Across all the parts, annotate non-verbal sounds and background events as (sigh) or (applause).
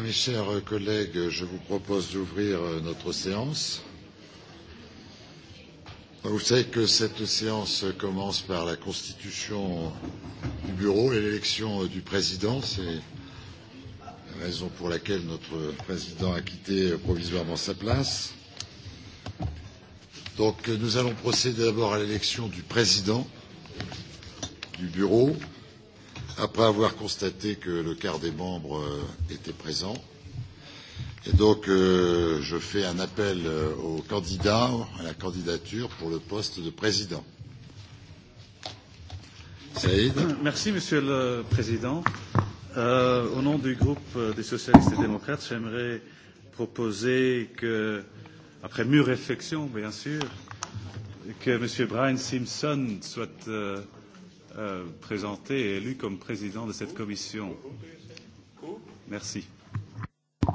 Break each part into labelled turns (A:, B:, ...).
A: bien, mes chers collègues, je vous propose d'ouvrir notre séance. Vous savez que cette séance commence par la constitution du bureau et l'élection du président. C'est la raison pour laquelle notre président a quitté provisoirement sa place. Donc nous allons procéder d'abord à l'élection du président du bureau après avoir constaté que le quart des membres euh, était présent. Et donc, euh, je fais un appel euh, au candidat, à la candidature pour le poste de président. Saïd.
B: Merci, Monsieur le Président. Euh, au nom du groupe euh, des socialistes et démocrates, j'aimerais proposer que, après mûre réflexion, bien sûr, que M. Brian Simpson soit euh, Euh, présenté et élu comme président de cette commission.
A: Merci.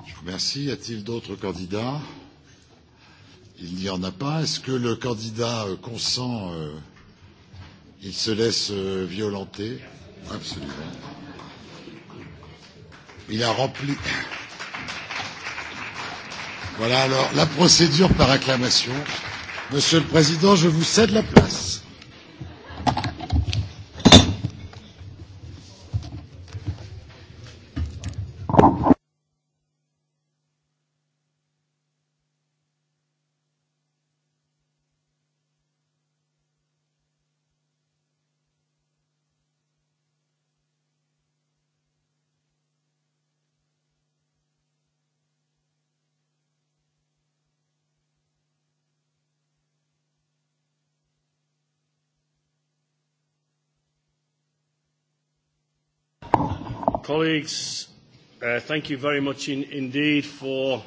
A: Je vous remercie. Y a-t-il d'autres candidats Il n'y en a pas. Est-ce que le candidat euh, consent euh, Il se laisse euh, violenter Absolument. Il a rempli. Voilà alors la procédure par acclamation. Monsieur le Président, je vous cède la place.
C: colleagues, uh, thank you very much in, indeed for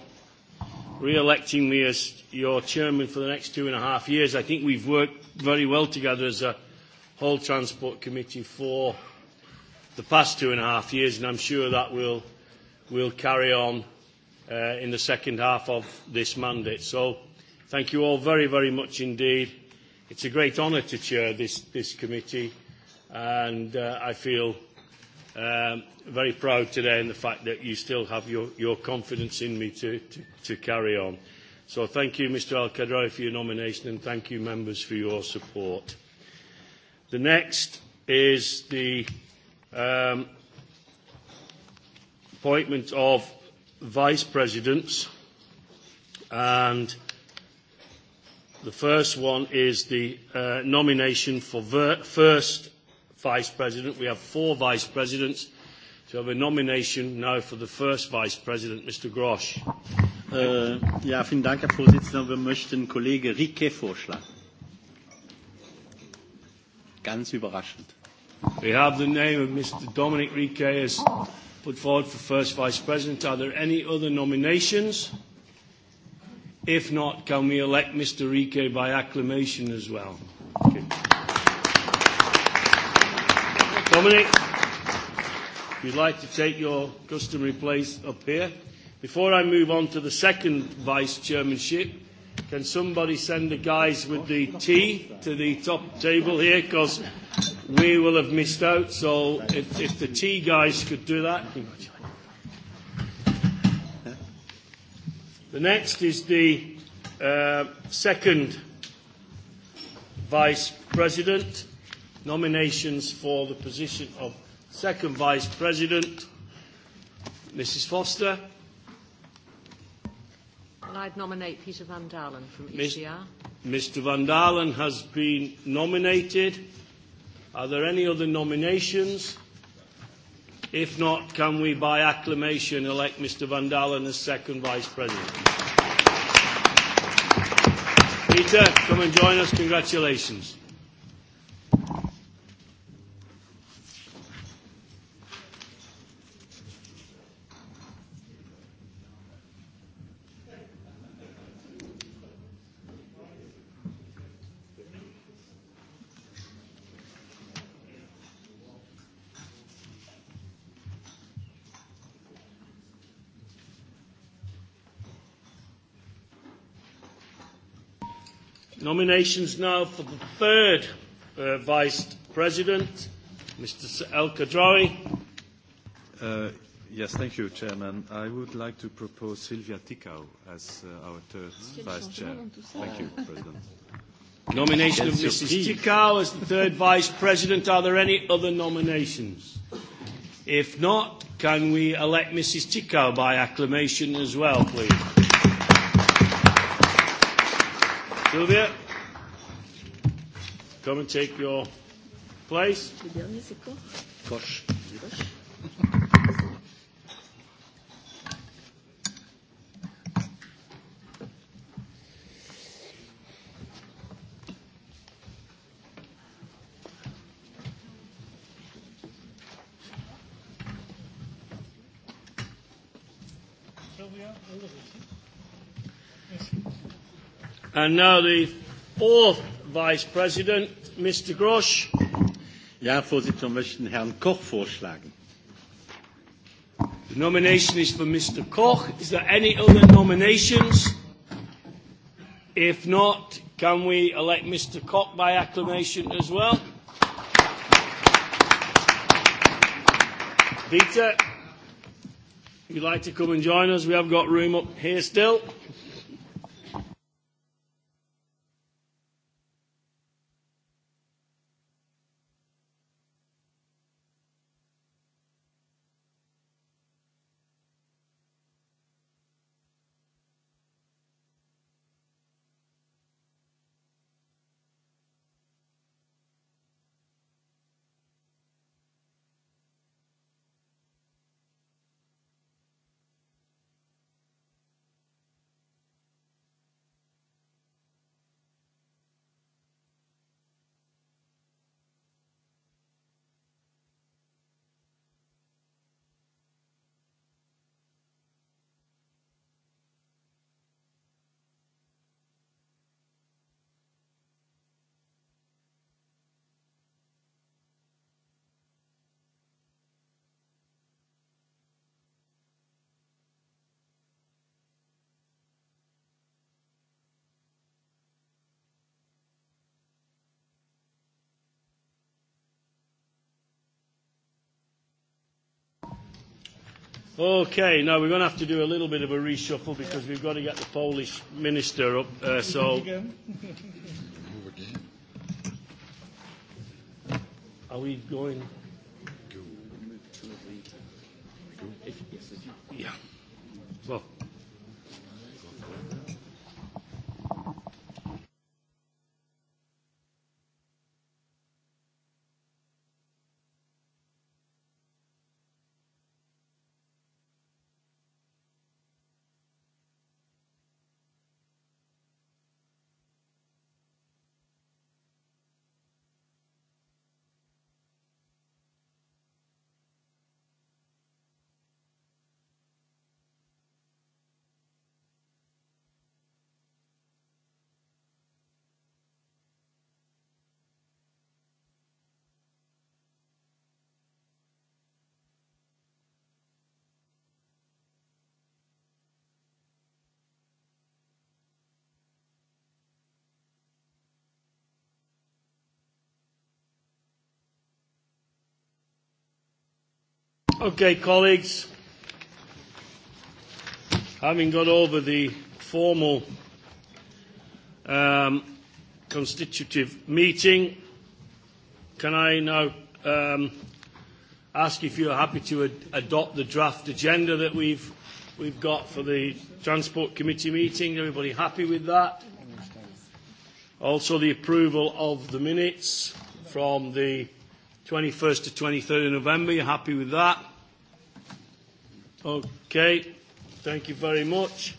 C: re-electing me as your chairman for the next two and a half years. I think we've worked very well together as a whole transport committee for the past two and a half years, and I'm sure that will will carry on uh, in the second half of this mandate. So thank you all very, very much indeed. It's a great honour to chair this, this committee, and uh, I feel Um, very proud today in the fact that you still have your, your confidence in me to, to, to carry on. So thank you, Mr Al Khadraoui, for your nomination, and thank you, members, for your support. The next is the um, appointment of vice presidents, and the first one is the uh, nomination for ver- first vice president. We have four vice presidents. So we have a nomination now for the first vice president, Mr. Grosch. Äh, ja, vielen Dank, Herr
D: Vorsitzender. Wir möchten Kollege Rike vorschlagen. Ganz überraschend. We have the name of Mr. Dominic Rike as put
C: forward for first vice president. Are there any other nominations? If not, can we elect Mr. Rike by acclamation as well? Okay. Dominic, if you'd like to take your customary place up here. Before I move on to the second vice chairmanship, can somebody send the guys with the tea to the top table here? Because we will have missed out. So if, if the tea guys could do that. The next is the uh, second vice president nominations for the position of Second Vice President. Mrs Foster.
E: And I'd nominate Peter Van Dalen from ECR.
C: Mr Van Dalen has been nominated. Are there any other nominations? If not, can we by acclamation elect Mr Van Dalen as second Vice President? Peter, come and join us. Congratulations. Nominations now for the third uh, Vice President, Mr. El Khadraoui. Uh,
B: yes, thank you, Chairman. I would like to propose Sylvia Tikau as uh, our third Vice Chair. Thank you, President.
C: Nomination of Mrs. Tikau as the third Vice President. Are there any other nominations? If not, can we elect Mrs. Tikau by acclamation as well, please? Sylvia. Come and take your
F: place. Gosh.
C: And now the fourth Vice President, Mr. Grosch. Ja, Vorsitzender, wir möchten Herrn Koch vorschlagen. The nomination is for Mr. Koch. Is there any other nominations? If not, can we elect Mr. Koch by acclamation as well? Peter, if you'd like to come and join us, we have got room up here still. Okay, now we're going to have to do a little bit of a reshuffle because we've got to get the Polish minister up. Uh, so. Are we going?
D: If, yes, if you... Yeah.
G: Well.
C: Okay, colleagues, having got over the formal um, constitutive meeting, can I now um, ask if you are happy to ad adopt the draft agenda that we've, we've got for the Transport Committee meeting? Everybody happy with that? Also, the approval of the minutes from the 21st to 23rd of November. You happy with that? Okay, thank you very much.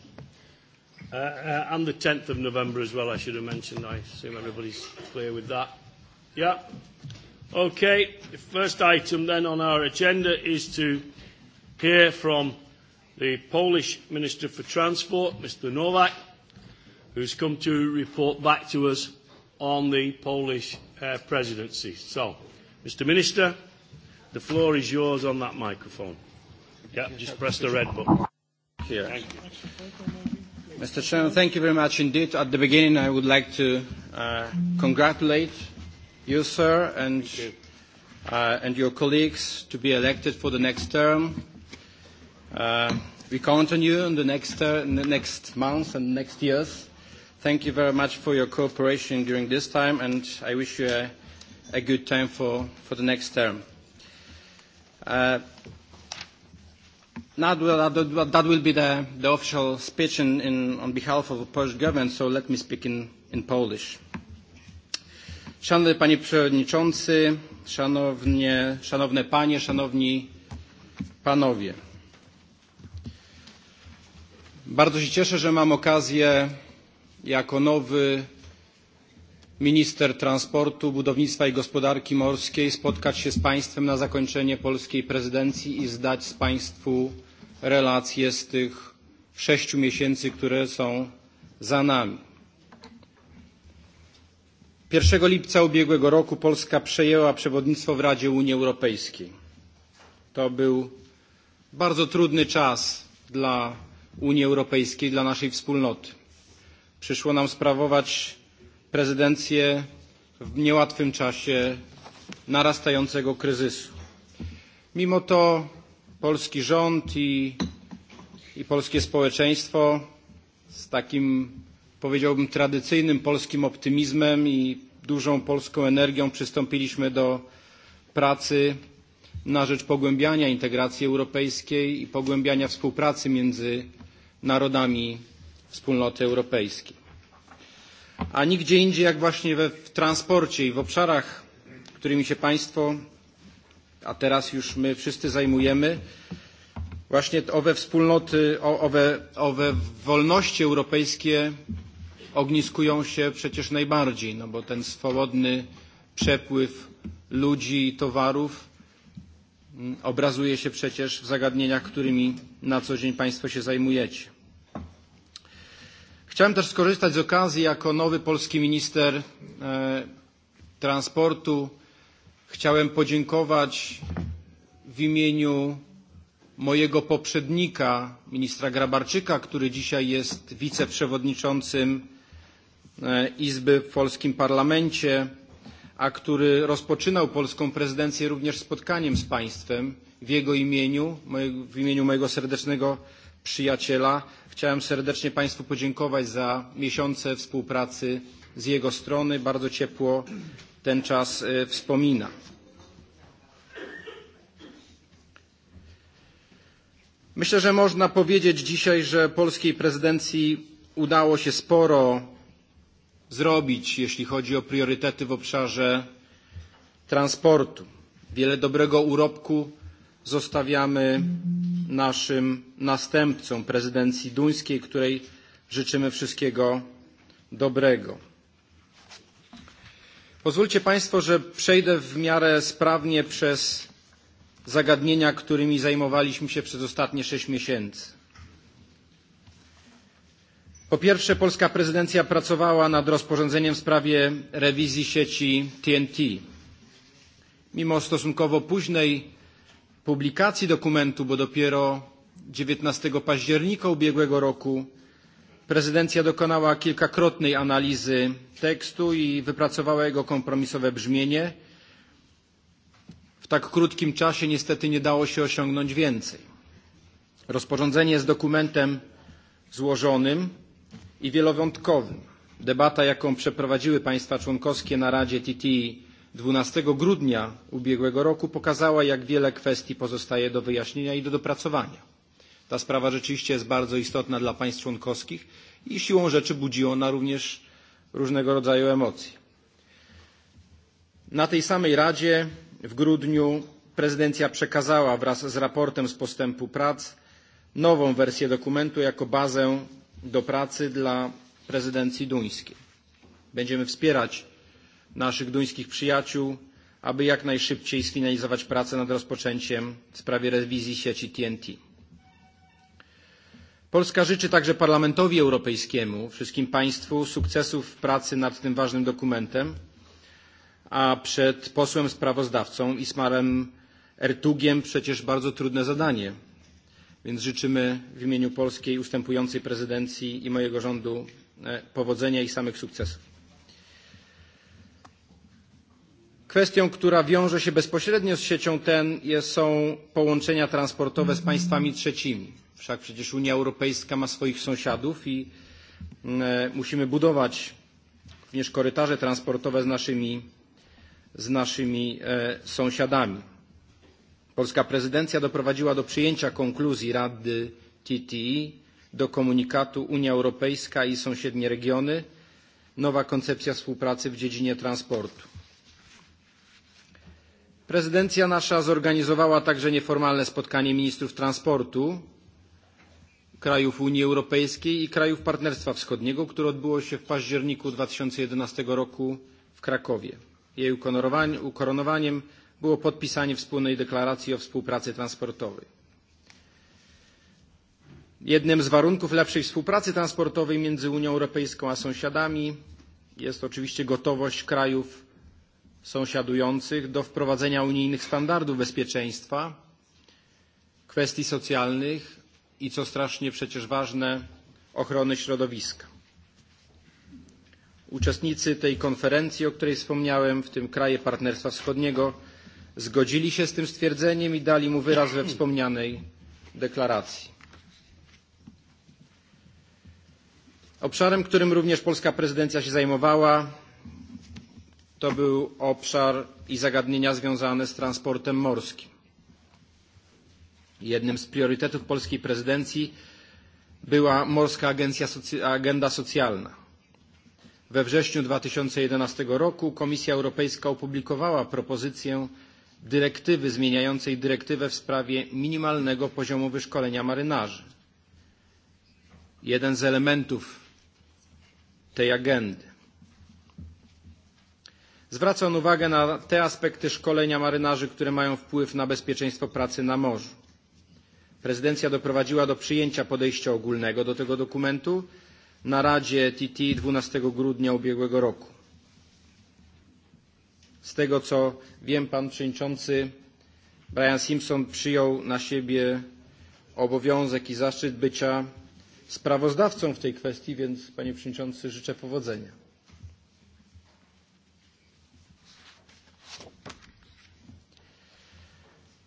C: Uh, uh, and the 10th of November as well, I should have mentioned. I assume everybody's clear with that. Yeah. Okay, the first item then on our agenda is to hear from the Polish Minister for Transport, Mr. Nowak, who's come to report back to us on the Polish uh, presidency. So, Mr. Minister, the floor is yours on that microphone. Yeah, just press the red
H: button. Here. Mr. Chairman, thank you very much indeed. At the beginning, I would like to uh, congratulate you, sir, and, you. Uh, and your colleagues to be elected for the next term. Uh, we count on you in the next, uh, in the next months and next years. Thank you very much for your cooperation during this time, and I wish you a, a good time for, for the next term. Uh, Now that will be the, the official speech in, in, on behalf of the Polish government, so let me speak in, in Polish. Szanowny Panie Przewodniczący, szanownie, Szanowne Panie, Szanowni Panowie. Bardzo się cieszę, że mam okazję jako nowy minister transportu, budownictwa i gospodarki morskiej spotkać się z państwem na zakończenie polskiej prezydencji i zdać z państwu relacje z tych sześciu miesięcy, które są za nami. 1 lipca ubiegłego roku Polska przejęła przewodnictwo w Radzie Unii Europejskiej. To był bardzo trudny czas dla Unii Europejskiej, dla naszej wspólnoty. Przyszło nam sprawować prezydencję w niełatwym czasie narastającego kryzysu. Mimo to polski rząd i, i polskie społeczeństwo z takim, powiedziałbym, tradycyjnym polskim optymizmem i dużą polską energią przystąpiliśmy do pracy na rzecz pogłębiania integracji europejskiej i pogłębiania współpracy między narodami Wspólnoty Europejskiej a nigdzie indziej jak właśnie we, w transporcie i w obszarach, którymi się Państwo, a teraz już my wszyscy zajmujemy, właśnie owe wspólnoty, owe, owe wolności europejskie ogniskują się przecież najbardziej, no bo ten swobodny przepływ ludzi i towarów mm, obrazuje się przecież w zagadnieniach, którymi na co dzień Państwo się zajmujecie. Chciałem też skorzystać z okazji, jako nowy polski minister transportu, chciałem podziękować w imieniu mojego poprzednika, ministra Grabarczyka, który dzisiaj jest wiceprzewodniczącym Izby w polskim parlamencie, a który rozpoczynał polską prezydencję również spotkaniem z państwem w jego imieniu, w imieniu mojego serdecznego przyjaciela, Chciałem serdecznie Państwu podziękować za miesiące współpracy z jego strony. Bardzo ciepło ten czas wspomina. Myślę, że można powiedzieć dzisiaj, że polskiej prezydencji udało się sporo zrobić, jeśli chodzi o priorytety w obszarze transportu. Wiele dobrego urobku zostawiamy naszym następcom prezydencji duńskiej, której życzymy wszystkiego dobrego. Pozwólcie Państwo, że przejdę w miarę sprawnie przez zagadnienia, którymi zajmowaliśmy się przez ostatnie sześć miesięcy. Po pierwsze, polska prezydencja pracowała nad rozporządzeniem w sprawie rewizji sieci TNT. Mimo stosunkowo późnej publikacji dokumentu, bo dopiero 19 października ubiegłego roku prezydencja dokonała kilkakrotnej analizy tekstu i wypracowała jego kompromisowe brzmienie. W tak krótkim czasie niestety nie dało się osiągnąć więcej. Rozporządzenie jest dokumentem złożonym i wielowątkowym. Debata, jaką przeprowadziły państwa członkowskie na Radzie TTI 12 grudnia ubiegłego roku pokazała, jak wiele kwestii pozostaje do wyjaśnienia i do dopracowania. Ta sprawa rzeczywiście jest bardzo istotna dla państw członkowskich i siłą rzeczy budzi ona również różnego rodzaju emocje. Na tej samej Radzie w grudniu prezydencja przekazała wraz z raportem z postępu prac nową wersję dokumentu jako bazę do pracy dla prezydencji duńskiej. Będziemy wspierać naszych duńskich przyjaciół, aby jak najszybciej sfinalizować pracę nad rozpoczęciem w sprawie rewizji sieci TNT. Polska życzy także Parlamentowi Europejskiemu, wszystkim Państwu sukcesów w pracy nad tym ważnym dokumentem, a przed posłem sprawozdawcą Ismarem Ertugiem przecież bardzo trudne zadanie, więc życzymy w imieniu polskiej ustępującej prezydencji i mojego rządu powodzenia i samych sukcesów. Kwestią, która wiąże się bezpośrednio z siecią TEN są połączenia transportowe z mhm. państwami trzecimi. Wszak przecież Unia Europejska ma swoich sąsiadów i mm, musimy budować również korytarze transportowe z naszymi, z naszymi sąsiadami. Polska prezydencja doprowadziła do przyjęcia konkluzji Rady TTI do komunikatu Unia Europejska i sąsiednie regiony nowa koncepcja współpracy w dziedzinie transportu. Prezydencja nasza zorganizowała także nieformalne spotkanie ministrów transportu krajów Unii Europejskiej i krajów Partnerstwa Wschodniego, które odbyło się w październiku 2011 roku w Krakowie. Jej ukoronowaniem było podpisanie wspólnej deklaracji o współpracy transportowej. Jednym z warunków lepszej współpracy transportowej między Unią Europejską a sąsiadami jest oczywiście gotowość krajów sąsiadujących do wprowadzenia unijnych standardów bezpieczeństwa, kwestii socjalnych i, co strasznie przecież ważne, ochrony środowiska. Uczestnicy tej konferencji, o której wspomniałem, w tym kraje Partnerstwa Wschodniego, zgodzili się z tym stwierdzeniem i dali mu wyraz we wspomnianej deklaracji. Obszarem, którym również polska prezydencja się zajmowała, to był obszar i zagadnienia związane z transportem morskim. Jednym z priorytetów polskiej prezydencji była Morska Agencja Socy Agenda Socjalna. We wrześniu 2011 roku Komisja Europejska opublikowała propozycję dyrektywy zmieniającej dyrektywę w sprawie minimalnego poziomu wyszkolenia marynarzy. Jeden z elementów tej agendy Zwraca on uwagę na te aspekty szkolenia marynarzy, które mają wpływ na bezpieczeństwo pracy na morzu. Prezydencja doprowadziła do przyjęcia podejścia ogólnego do tego dokumentu na Radzie TT 12 grudnia ubiegłego roku. Z tego co wiem, pan przewodniczący Brian Simpson przyjął na siebie obowiązek i zaszczyt bycia sprawozdawcą w tej kwestii, więc panie przewodniczący życzę powodzenia.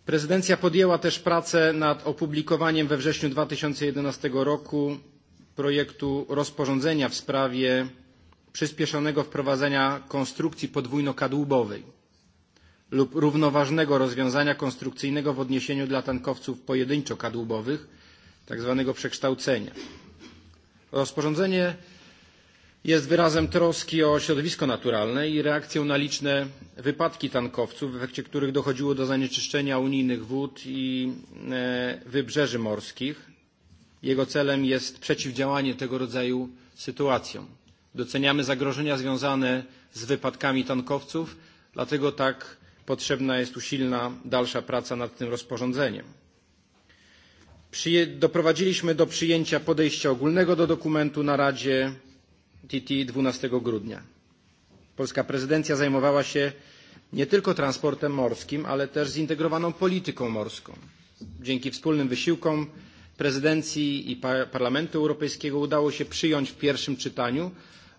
H: Prezydencja podjęła też pracę nad opublikowaniem we wrześniu 2011 roku projektu rozporządzenia w sprawie przyspieszonego wprowadzenia konstrukcji podwójno-kadłubowej lub równoważnego rozwiązania konstrukcyjnego w odniesieniu dla tankowców pojedynczo-kadłubowych, tak zwanego przekształcenia. Rozporządzenie jest wyrazem troski o środowisko naturalne i reakcją na liczne wypadki tankowców, w efekcie których dochodziło do zanieczyszczenia unijnych wód i wybrzeży morskich. Jego celem jest przeciwdziałanie tego rodzaju sytuacjom. Doceniamy zagrożenia związane z wypadkami tankowców, dlatego tak potrzebna jest usilna dalsza praca nad tym rozporządzeniem. Przyje doprowadziliśmy do przyjęcia podejścia ogólnego do dokumentu na Radzie TT 12 grudnia. Polska prezydencja zajmowała się nie tylko transportem morskim, ale też zintegrowaną polityką morską. Dzięki wspólnym wysiłkom prezydencji i Parlamentu Europejskiego udało się przyjąć w pierwszym czytaniu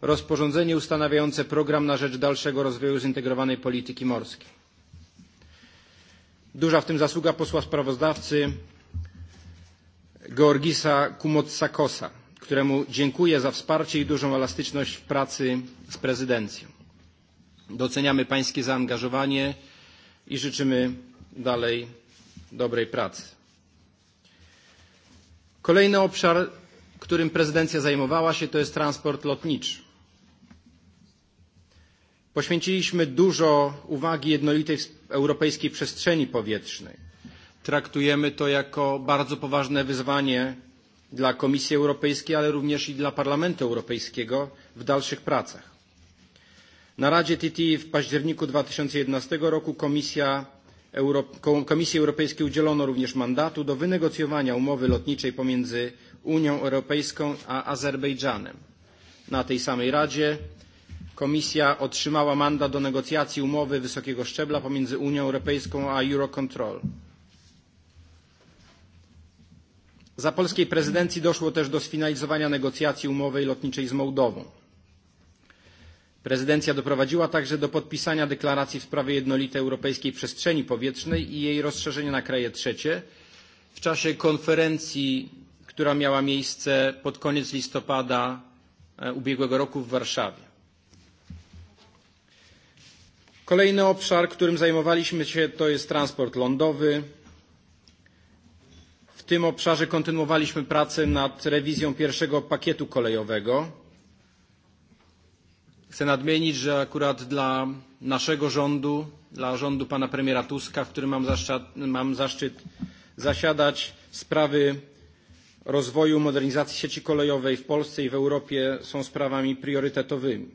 H: rozporządzenie ustanawiające program na rzecz dalszego rozwoju zintegrowanej polityki morskiej. Duża w tym zasługa posła sprawozdawcy Georgisa Kumotsakosa, któremu dziękuję za wsparcie i dużą elastyczność w pracy z prezydencją. Doceniamy pańskie zaangażowanie i życzymy dalej dobrej pracy. Kolejny obszar, którym prezydencja zajmowała się, to jest transport lotniczy. Poświęciliśmy dużo uwagi jednolitej europejskiej przestrzeni powietrznej. Traktujemy to jako bardzo poważne wyzwanie dla Komisji Europejskiej, ale również i dla Parlamentu Europejskiego w dalszych pracach. Na Radzie TTI w październiku 2011 roku Komisja Euro Komisji Europejskiej udzielono również mandatu do wynegocjowania umowy lotniczej pomiędzy Unią Europejską a Azerbejdżanem. Na tej samej Radzie Komisja otrzymała mandat do negocjacji umowy wysokiego szczebla pomiędzy Unią Europejską a Eurocontrol. Za polskiej prezydencji doszło też do sfinalizowania negocjacji umowy lotniczej z Mołdową. Prezydencja doprowadziła także do podpisania deklaracji w sprawie jednolitej europejskiej przestrzeni powietrznej i jej rozszerzenia na kraje trzecie w czasie konferencji, która miała miejsce pod koniec listopada ubiegłego roku w Warszawie. Kolejny obszar, którym zajmowaliśmy się, to jest transport lądowy tym obszarze kontynuowaliśmy pracę nad rewizją pierwszego pakietu kolejowego. Chcę nadmienić, że akurat dla naszego rządu, dla rządu pana premiera Tuska, w którym mam zaszczyt, mam zaszczyt zasiadać, sprawy rozwoju, modernizacji sieci kolejowej w Polsce i w Europie są sprawami priorytetowymi.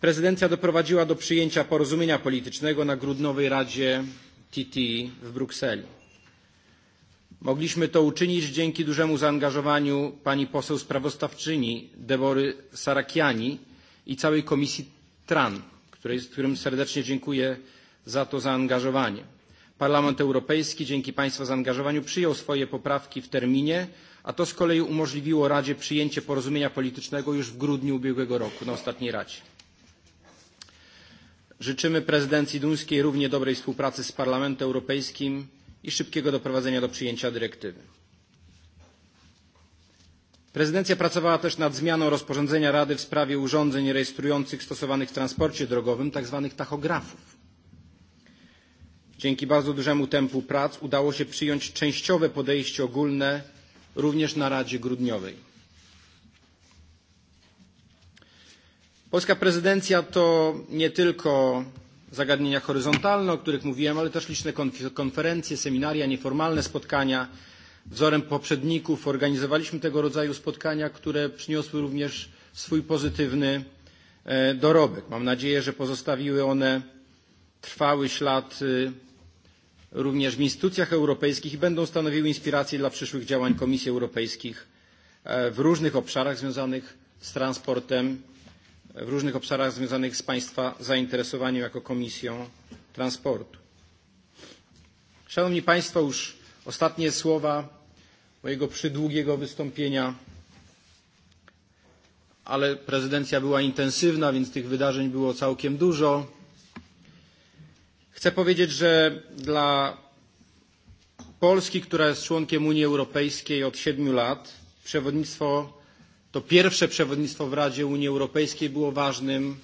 H: Prezydencja doprowadziła do przyjęcia porozumienia politycznego na grudnowej Radzie TTI w Brukseli. Mogliśmy to uczynić dzięki dużemu zaangażowaniu pani poseł sprawozdawczyni Debory Sarakiani i całej Komisji TRAN, której, którym serdecznie dziękuję za to zaangażowanie. Parlament Europejski dzięki Państwa zaangażowaniu przyjął swoje poprawki w terminie, a to z kolei umożliwiło Radzie przyjęcie porozumienia politycznego już w grudniu ubiegłego roku na ostatniej Radzie. Życzymy prezydencji duńskiej równie dobrej współpracy z Parlamentem Europejskim i szybkiego doprowadzenia do przyjęcia dyrektywy. Prezydencja pracowała też nad zmianą rozporządzenia Rady w sprawie urządzeń rejestrujących stosowanych w transporcie drogowym, tzw. tachografów. Dzięki bardzo dużemu tempu prac udało się przyjąć częściowe podejście ogólne również na Radzie Grudniowej. Polska prezydencja to nie tylko zagadnienia horyzontalne, o których mówiłem, ale też liczne konferencje, seminaria, nieformalne spotkania. Wzorem poprzedników organizowaliśmy tego rodzaju spotkania, które przyniosły również swój pozytywny dorobek. Mam nadzieję, że pozostawiły one trwały ślad również w instytucjach europejskich i będą stanowiły inspirację dla przyszłych działań Komisji Europejskich w różnych obszarach związanych z transportem w różnych obszarach związanych z Państwa zainteresowaniem jako Komisją Transportu. Szanowni Państwo, już ostatnie słowa mojego przydługiego wystąpienia, ale prezydencja była intensywna, więc tych wydarzeń było całkiem dużo. Chcę powiedzieć, że dla Polski, która jest członkiem Unii Europejskiej od siedmiu lat, przewodnictwo To pierwsze przewodnictwo w Radzie Unii Europejskiej było ważnym,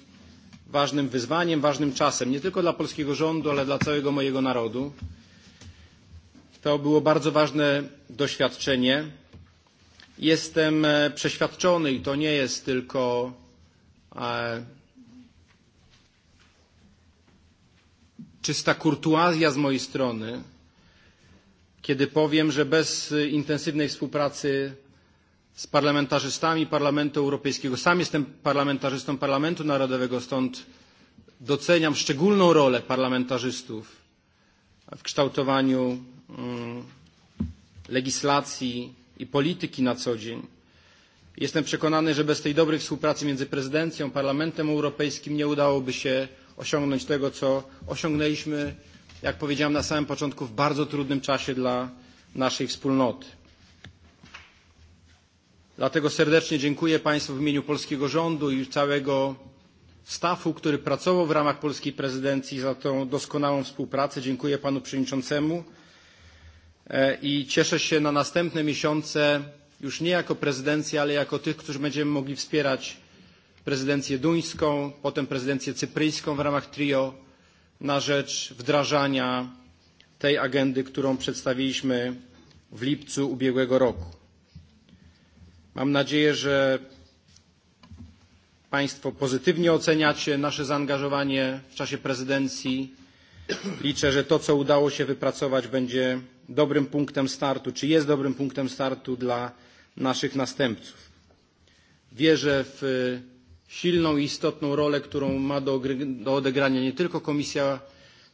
H: ważnym wyzwaniem, ważnym czasem, nie tylko dla polskiego rządu, ale dla całego mojego narodu. To było bardzo ważne doświadczenie. Jestem przeświadczony i to nie jest tylko czysta kurtuazja z mojej strony, kiedy powiem, że bez intensywnej współpracy z parlamentarzystami Parlamentu Europejskiego. Sam jestem parlamentarzystą Parlamentu Narodowego, stąd doceniam szczególną rolę parlamentarzystów w kształtowaniu mm, legislacji i polityki na co dzień. Jestem przekonany, że bez tej dobrej współpracy między prezydencją, a Parlamentem Europejskim nie udałoby się osiągnąć tego, co osiągnęliśmy, jak powiedziałem na samym początku, w bardzo trudnym czasie dla naszej wspólnoty. Dlatego serdecznie dziękuję Państwu w imieniu polskiego rządu i całego stafu, który pracował w ramach polskiej prezydencji za tą doskonałą współpracę. Dziękuję Panu Przewodniczącemu i cieszę się na następne miesiące już nie jako prezydencja, ale jako tych, którzy będziemy mogli wspierać prezydencję duńską, potem prezydencję cypryjską w ramach trio na rzecz wdrażania tej agendy, którą przedstawiliśmy w lipcu ubiegłego roku. Mam nadzieję, że Państwo pozytywnie oceniacie nasze zaangażowanie w czasie prezydencji. Liczę, że to, co udało się wypracować, będzie dobrym punktem startu, czy jest dobrym punktem startu dla naszych następców. Wierzę w silną i istotną rolę, którą ma do, do odegrania nie tylko Komisja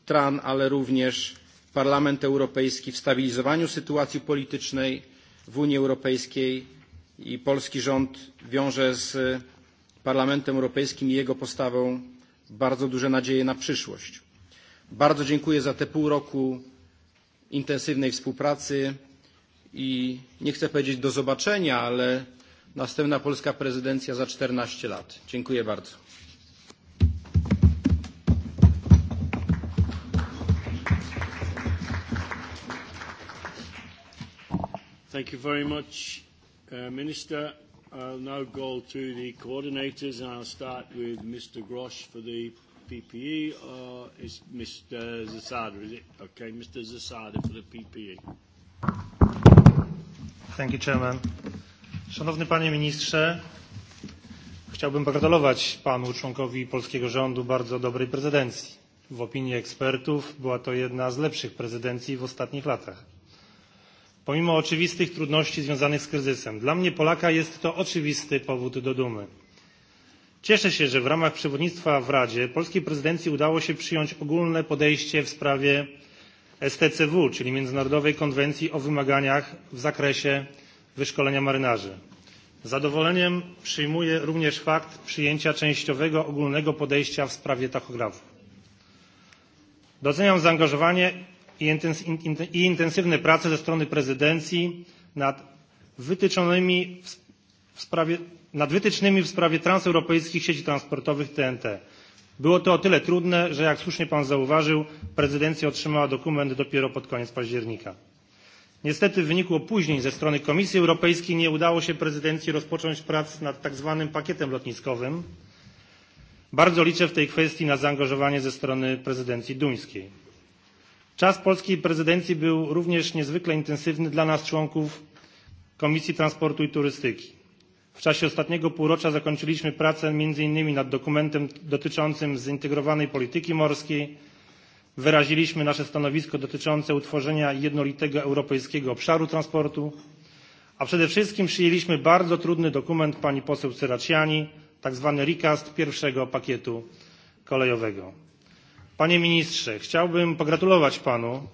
H: TRAN, ale również Parlament Europejski w stabilizowaniu sytuacji politycznej w Unii Europejskiej i polski rząd wiąże z Parlamentem Europejskim i jego postawą bardzo duże nadzieje na przyszłość. Bardzo dziękuję za te pół roku intensywnej współpracy i nie chcę powiedzieć do zobaczenia, ale następna polska prezydencja za 14 lat. Dziękuję bardzo.
C: Thank you very much. Uh, Minister, I'll now go to the coordinators, and I'll start with Mr. Grosh for the PPE, or is Mr. Zasada, is it? Okay, Mr. Zasada for the PPE. Thank you, Chairman. Szanowny Panie Ministrze,
G: chciałbym pogratulować Panu członkowi polskiego rządu bardzo dobrej prezydencji. W opinii ekspertów była to jedna z lepszych prezydencji w ostatnich latach pomimo oczywistych trudności związanych z kryzysem. Dla mnie Polaka jest to oczywisty powód do dumy. Cieszę się, że w ramach przewodnictwa w Radzie polskiej prezydencji udało się przyjąć ogólne podejście w sprawie STCW, czyli Międzynarodowej Konwencji o wymaganiach w zakresie wyszkolenia marynarzy. Z zadowoleniem przyjmuję również fakt przyjęcia częściowego ogólnego podejścia w sprawie tachografu. Doceniam zaangażowanie i intensywne prace ze strony prezydencji nad wytyczonymi w sprawie, nad wytycznymi w sprawie transeuropejskich sieci transportowych TNT. Było to o tyle trudne, że jak słusznie Pan zauważył, prezydencja otrzymała dokument dopiero pod koniec października. Niestety w wyniku opóźnień ze strony Komisji Europejskiej nie udało się prezydencji rozpocząć prac nad tak zwanym pakietem lotniskowym. Bardzo liczę w tej kwestii na zaangażowanie ze strony prezydencji duńskiej. Czas polskiej prezydencji był również niezwykle intensywny dla nas, członków Komisji Transportu i Turystyki. W czasie ostatniego półrocza zakończyliśmy pracę m.in. nad dokumentem dotyczącym zintegrowanej polityki morskiej. Wyraziliśmy nasze stanowisko dotyczące utworzenia jednolitego europejskiego obszaru transportu, a przede wszystkim przyjęliśmy bardzo trudny dokument pani poseł tak zwany recast pierwszego pakietu kolejowego. Panie ministrze, chciałbym pogratulować panu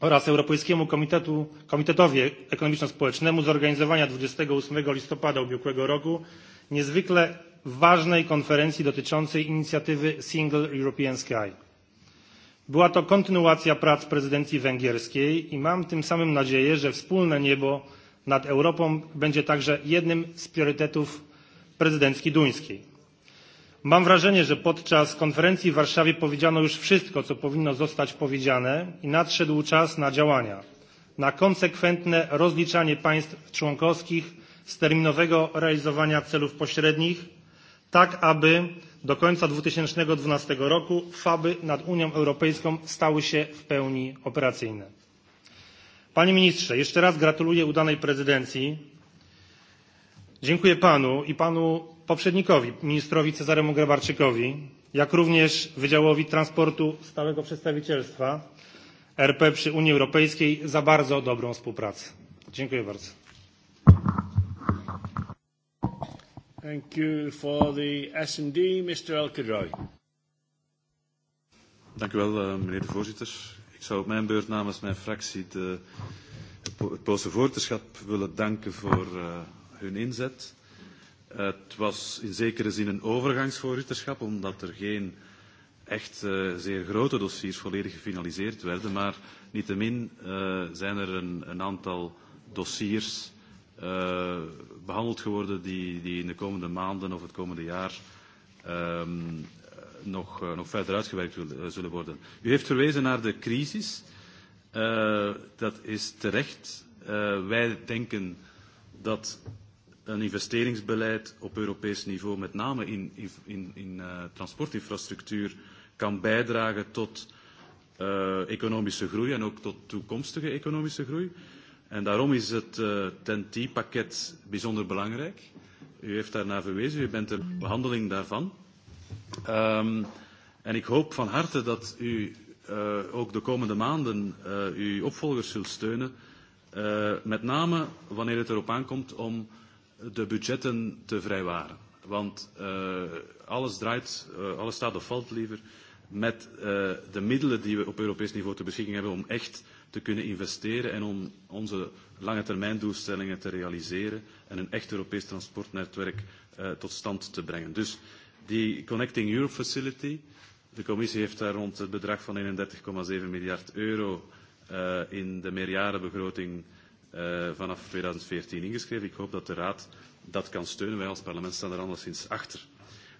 G: oraz Europejskiemu Komitetu, Komitetowi Ekonomiczno-Społecznemu zorganizowania 28 listopada ubiegłego roku niezwykle ważnej konferencji dotyczącej inicjatywy Single European Sky. Była to kontynuacja prac prezydencji węgierskiej i mam tym samym nadzieję, że wspólne niebo nad Europą będzie także jednym z priorytetów prezydencji duńskiej. Mam wrażenie, że podczas konferencji w Warszawie powiedziano już wszystko, co powinno zostać powiedziane i nadszedł czas na działania, na konsekwentne rozliczanie państw członkowskich z terminowego realizowania celów pośrednich, tak aby do końca 2012 roku faby nad Unią Europejską stały się w pełni operacyjne. Panie ministrze, jeszcze raz gratuluję udanej prezydencji. Dziękuję panu i panu poprzednikowi, ministrowi Cezaremu Grabarczykowi, jak również Wydziałowi Transportu Stałego Przedstawicielstwa RP przy Unii Europejskiej za bardzo dobrą
C: współpracę. Dziękuję bardzo. Thank you for the S&D, Mr. Elkadroy.
B: Dank u wel, eh, meneer de voorzitter. Ik zou op mijn beurt namens mijn fractie de, het Poolse voorzitterschap willen danken voor uh, hun inzet. Het was in zekere zin een overgangsvoorzitterschap, omdat er geen echt uh, zeer grote dossiers volledig gefinaliseerd werden. Maar niettemin uh, zijn er een, een aantal dossiers uh, behandeld geworden die, die in de komende maanden of het komende jaar um, nog, uh, nog verder uitgewerkt wil, uh, zullen worden. U heeft verwezen naar de crisis. Uh, dat is terecht. Uh, wij denken dat een investeringsbeleid op Europees niveau, met name in, in, in uh, transportinfrastructuur, kan bijdragen tot uh, economische groei en ook tot toekomstige economische groei. En daarom is het uh, eh, TEN-T-pakket bijzonder belangrijk. U heeft daarna verwezen, u bent de behandeling daarvan. Um, en ik hoop van harte dat u uh, ook de komende maanden uh, uw opvolgers zult steunen, uh, met name wanneer het erop aankomt om de budgetten te vrijwaren. Want uh, alles draait, uh, alles staat of valt liever met uh, de middelen die we op Europees niveau ter beschikking hebben om echt te kunnen investeren en om onze lange termijn doelstellingen te realiseren en een echt Europees transportnetwerk uh, tot stand te brengen. Dus die Connecting Europe Facility, de commissie heeft daar rond het bedrag van 31,7 miljard euro uh, in de meerjarenbegroting Eh, vanaf 2014 ingeschreven. Ik hoop dat de Raad dat kan steunen. Wij als parlement staan er anderszins achter.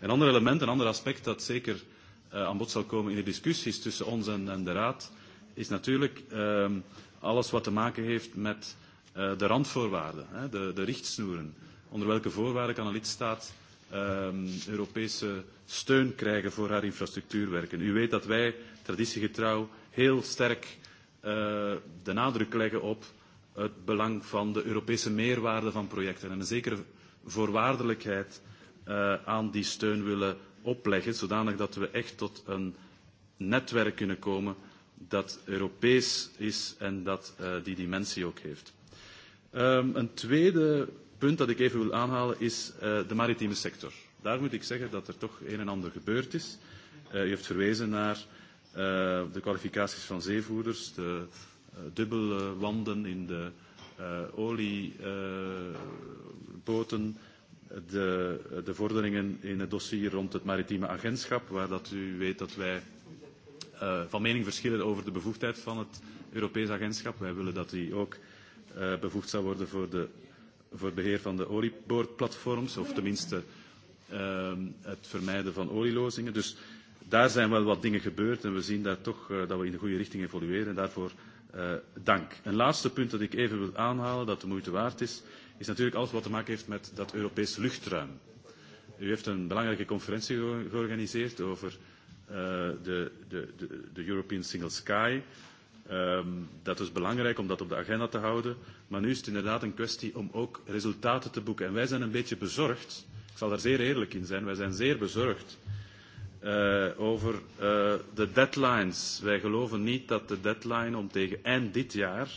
B: Een ander element, een ander aspect dat zeker uh, aan bod zal komen in de discussies tussen ons en, en de Raad, is natuurlijk uh, alles wat te maken heeft met uh, de randvoorwaarden, hè, de, de richtsnoeren. Onder welke voorwaarden kan een lidstaat uh, Europese steun krijgen voor haar infrastructuurwerken? U weet dat wij traditiegetrouw heel sterk uh, de nadruk leggen op het belang van de Europese meerwaarde van projecten en een zekere voorwaardelijkheid uh, aan die steun willen opleggen, zodanig dat we echt tot een netwerk kunnen komen dat Europees is en dat uh, die dimensie ook heeft. Um, een tweede punt dat ik even wil aanhalen is uh, de maritieme sector. Daar moet ik zeggen dat er toch een en ander gebeurd is. Uh, u heeft verwezen naar uh, de kwalificaties van zeevoerders, de Eh, dubbele eh, wanden in de eh, olieboten, de, de vorderingen in het dossier rond het maritieme agentschap, waar dat u weet dat wij uh, van mening verschillen over de bevoegdheid van het Europees agentschap. Wij willen dat die ook uh, bevoegd zou worden voor, de, voor het beheer van de olieboordplatforms, of tenminste uh, het vermijden van olielozingen. Dus daar zijn wel wat dingen gebeurd en we zien daar toch uh, dat we in de goede richting evolueren. En daarvoor Eh, dank. Een laatste punt dat ik even wil aanhalen, dat de moeite waard is, is natuurlijk alles wat te maken heeft met dat Europees luchtruim. U heeft een belangrijke conferentie georganiseerd over eh, de, de, de, de European Single Sky. Um, dat is belangrijk om dat op de agenda te houden. Maar nu is het inderdaad een kwestie om ook resultaten te boeken. En wij zijn een beetje bezorgd. Ik zal daar zeer eerlijk in zijn. Wij zijn zeer bezorgd uh, over uh, de deadlines. Wij geloven niet dat de deadline om tegen eind dit jaar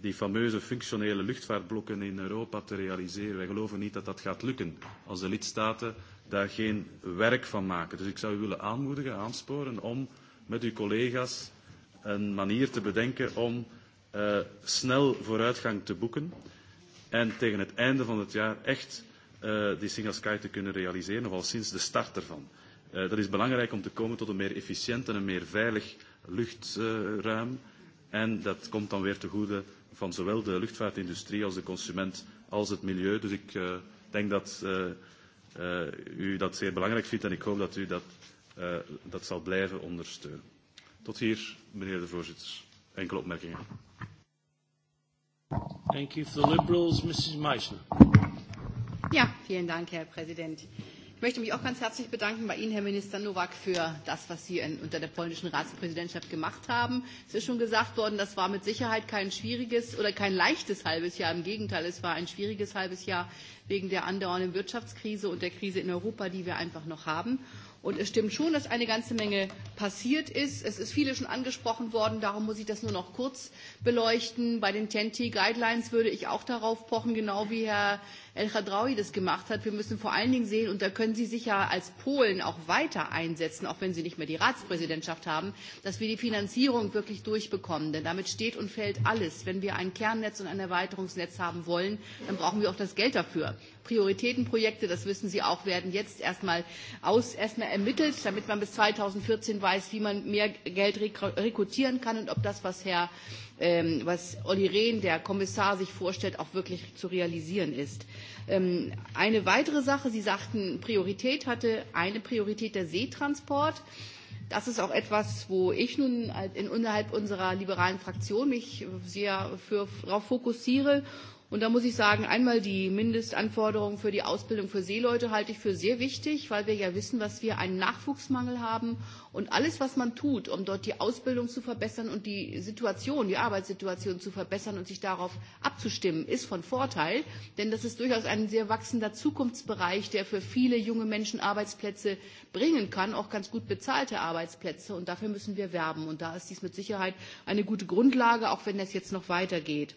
B: die fameuze functionele luchtvaartblokken in Europa te realiseren. Wij geloven niet dat dat gaat lukken als de lidstaten daar geen werk van maken. Dus ik zou u willen aanmoedigen, aansporen om met uw collega's een manier te bedenken om uh, snel vooruitgang te boeken en tegen het einde van het jaar echt uh, die single sky te kunnen realiseren, of al sinds de start ervan. Uh, dat is belangrijk om te komen tot een meer efficiënt en een meer veilig luchtruim. en dat komt dan weer te goede van zowel de luchtvaartindustrie als de consument als het milieu. Dus ik eh, denk dat eh, u dat zeer belangrijk vindt en ik hoop dat u dat, dat zal blijven ondersteunen. Tot hier, meneer de voorzitter. Enkele opmerkingen.
C: Thank you for the Liberals, Mrs. Meissner.
I: Ja, vielen Dank, Herr Präsident. Ich möchte mich auch ganz herzlich bedanken bei Ihnen, Herr Minister Nowak, für das, was Sie in, unter der polnischen Ratspräsidentschaft gemacht haben. Es ist schon gesagt worden, das war mit Sicherheit kein schwieriges oder kein leichtes halbes Jahr. Im Gegenteil, es war ein schwieriges halbes Jahr wegen der andauernden Wirtschaftskrise und der Krise in Europa, die wir einfach noch haben. Und es stimmt schon, dass eine ganze Menge passiert ist. Es ist viele schon angesprochen worden, darum muss ich das nur noch kurz beleuchten. Bei den TNT Guidelines würde ich auch darauf pochen, genau wie Herr el Khadraoui das gemacht hat. Wir müssen vor allen Dingen sehen, und da können Sie sich ja als Polen auch weiter einsetzen, auch wenn Sie nicht mehr die Ratspräsidentschaft haben, dass wir die Finanzierung wirklich durchbekommen. Denn damit steht und fällt alles. Wenn wir ein Kernnetz und ein Erweiterungsnetz haben wollen, dann brauchen wir auch das Geld dafür. Prioritätenprojekte, das wissen Sie auch, werden jetzt erstmal aus, ermittelt, damit man bis 2014 weiß, wie man mehr Geld rekrutieren kann und ob das, was Herr ähm, was Olli Rehn, der Kommissar, sich vorstellt, auch wirklich zu realisieren ist. Ähm, eine weitere Sache, Sie sagten, Priorität hatte eine Priorität der Seetransport. Das ist auch etwas, wo ich nun in, innerhalb unserer liberalen Fraktion mich sehr für, darauf fokussiere Und da muss ich sagen, einmal die Mindestanforderungen für die Ausbildung für Seeleute halte ich für sehr wichtig, weil wir ja wissen, dass wir einen Nachwuchsmangel haben. Und alles, was man tut, um dort die Ausbildung zu verbessern und die Situation, die Arbeitssituation zu verbessern und sich darauf abzustimmen, ist von Vorteil. Denn das ist durchaus ein sehr wachsender Zukunftsbereich, der für viele junge Menschen Arbeitsplätze bringen kann, auch ganz gut bezahlte Arbeitsplätze. Und dafür müssen wir werben. Und da ist dies mit Sicherheit eine gute Grundlage, auch wenn das jetzt noch weitergeht.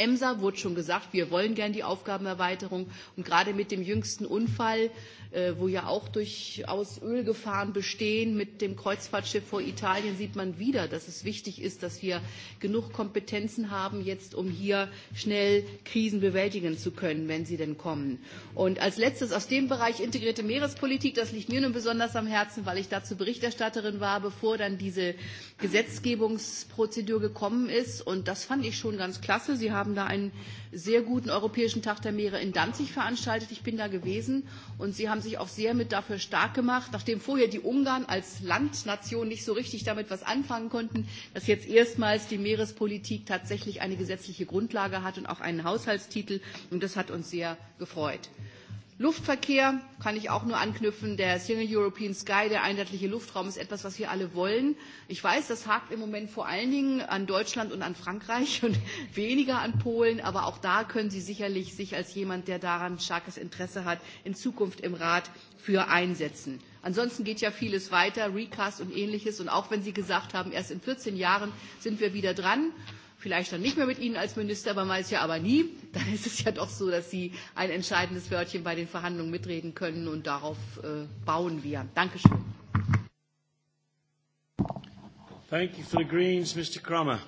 I: EMSA wurde schon gesagt, wir wollen gern die Aufgabenerweiterung. Und gerade mit dem jüngsten Unfall Äh, wo ja auch durchaus Ölgefahren bestehen. Mit dem Kreuzfahrtschiff vor Italien sieht man wieder, dass es wichtig ist, dass wir genug Kompetenzen haben, jetzt um hier schnell Krisen bewältigen zu können, wenn sie denn kommen. Und als letztes aus dem Bereich integrierte Meerespolitik, das liegt mir nun besonders am Herzen, weil ich dazu Berichterstatterin war, bevor dann diese Gesetzgebungsprozedur gekommen ist. Und das fand ich schon ganz klasse. Sie haben da einen sehr guten Europäischen Tag der Meere in Danzig veranstaltet. Ich bin da gewesen und Sie haben haben sich auch sehr mit dafür stark gemacht, nachdem vorher die Ungarn als Landnation nicht so richtig damit was anfangen konnten, dass jetzt erstmals die Meerespolitik tatsächlich eine gesetzliche Grundlage hat und auch einen Haushaltstitel. Und das hat uns sehr gefreut. Luftverkehr kann ich auch nur anknüpfen. Der Single European Sky, der einheitliche Luftraum, ist etwas, was wir alle wollen. Ich weiß, das hakt im Moment vor allen Dingen an Deutschland und an Frankreich und (laughs) weniger an Polen. Aber auch da können Sie sicherlich sich als jemand, der daran starkes Interesse hat, in Zukunft im Rat für einsetzen. Ansonsten geht ja vieles weiter, Recast und ähnliches. Und auch wenn Sie gesagt haben, erst in 14 Jahren sind wir wieder dran, vielleicht dann nicht mehr mit Ihnen als Minister, man weiß ja aber nie, (laughs) dann ist es ja doch so, dass Sie ein entscheidendes Wörtchen bei den Verhandlungen mitreden können und darauf äh, bauen wir. Dankeschön.
C: Thank you for the Greens, Mr. Kramer.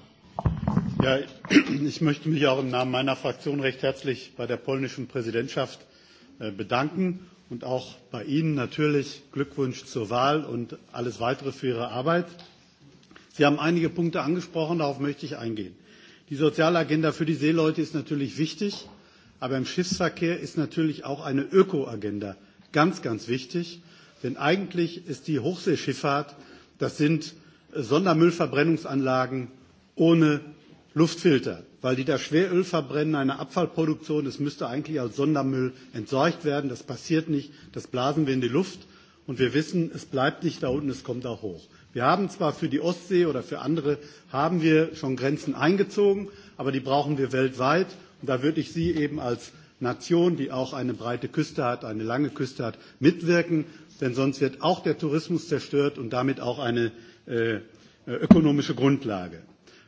J: Ja, (clears throat) ich möchte mich auch im Namen meiner Fraktion recht herzlich bei der polnischen Präsidentschaft äh, bedanken und auch bei Ihnen natürlich Glückwunsch zur Wahl und alles weitere für Ihre Arbeit. Sie haben einige Punkte angesprochen, darauf möchte ich eingehen. Die Sozialagenda für die Seeleute ist natürlich wichtig, aber im Schiffsverkehr ist natürlich auch eine Ökoagenda ganz, ganz wichtig, denn eigentlich ist die Hochseeschifffahrt, das sind äh, Sondermüllverbrennungsanlagen ohne Luftfilter, weil die da Schweröl verbrennen, eine Abfallproduktion, das müsste eigentlich als Sondermüll entsorgt werden, das passiert nicht, das blasen wir in die Luft und wir wissen, es bleibt nicht da unten, es kommt auch hoch. Wir haben zwar für die Ostsee oder für andere haben wir schon Grenzen eingezogen, aber die brauchen wir weltweit. Und da würde ich Sie eben als Nation, die auch eine breite Küste hat, eine lange Küste hat, mitwirken. Denn sonst wird auch der Tourismus zerstört und damit auch eine äh, ökonomische Grundlage.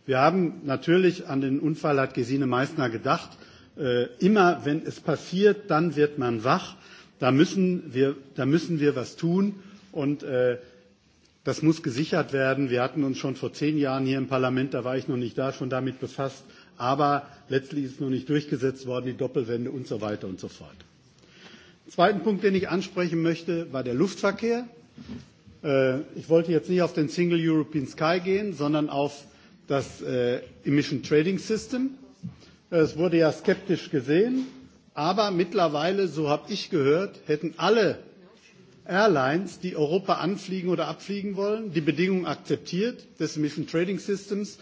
J: Wir haben natürlich an den Unfall hat Gesine Meissner gedacht. Äh, immer wenn es passiert, dann wird man wach. Da müssen wir, da müssen wir was tun. Und äh, Das muss gesichert werden. Wir hatten uns schon vor zehn Jahren hier im Parlament, da war ich noch nicht da, schon damit befasst. Aber letztlich ist es noch nicht durchgesetzt worden, die Doppelwände und so weiter und so fort. Zweiten Punkt, den ich ansprechen möchte, war der Luftverkehr. Äh, ich wollte jetzt nicht auf den Single European Sky gehen, sondern auf das äh, Emission Trading System. Äh, es wurde ja skeptisch gesehen, aber mittlerweile, so habe ich gehört, hätten alle Airlines, die Europa anfliegen oder abfliegen wollen, die Bedingungen akzeptiert des Emission Trading Systems.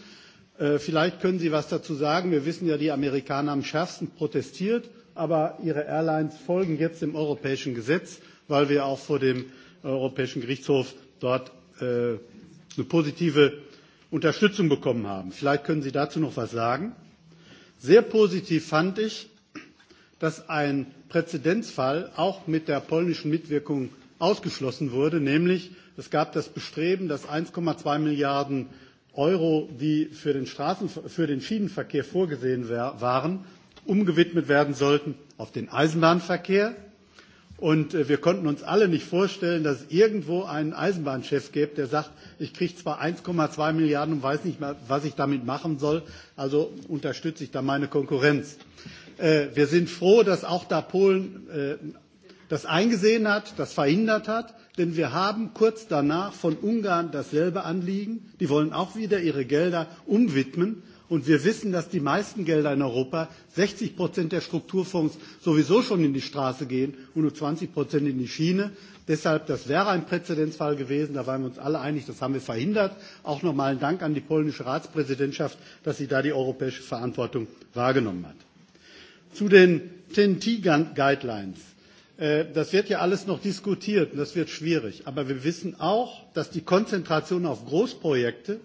J: Äh, vielleicht können Sie was dazu sagen. Wir wissen ja, die Amerikaner haben schärfsten protestiert, aber ihre Airlines folgen jetzt dem europäischen Gesetz, weil wir auch vor dem Europäischen Gerichtshof dort äh, eine positive Unterstützung bekommen haben. Vielleicht können Sie dazu noch was sagen. Sehr positiv fand ich, dass ein Präzedenzfall auch mit der polnischen Mitwirkung ausgeschlossen wurde, nämlich es gab das Bestreben, dass 1,2 Milliarden Euro, die für den, Straßen, für den Schienenverkehr vorgesehen waren, umgewidmet werden sollten auf den Eisenbahnverkehr. Und äh, wir konnten uns alle nicht vorstellen, dass es irgendwo einen Eisenbahnchef gibt, der sagt, ich kriege zwar 1,2 Milliarden und weiß nicht mal, was ich damit machen soll, also unterstütze ich da meine Konkurrenz. Äh, wir sind froh, dass auch da Polen äh, das eingesehen hat, das verhindert hat, denn wir haben kurz danach von Ungarn dasselbe Anliegen. Die wollen auch wieder ihre Gelder umwidmen. Und wir wissen, dass die meisten Gelder in Europa, 60 Prozent der Strukturfonds, sowieso schon in die Straße gehen und nur 20 Prozent in die Schiene. Deshalb, das wäre ein Präzedenzfall gewesen, da waren wir uns alle einig, das haben wir verhindert. Auch nochmal ein Dank an die polnische Ratspräsidentschaft, dass sie da die europäische Verantwortung wahrgenommen hat. Zu den TNT-Guidelines. Äh, das wird ja alles noch diskutiert und das wird schwierig. Aber wir wissen auch, dass die Konzentration auf Großprojekte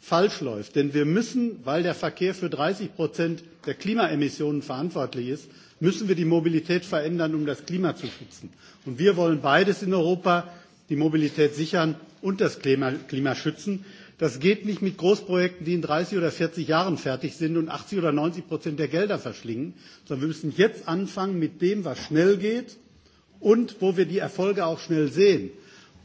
J: falsch läuft. Denn wir müssen, weil der Verkehr für 30 Prozent der Klimaemissionen verantwortlich ist, müssen wir die Mobilität verändern, um das Klima zu schützen. Und wir wollen beides in Europa, die Mobilität sichern und das Klima, Klima schützen. Das geht nicht mit Großprojekten, die in 30 oder 40 Jahren fertig sind und 80 oder 90 Prozent der Gelder verschlingen, sondern wir müssen jetzt anfangen mit dem, was schnell geht und wo wir die Erfolge auch schnell sehen.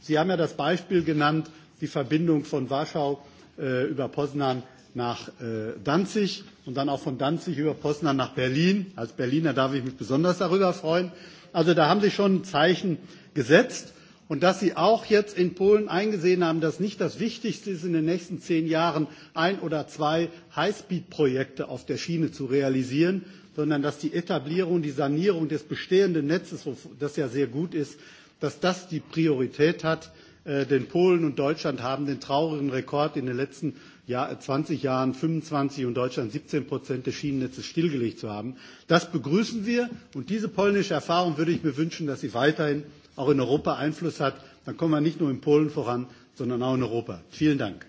J: Sie haben ja das Beispiel genannt, die Verbindung von Warschau äh, über Poznan nach äh, Danzig und dann auch von Danzig über Poznan nach Berlin. Als Berliner darf ich mich besonders darüber freuen. Also da haben Sie schon ein Zeichen gesetzt und dass Sie auch jetzt in Polen eingesehen haben, dass nicht das Wichtigste ist, in den nächsten zehn Jahren ein oder zwei Highspeed-Projekte auf der Schiene zu realisieren, sondern dass die Etablierung, die Sanierung des bestehenden Netzes, das ja sehr gut ist, dass das die Priorität hat. Äh, denn Polen und Deutschland haben den traurigen Rekord in den letzten Jahr, äh, 20 Jahren 25 und Deutschland 17 Prozent des Schienennetzes stillgelegt zu haben. Das begrüßen wir und diese polnische Erfahrung würde ich mir wünschen, dass sie weiterhin auch in Europa Einfluss hat, dann kommen wir nicht nur in Polen voran, sondern auch in Europa. Vielen Dank.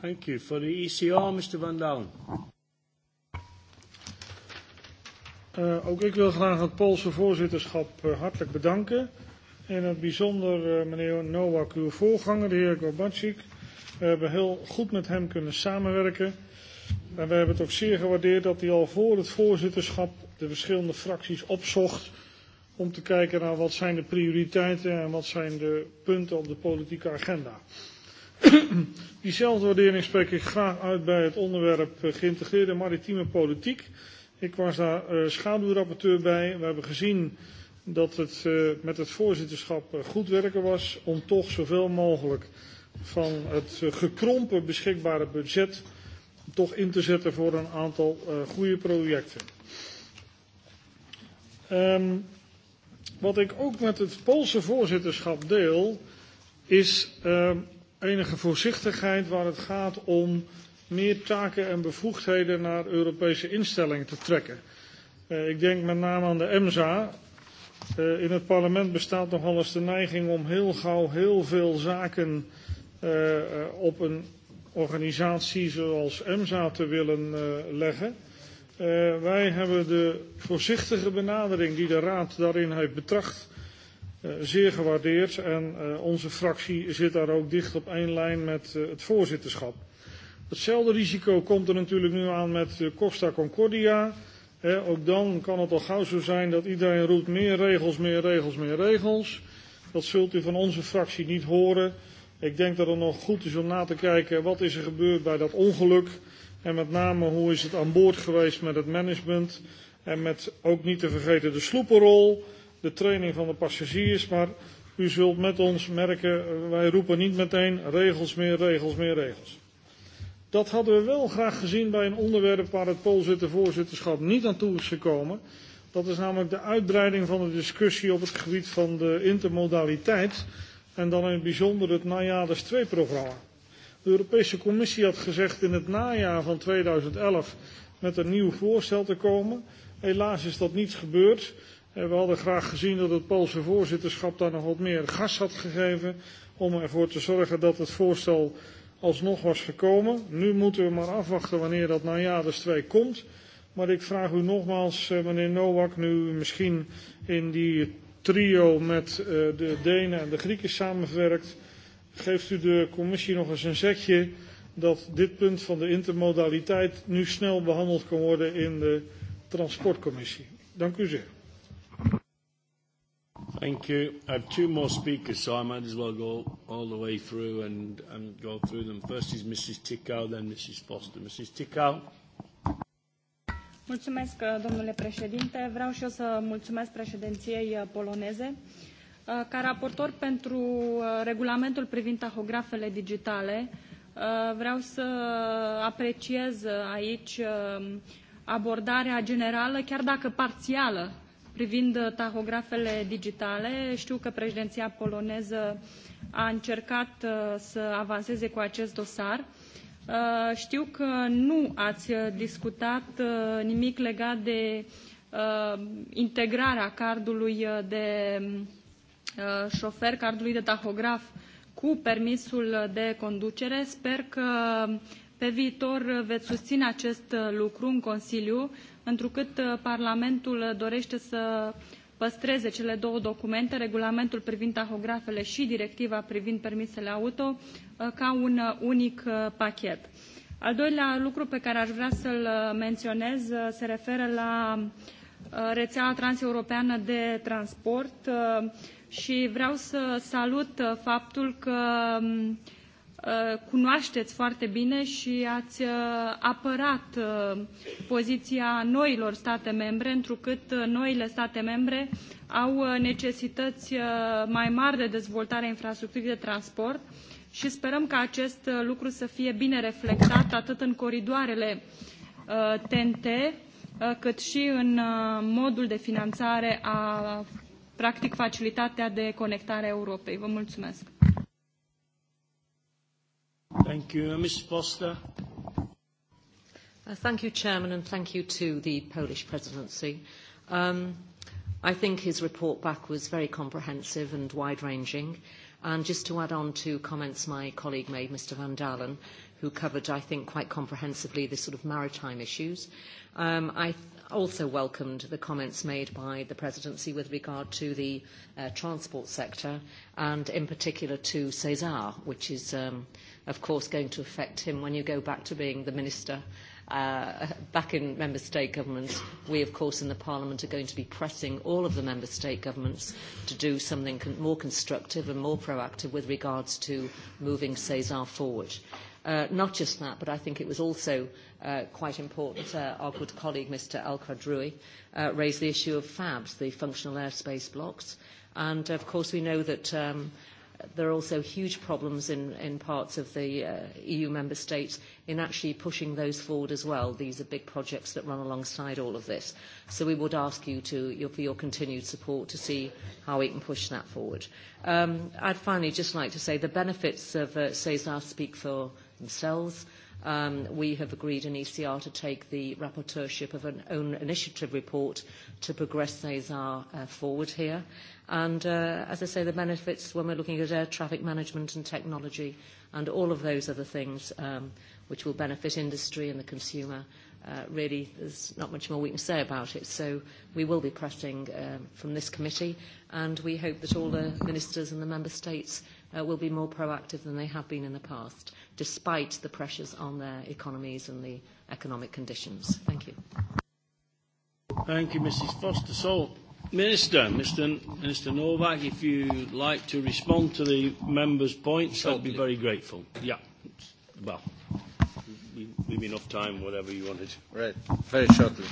C: Thank you. For the ECR, Mr. Van Dalen.
K: Uh, ook ik wil graag het Poolse voorzitterschap uh, hartelijk bedanken. In het bijzonder uh, meneer Nowak, uw voorganger, de heer Gorbaczyk. We hebben heel goed met hem kunnen samenwerken. En we hebben het ook zeer gewaardeerd dat hij al voor het voorzitterschap de verschillende fracties opzocht om te kijken naar wat zijn de prioriteiten en wat zijn de punten op de politieke agenda. (clears throat) Diezelfde waardering spreek ik graag uit bij het onderwerp eh, geïntegreerde maritieme politiek. Ik was daar eh, schaduwrapporteur bij. We hebben gezien dat het eh, met het voorzitterschap goed werken was om toch zoveel mogelijk van het gekrompen beschikbare budget toch in te zetten voor een aantal goede projecten. Ehm, Wat ik ook met het Poolse voorzitterschap deel, is uh, enige voorzichtigheid waar het gaat om meer taken en bevoegdheden naar Europese instellingen te trekken. Uh, ik denk met name aan de EMSA. Uh, eh, in het parlement bestaat nogal eens de neiging om heel gauw heel veel zaken uh, op een organisatie zoals EMSA te willen uh, leggen. Uh, wij hebben de voorzichtige benadering die de Raad daarin heeft betracht uh, zeer gewaardeerd. En uh, onze fractie zit daar ook dicht op één lijn met uh, het voorzitterschap. Hetzelfde risico komt er natuurlijk nu aan met uh, Costa Concordia. Eh, ook dan kan het al gauw zo zijn dat iedereen roept meer regels, meer regels, meer regels. Dat zult u van onze fractie niet horen. Ik denk dat het nog goed is om na te kijken wat is er gebeurd bij dat ongeluk is En met name hoe is het aan boord geweest met het management. En met ook niet te vergeten de sloepenrol, de training van de passagiers. Maar u zult met ons merken, wij roepen niet meteen regels meer, regels meer, regels. Dat hadden we wel graag gezien bij een onderwerp waar het Poolzitter voorzitterschap niet aan toe is gekomen. Dat is namelijk de uitbreiding van de discussie op het gebied van de intermodaliteit. En dan in het bijzonder het Najades 2-programma. De Europese Commissie had gezegd in het najaar van 2011 met een nieuw voorstel te komen. Helaas is dat niet gebeurd. Eh, we hadden graag gezien dat het Poolse voorzitterschap daar nog wat meer gas had gegeven om ervoor te zorgen dat het voorstel alsnog was gekomen. Nu moeten we maar afwachten wanneer dat Najades 2 komt. Maar ik vraag u nogmaals, eh, meneer Nowak, nu misschien in die trio met eh, de Denen en de Grieken samenwerkt, geeft u de commissie nog eens een zetje dat dit punt van de intermodaliteit nu snel behandeld kan worden in de transportcommissie. Dank u zeer.
C: Thank you. I have two more speakers, so I might as well go all the way through and, and go through them. First is Mrs. then Mrs. Foster. Mrs.
L: Mulțumesc, domnule președinte. Vreau și eu să mulțumesc președinției poloneze Uh, ca raportor pentru uh, regulamentul privind tahografele digitale, uh, vreau să apreciez aici abordarea generală, chiar dacă parțială, privind tahografele digitale. Știu că președinția poloneză a încercat să avanseze cu acest dosar. Știu că nu ați discutat nimic legat de integrarea cardului de Uh, șofer cardului de tahograf cu permisul de conducere. Sper că pe viitor veți susține acest lucru în Consiliu, întrucât uh, Parlamentul dorește să păstreze cele două documente, regulamentul privind tahografele și directiva privind permisele auto, uh, ca un unic pachet. Al doilea lucru pe care aș vrea să-l menționez se referă la rețeaua transeuropeană de transport și vreau să salut uh, faptul că um, uh, cunoașteți foarte bine și ați uh, apărat poziția noilor state membre, întrucât noile state membre au necesități mai mari de dezvoltare a infrastructurii de transport și sperăm ca acest lucru să fie bine reflectat atât în coridoarele TNT, cât și în modul de finanțare a practic, facilitatea de conectare a Europei. Vă mulțumesc.
C: Thank you. Ms. Foster.
E: Uh, thank you, Chairman, and thank you to the Polish presidency. Um, I think his report back was very comprehensive and wide-ranging. And just to add on to comments my colleague made, Mr Van Dalen, who covered, I think, quite comprehensively the sort of maritime issues, um, I also welcomed the comments made by the presidency with regard to the uh, transport sector and in particular to Cesar, which is um, of course going to affect him when you go back to being the minister uh, back in member state governments. We of course in the parliament are going to be pressing all of the member state governments to do something con more constructive and more proactive with regards to moving Cesar forward. Uh, not just that, but I think it was also uh, quite important. Uh, our good colleague, Mr. Al Quadrui, uh, raised the issue of FABs, the functional airspace blocks. And of course, we know that um, there are also huge problems in, in parts of the uh, EU member states in actually pushing those forward as well. These are big projects that run alongside all of this. So we would ask you to, your, for your continued support to see how we can push that forward. Um, I'd finally just like to say the benefits of uh, CESAR speak for themselves. Um, we have agreed in ECR to take the rapporteurship of an own initiative report to progress CESAR uh, forward here. And uh, as I say, the benefits when we're looking at air traffic management and technology and all of those other things um, which will benefit industry and the consumer, uh, really there's not much more we can say about it. So we will be pressing uh, from this committee and we hope that all the ministers and the member states uh, will be more proactive than they have been in the past despite the pressures on their economies and the economic conditions. Thank you.
C: Thank you, Mrs. Foster. So, Minister, Mr. Mr. Novak, if you like to respond to the members' points, I'd be very grateful. Yeah. Well, leave enough time, whatever
H: you wanted. Right. Very shortly.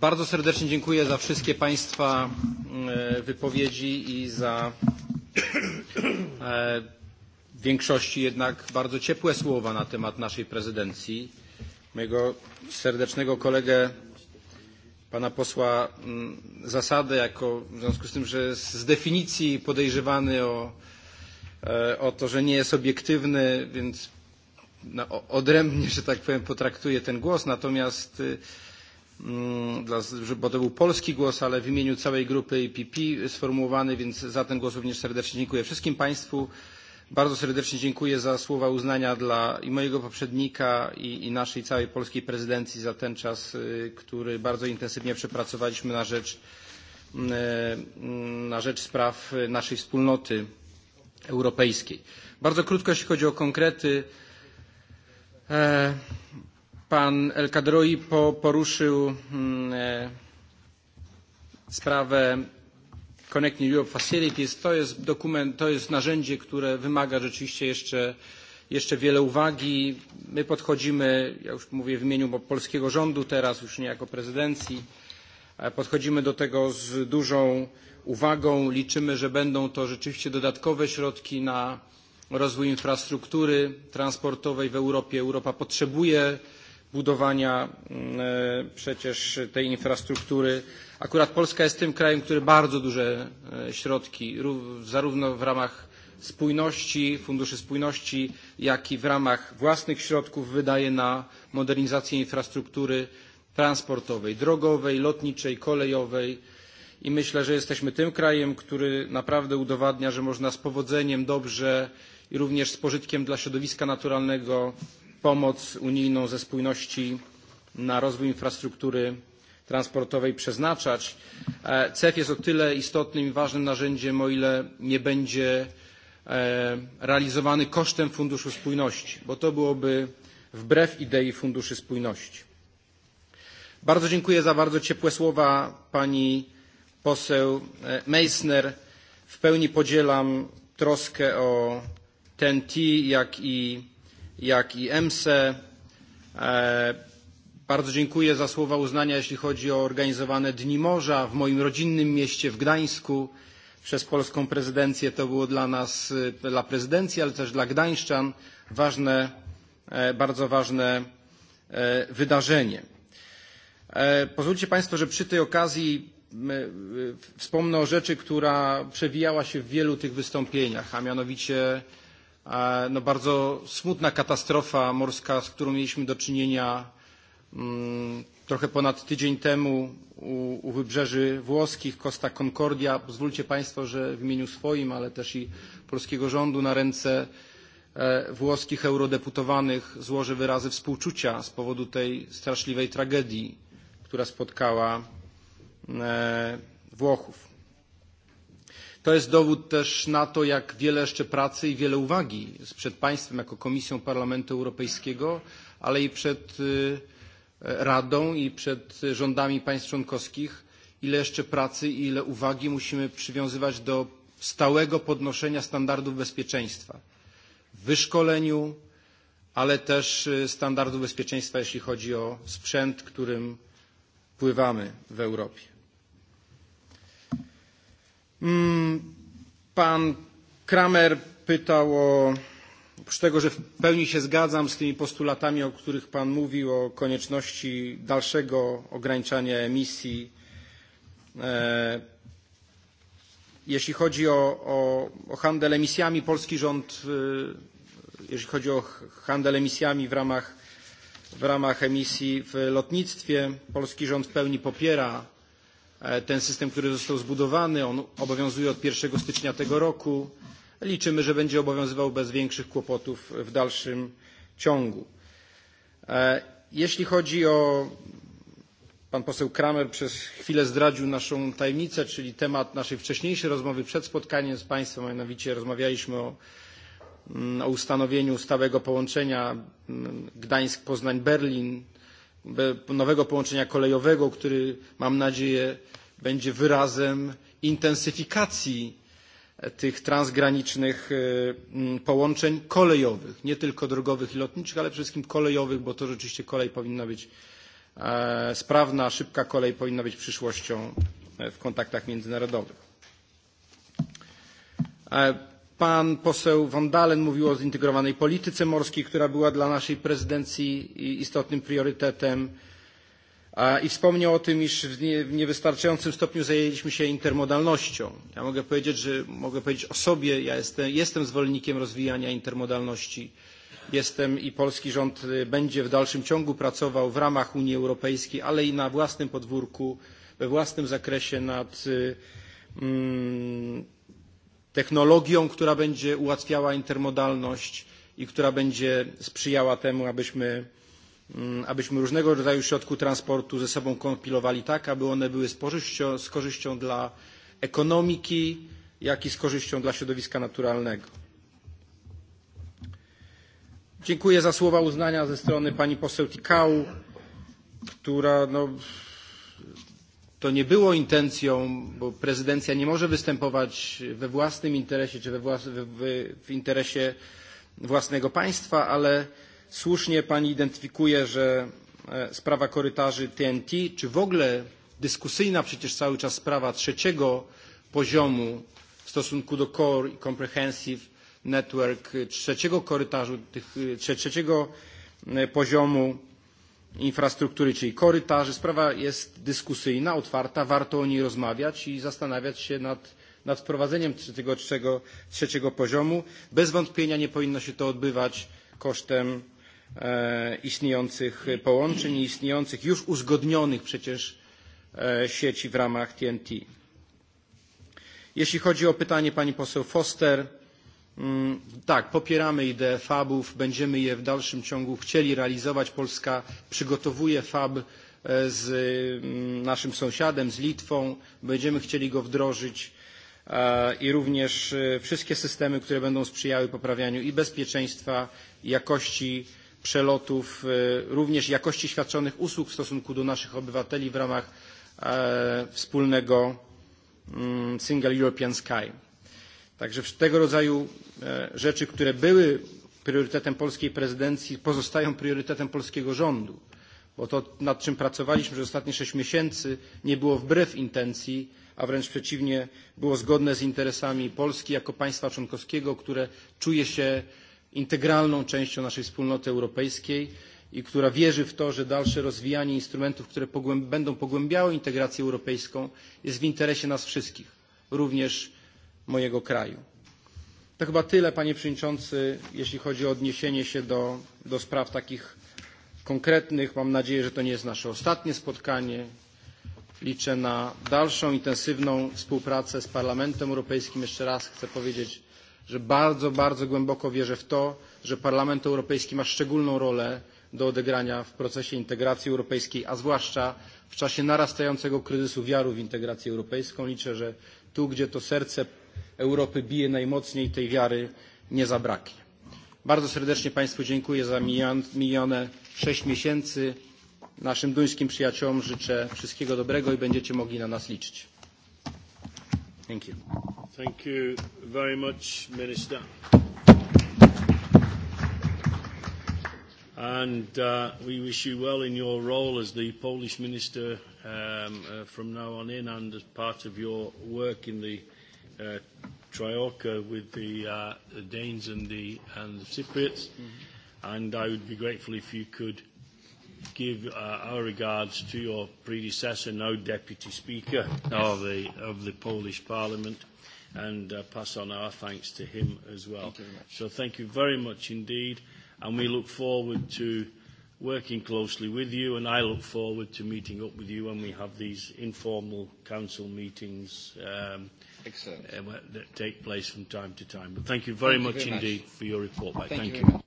H: Bardzo serdecznie dziękuję za wszystkie Państwa wypowiedzi i za większości jednak bardzo ciepłe słowa na temat naszej prezydencji. Mojego serdecznego kolegę, pana posła mm, Zasadę, jako w związku z tym, że jest z definicji podejrzewany o, o to, że nie jest obiektywny, więc no, odrębnie, że tak powiem, potraktuję ten głos. Natomiast mm, bo to był polski głos, ale w imieniu całej grupy IPP sformułowany, więc za ten głos również serdecznie dziękuję wszystkim Państwu. Bardzo serdecznie dziękuję za słowa uznania dla i mojego poprzednika i, i naszej całej polskiej prezydencji za ten czas, który bardzo intensywnie przepracowaliśmy na rzecz, na rzecz spraw naszej wspólnoty europejskiej. Bardzo krótko, jeśli chodzi o konkrety. Pan El Kadroi poruszył mm, sprawę Connecting Europe Facilities, to jest dokument, to jest narzędzie, które wymaga rzeczywiście jeszcze, jeszcze wiele uwagi. My podchodzimy, ja już mówię w imieniu polskiego rządu teraz, już nie jako prezydencji, podchodzimy do tego z dużą uwagą. Liczymy, że będą to rzeczywiście dodatkowe środki na rozwój infrastruktury transportowej w Europie. Europa potrzebuje budowania przecież tej infrastruktury. Akurat Polska jest tym krajem, który bardzo duże środki zarówno w ramach spójności, funduszy spójności, jak i w ramach własnych środków wydaje na modernizację infrastruktury transportowej, drogowej, lotniczej, kolejowej. I myślę, że jesteśmy tym krajem, który naprawdę udowadnia, że można z powodzeniem dobrze i również z pożytkiem dla środowiska naturalnego pomoc unijną ze spójności na rozwój infrastruktury transportowej przeznaczać. CEF jest o tyle istotnym i ważnym narzędziem, o ile nie będzie realizowany kosztem Funduszu Spójności, bo to byłoby wbrew idei Funduszy Spójności. Bardzo dziękuję za bardzo ciepłe słowa pani poseł Meissner. W pełni podzielam troskę o TEN-T, jak i jak i EMSE. Bardzo dziękuję za słowa uznania, jeśli chodzi o organizowane Dni Morza w moim rodzinnym mieście w Gdańsku. Przez polską prezydencję to było dla nas, dla prezydencji, ale też dla gdańszczan ważne, bardzo ważne wydarzenie. Pozwólcie Państwo, że przy tej okazji wspomnę o rzeczy, która przewijała się w wielu tych wystąpieniach, a mianowicie no bardzo smutna katastrofa morska, z którą mieliśmy do czynienia mm, trochę ponad tydzień temu u, u wybrzeży włoskich, Costa Concordia. Pozwólcie Państwo, że w imieniu swoim, ale też i polskiego rządu na ręce włoskich eurodeputowanych złożę wyrazy współczucia z powodu tej straszliwej tragedii, która spotkała Włochów. To jest dowód też na to, jak wiele jeszcze pracy i wiele uwagi przed Państwem jako Komisją Parlamentu Europejskiego, ale i przed Radą i przed rządami państw członkowskich, ile jeszcze pracy i ile uwagi musimy przywiązywać do stałego podnoszenia standardów bezpieczeństwa w wyszkoleniu, ale też standardów bezpieczeństwa, jeśli chodzi o sprzęt, którym pływamy w Europie. Mm, pan Kramer pytał o, oprócz tego, że w pełni się zgadzam z tymi postulatami, o których Pan mówił, o konieczności dalszego ograniczania emisji. Jeśli chodzi o, o, o handel emisjami, polski rząd, jeśli chodzi o handel emisjami w ramach, w ramach emisji w lotnictwie, polski rząd w pełni popiera Ten system, który został zbudowany, on obowiązuje od 1 stycznia tego roku. Liczymy, że będzie obowiązywał bez większych kłopotów w dalszym ciągu. Jeśli chodzi o pan poseł Kramer przez chwilę zdradził naszą tajemnicę, czyli temat naszej wcześniejszej rozmowy przed spotkaniem z państwem, a mianowicie rozmawialiśmy o, mm, o ustanowieniu stałego połączenia mm, Gdańsk-Poznań-Berlin nowego połączenia kolejowego, który mam nadzieję będzie wyrazem intensyfikacji tych transgranicznych połączeń kolejowych, nie tylko drogowych i lotniczych, ale przede wszystkim kolejowych, bo to rzeczywiście kolej powinna być sprawna, szybka kolej powinna być przyszłością w kontaktach międzynarodowych. Pan poseł Van Dalen mówił o zintegrowanej polityce morskiej, która była dla naszej prezydencji istotnym priorytetem i wspomniał o tym, iż w niewystarczającym stopniu zajęliśmy się intermodalnością. Ja mogę powiedzieć, że mogę powiedzieć o sobie, ja jestem, jestem zwolennikiem rozwijania intermodalności. Jestem i polski rząd będzie w dalszym ciągu pracował w ramach Unii Europejskiej, ale i na własnym podwórku, we własnym zakresie nad mm, technologią, która będzie ułatwiała intermodalność i która będzie sprzyjała temu, abyśmy, mm, abyśmy różnego rodzaju środków transportu ze sobą kompilowali tak, aby one były z, korzyścią, z korzyścią dla ekonomiki, jak i z korzyścią dla środowiska naturalnego. Dziękuję za słowa uznania ze strony pani poseł Tikału, która no, To nie było intencją, bo prezydencja nie może występować we własnym interesie czy we włas w, w, w interesie własnego państwa, ale słusznie pani identyfikuje, że sprawa korytarzy TNT, czy w ogóle dyskusyjna przecież cały czas sprawa trzeciego poziomu w stosunku do Core i Comprehensive Network trzeciego korytarzu, tych, trzeciego poziomu infrastruktury, czyli korytarzy. Sprawa jest dyskusyjna, otwarta, warto o niej rozmawiać i zastanawiać się nad, nad wprowadzeniem tego trzeciego, trzeciego poziomu. Bez wątpienia nie powinno się to odbywać kosztem e, istniejących połączeń i istniejących już uzgodnionych przecież e, sieci w ramach TNT. Jeśli chodzi o pytanie pani poseł Foster, Mm, tak, popieramy ideę fabów, będziemy je w dalszym ciągu chcieli realizować. Polska przygotowuje fab z mm, naszym sąsiadem, z Litwą. Będziemy chcieli go wdrożyć i również wszystkie systemy, które będą sprzyjały poprawianiu i bezpieczeństwa, i jakości przelotów, również jakości świadczonych usług w stosunku do naszych obywateli w ramach wspólnego mm, Single European Sky. Także tego rodzaju rzeczy, które były priorytetem polskiej prezydencji, pozostają priorytetem polskiego rządu. Bo to, nad czym pracowaliśmy przez ostatnie sześć miesięcy, nie było wbrew intencji, a wręcz przeciwnie, było zgodne z interesami Polski jako państwa członkowskiego, które czuje się integralną częścią naszej wspólnoty europejskiej i która wierzy w to, że dalsze rozwijanie instrumentów, które będą pogłębiały integrację europejską, jest w interesie nas wszystkich, również mojego kraju. To chyba tyle, panie przewodniczący, jeśli chodzi o odniesienie się do, do spraw takich konkretnych. Mam nadzieję, że to nie jest nasze ostatnie spotkanie. Liczę na dalszą intensywną współpracę z Parlamentem Europejskim. Jeszcze raz chcę powiedzieć, że bardzo, bardzo głęboko wierzę w to, że Parlament Europejski ma szczególną rolę do odegrania w procesie integracji europejskiej, a zwłaszcza w czasie narastającego kryzysu wiary w integrację europejską. Liczę, że tu, gdzie to serce Europy bije najmocniej, tej wiary nie zabraknie. Bardzo serdecznie Państwu dziękuję za minione sześć miesięcy. Naszym duńskim przyjaciołom życzę wszystkiego dobrego i będziecie mogli na nas liczyć. Thank you.
C: Thank you very much, Minister. And uh, we wish you well in your role as the Polish Minister um, uh, from now on in and as part of your work in the uh, with the, uh, the Danes and the, and the Cypriots. Mm-hmm. And I would be grateful if you could give uh, our regards to your predecessor, now Deputy Speaker of the, of the Polish Parliament, and uh, pass on our thanks to him as well. Thank So thank you very much indeed, and we look forward to working closely with you, and I look forward to meeting up with you when we have these informal council meetings um, Excellent. Uh, that take place from time to time. But thank you very thank much you very indeed much. for your report. Thank, thank you. you.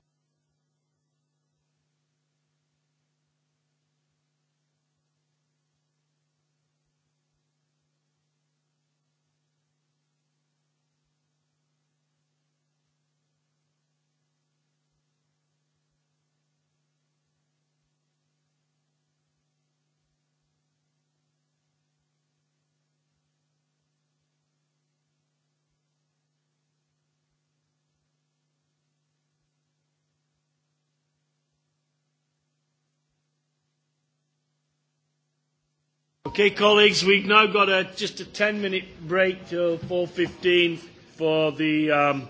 C: Okay, colleagues, we've now got a, just a 10 minute break till 4.15 for the um,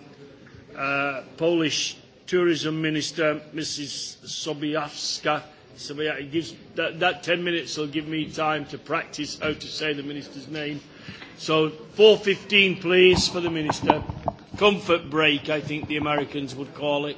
C: uh, Polish tourism minister, Mrs. Sobiewska. Sobiewska it gives, that, that 10 minutes will give me time to practice how to say the minister's name. So 4.15, please, for the minister. Comfort break, I think the Americans would call it.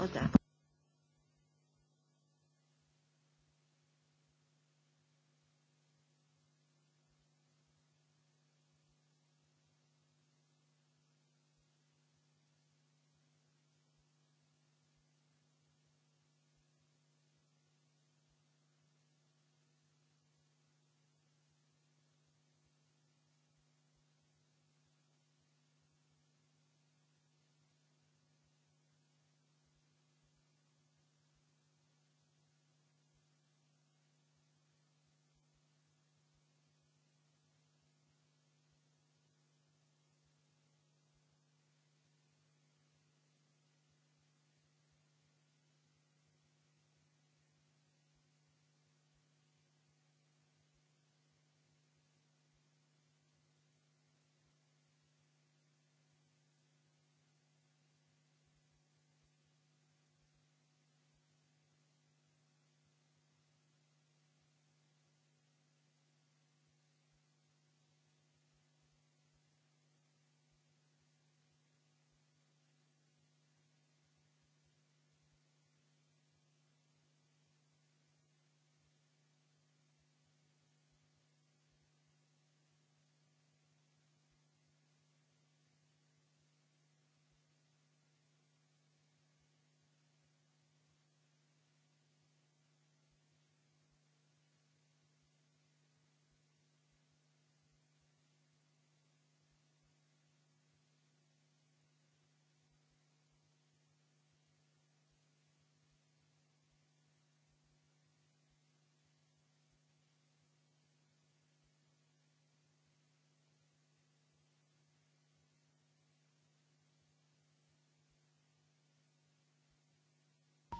C: o da.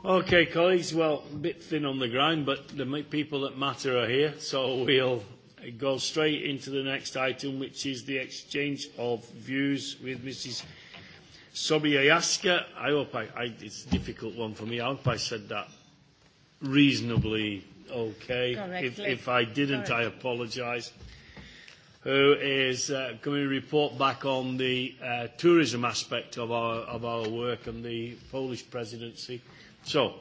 C: Okay, colleagues, well, a bit thin on the ground, but the people that matter are here, so we'll go straight into the next item, which is the exchange of views with Mrs. Sobiejaska. I hope I, I, it's a difficult one for me. I hope I said that reasonably okay. Correctly. If, if I didn't, Correctly. I apologise. Who is uh, coming to report back on the uh, tourism aspect of our, of our work and the Polish presidency. So,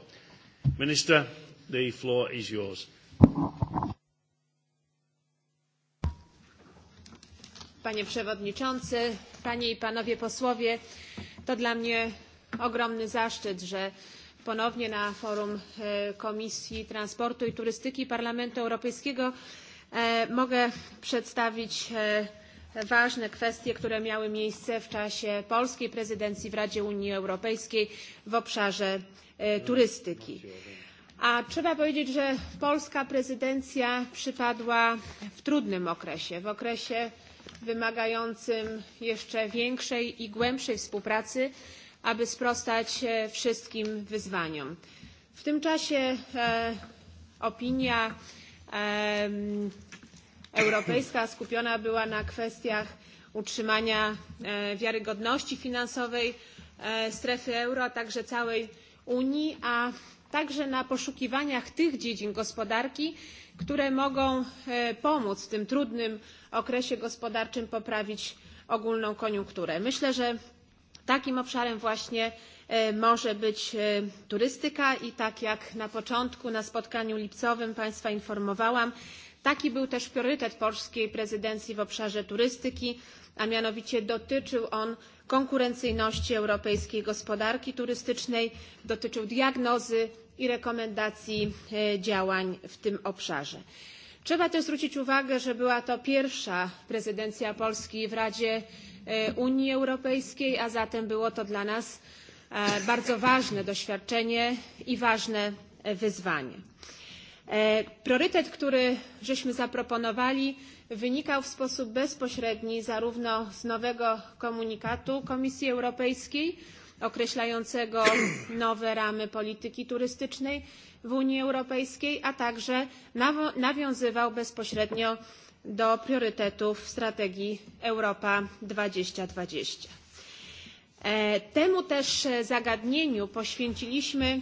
C: Minister, the floor is yours.
F: Panie Przewodniczący, Panie i Panowie Posłowie, to dla mnie ogromny zaszczyt, że ponownie na forum Komisji Transportu i Turystyki Parlamentu Europejskiego mogę przedstawić ważne kwestie, które miały miejsce w czasie polskiej prezydencji w Radzie Unii Europejskiej w obszarze turystyki. A trzeba powiedzieć, że polska prezydencja przypadła w trudnym okresie, w okresie wymagającym jeszcze większej i głębszej współpracy, aby sprostać wszystkim wyzwaniom. W tym czasie e, opinia e,
A: europejska
F: skupiona była na kwestiach utrzymania e, wiarygodności finansowej strefy euro, a także całej unii, a także na poszukiwaniach tych dziedzin gospodarki, które mogą pomóc w tym trudnym okresie gospodarczym poprawić ogólną koniunkturę. Myślę, że takim obszarem właśnie może być turystyka i tak jak na początku na spotkaniu lipcowym Państwa informowałam, taki był też priorytet polskiej prezydencji w obszarze turystyki, a mianowicie dotyczył on konkurencyjności europejskiej gospodarki turystycznej, dotyczył diagnozy i rekomendacji działań w tym obszarze. Trzeba też zwrócić uwagę, że była to pierwsza prezydencja Polski w Radzie Unii Europejskiej, a zatem było to dla nas bardzo ważne doświadczenie i ważne wyzwanie. Priorytet, który zaproponowaliśmy wynikał w sposób bezpośredni zarówno z nowego komunikatu Komisji Europejskiej określającego nowe ramy polityki turystycznej w Unii Europejskiej, a także nawiązywał bezpośrednio do priorytetów strategii Europa 2020. Temu też zagadnieniu poświęciliśmy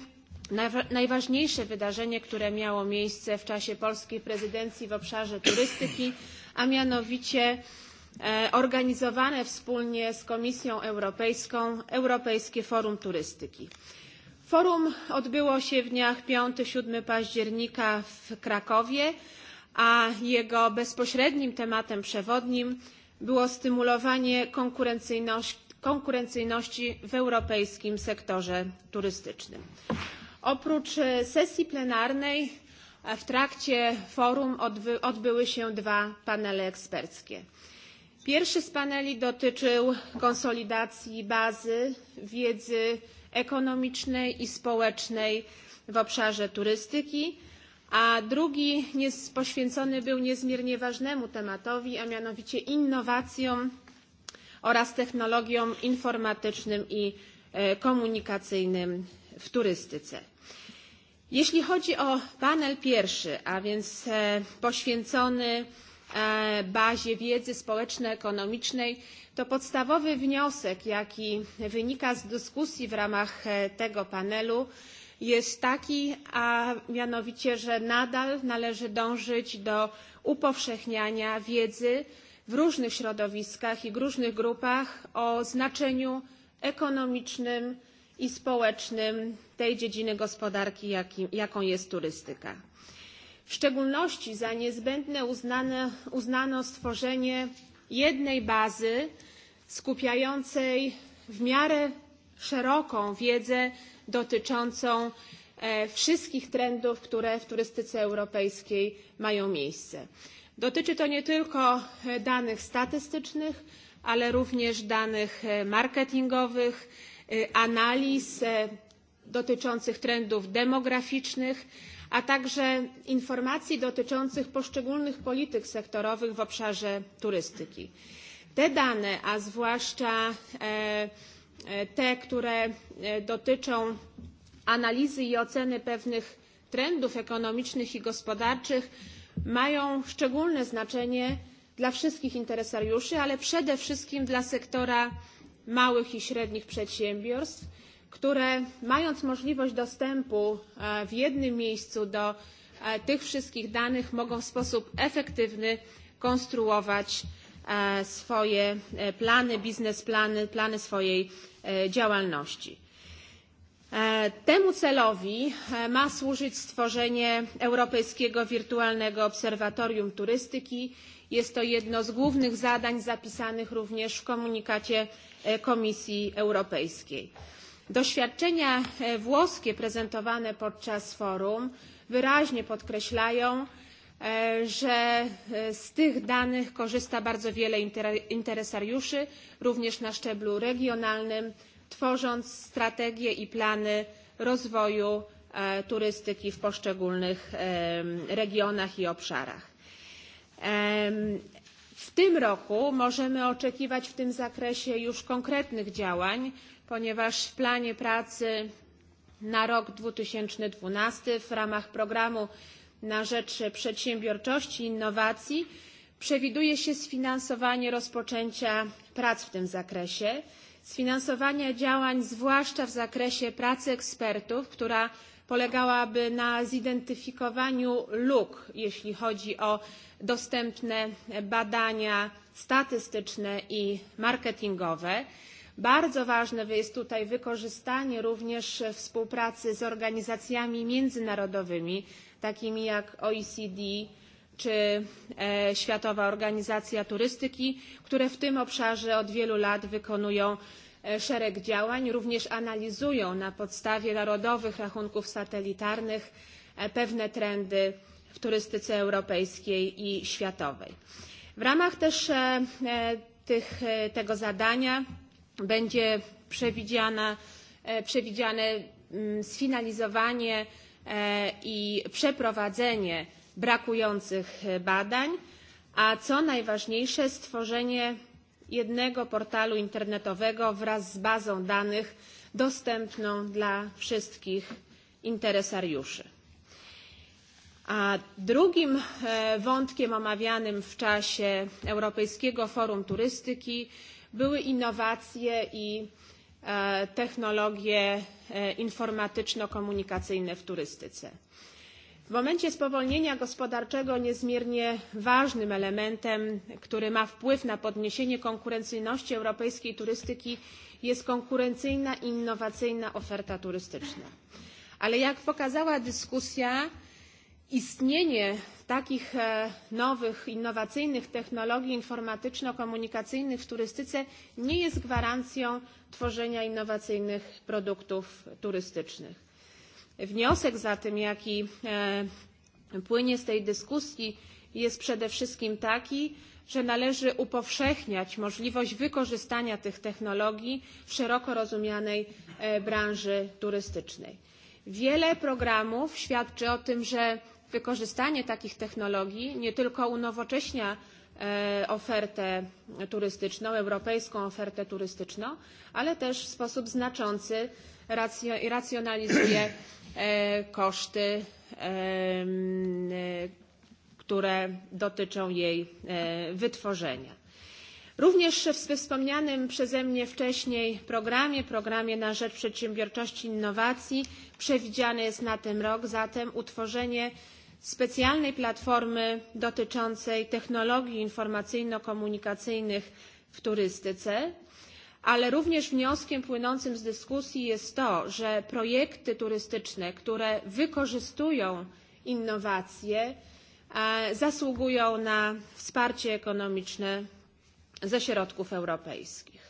F: Najważniejsze wydarzenie, które miało miejsce w czasie polskiej prezydencji w obszarze turystyki, a mianowicie organizowane wspólnie z Komisją Europejską Europejskie Forum Turystyki. Forum odbyło się w dniach 5-7 października w Krakowie, a jego bezpośrednim tematem przewodnim było stymulowanie konkurencyjności, konkurencyjności w europejskim sektorze turystycznym. Oprócz sesji plenarnej w trakcie forum odbyły się dwa panele eksperckie. Pierwszy z paneli dotyczył konsolidacji bazy wiedzy ekonomicznej i społecznej w obszarze turystyki, a drugi poświęcony był niezmiernie ważnemu tematowi, a mianowicie innowacjom oraz technologiom informatycznym i komunikacyjnym w turystyce. Jeśli chodzi o panel pierwszy, a więc poświęcony bazie wiedzy społeczno-ekonomicznej, to podstawowy wniosek, jaki wynika z dyskusji w ramach tego panelu, jest taki, a mianowicie, że nadal należy dążyć do upowszechniania wiedzy w różnych środowiskach i w różnych grupach o znaczeniu ekonomicznym i społecznym tej dziedziny gospodarki, jaką jest turystyka. W szczególności za niezbędne uznane, uznano stworzenie jednej bazy skupiającej w miarę szeroką wiedzę dotyczącą wszystkich trendów, które w turystyce europejskiej mają miejsce. Dotyczy to nie tylko danych statystycznych, ale również danych marketingowych, analiz dotyczących trendów demograficznych, a także informacji dotyczących poszczególnych polityk sektorowych w obszarze turystyki. Te dane, a zwłaszcza te, które dotyczą analizy i oceny pewnych trendów ekonomicznych i gospodarczych, mają szczególne znaczenie dla wszystkich interesariuszy, ale przede wszystkim dla sektora małych i średnich przedsiębiorstw, które mając możliwość dostępu w jednym miejscu do tych wszystkich danych mogą w sposób efektywny konstruować swoje plany, biznesplany, plany swojej działalności. Temu celowi ma służyć stworzenie Europejskiego Wirtualnego Obserwatorium Turystyki, Jest to jedno z głównych zadań zapisanych również w komunikacie Komisji Europejskiej. Doświadczenia włoskie prezentowane podczas forum wyraźnie podkreślają, że z tych danych korzysta bardzo wiele interesariuszy, również na szczeblu regionalnym, tworząc strategie i plany rozwoju turystyki w poszczególnych regionach i obszarach. W tym roku możemy oczekiwać w tym zakresie już konkretnych działań, ponieważ w planie pracy na rok 2012 w ramach programu na rzecz przedsiębiorczości i innowacji przewiduje się sfinansowanie rozpoczęcia prac w tym zakresie, sfinansowanie działań zwłaszcza w zakresie pracy ekspertów, która polegałaby na zidentyfikowaniu luk, jeśli chodzi o dostępne badania statystyczne i marketingowe. Bardzo ważne jest tutaj wykorzystanie również współpracy z organizacjami międzynarodowymi, takimi jak OECD czy Światowa Organizacja Turystyki, które w tym obszarze od wielu lat wykonują szereg działań, również analizują na podstawie narodowych rachunków satelitarnych pewne trendy w turystyce europejskiej i światowej. W ramach też tych, tego zadania będzie przewidziane, przewidziane mm, sfinalizowanie i przeprowadzenie brakujących badań, a co najważniejsze stworzenie jednego portalu internetowego wraz z bazą danych dostępną dla wszystkich interesariuszy. A drugim wątkiem omawianym w czasie Europejskiego Forum Turystyki były innowacje i technologie informatyczno-komunikacyjne w turystyce momencie spowolnienia gospodarczego niezmiernie ważnym elementem, który ma wpływ na podniesienie konkurencyjności europejskiej turystyki jest konkurencyjna i innowacyjna oferta turystyczna. Ale jak pokazała dyskusja, istnienie takich nowych, innowacyjnych technologii informatyczno-komunikacyjnych w turystyce nie jest gwarancją tworzenia innowacyjnych produktów turystycznych Wniosek zatem, jaki płynie z tej dyskusji, jest przede wszystkim taki, że należy upowszechniać możliwość wykorzystania tych technologii w szeroko rozumianej branży turystycznej. Wiele programów świadczy o tym, że wykorzystanie takich technologii nie tylko unowocześnia ofertę turystyczną, europejską ofertę turystyczną, ale też w sposób znaczący racjonalizuje koszty, które dotyczą jej wytworzenia. Również w wspomnianym przeze mnie wcześniej programie, programie na rzecz przedsiębiorczości i innowacji przewidziane jest na ten rok zatem utworzenie specjalnej platformy dotyczącej technologii informacyjno-komunikacyjnych w turystyce ale również wnioskiem płynącym z dyskusji jest to, że projekty turystyczne, które wykorzystują innowacje, zasługują na wsparcie ekonomiczne ze środków europejskich.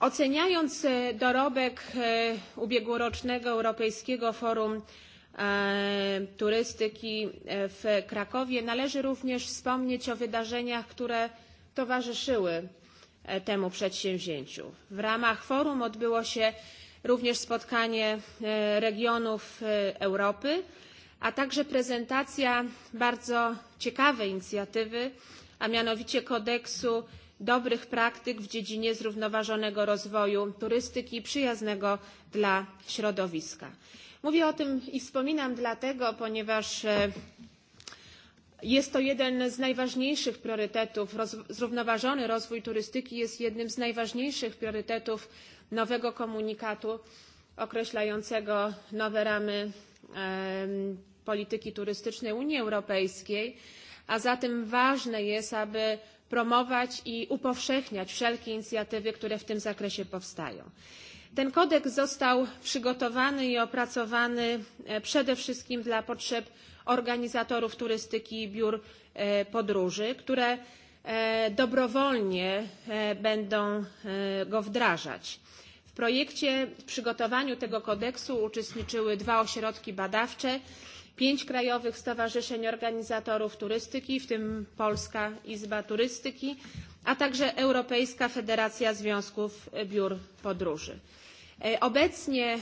F: Oceniając dorobek ubiegłorocznego Europejskiego Forum Turystyki w Krakowie, należy również wspomnieć o wydarzeniach, które towarzyszyły temu przedsięwzięciu. W ramach forum odbyło się również spotkanie regionów Europy, a także prezentacja bardzo ciekawej inicjatywy, a mianowicie kodeksu dobrych praktyk w dziedzinie zrównoważonego rozwoju turystyki przyjaznego dla środowiska. Mówię o tym i wspominam dlatego, ponieważ Jest to jeden z najważniejszych priorytetów. zrównoważony rozwój turystyki jest jednym z najważniejszych priorytetów nowego komunikatu określającego nowe ramy polityki turystycznej Unii Europejskiej, a zatem ważne jest, aby promować i upowszechniać wszelkie inicjatywy, które w tym zakresie powstają. Ten kodeks został przygotowany i opracowany przede wszystkim dla potrzeb organizatorów turystyki i biur podróży, które dobrowolnie będą go wdrażać. W projekcie w przygotowaniu tego kodeksu uczestniczyły dwa ośrodki badawcze, pięć krajowych stowarzyszeń organizatorów turystyki, w tym Polska Izba Turystyki, a także Europejska Federacja Związków Biur Podróży. Obecnie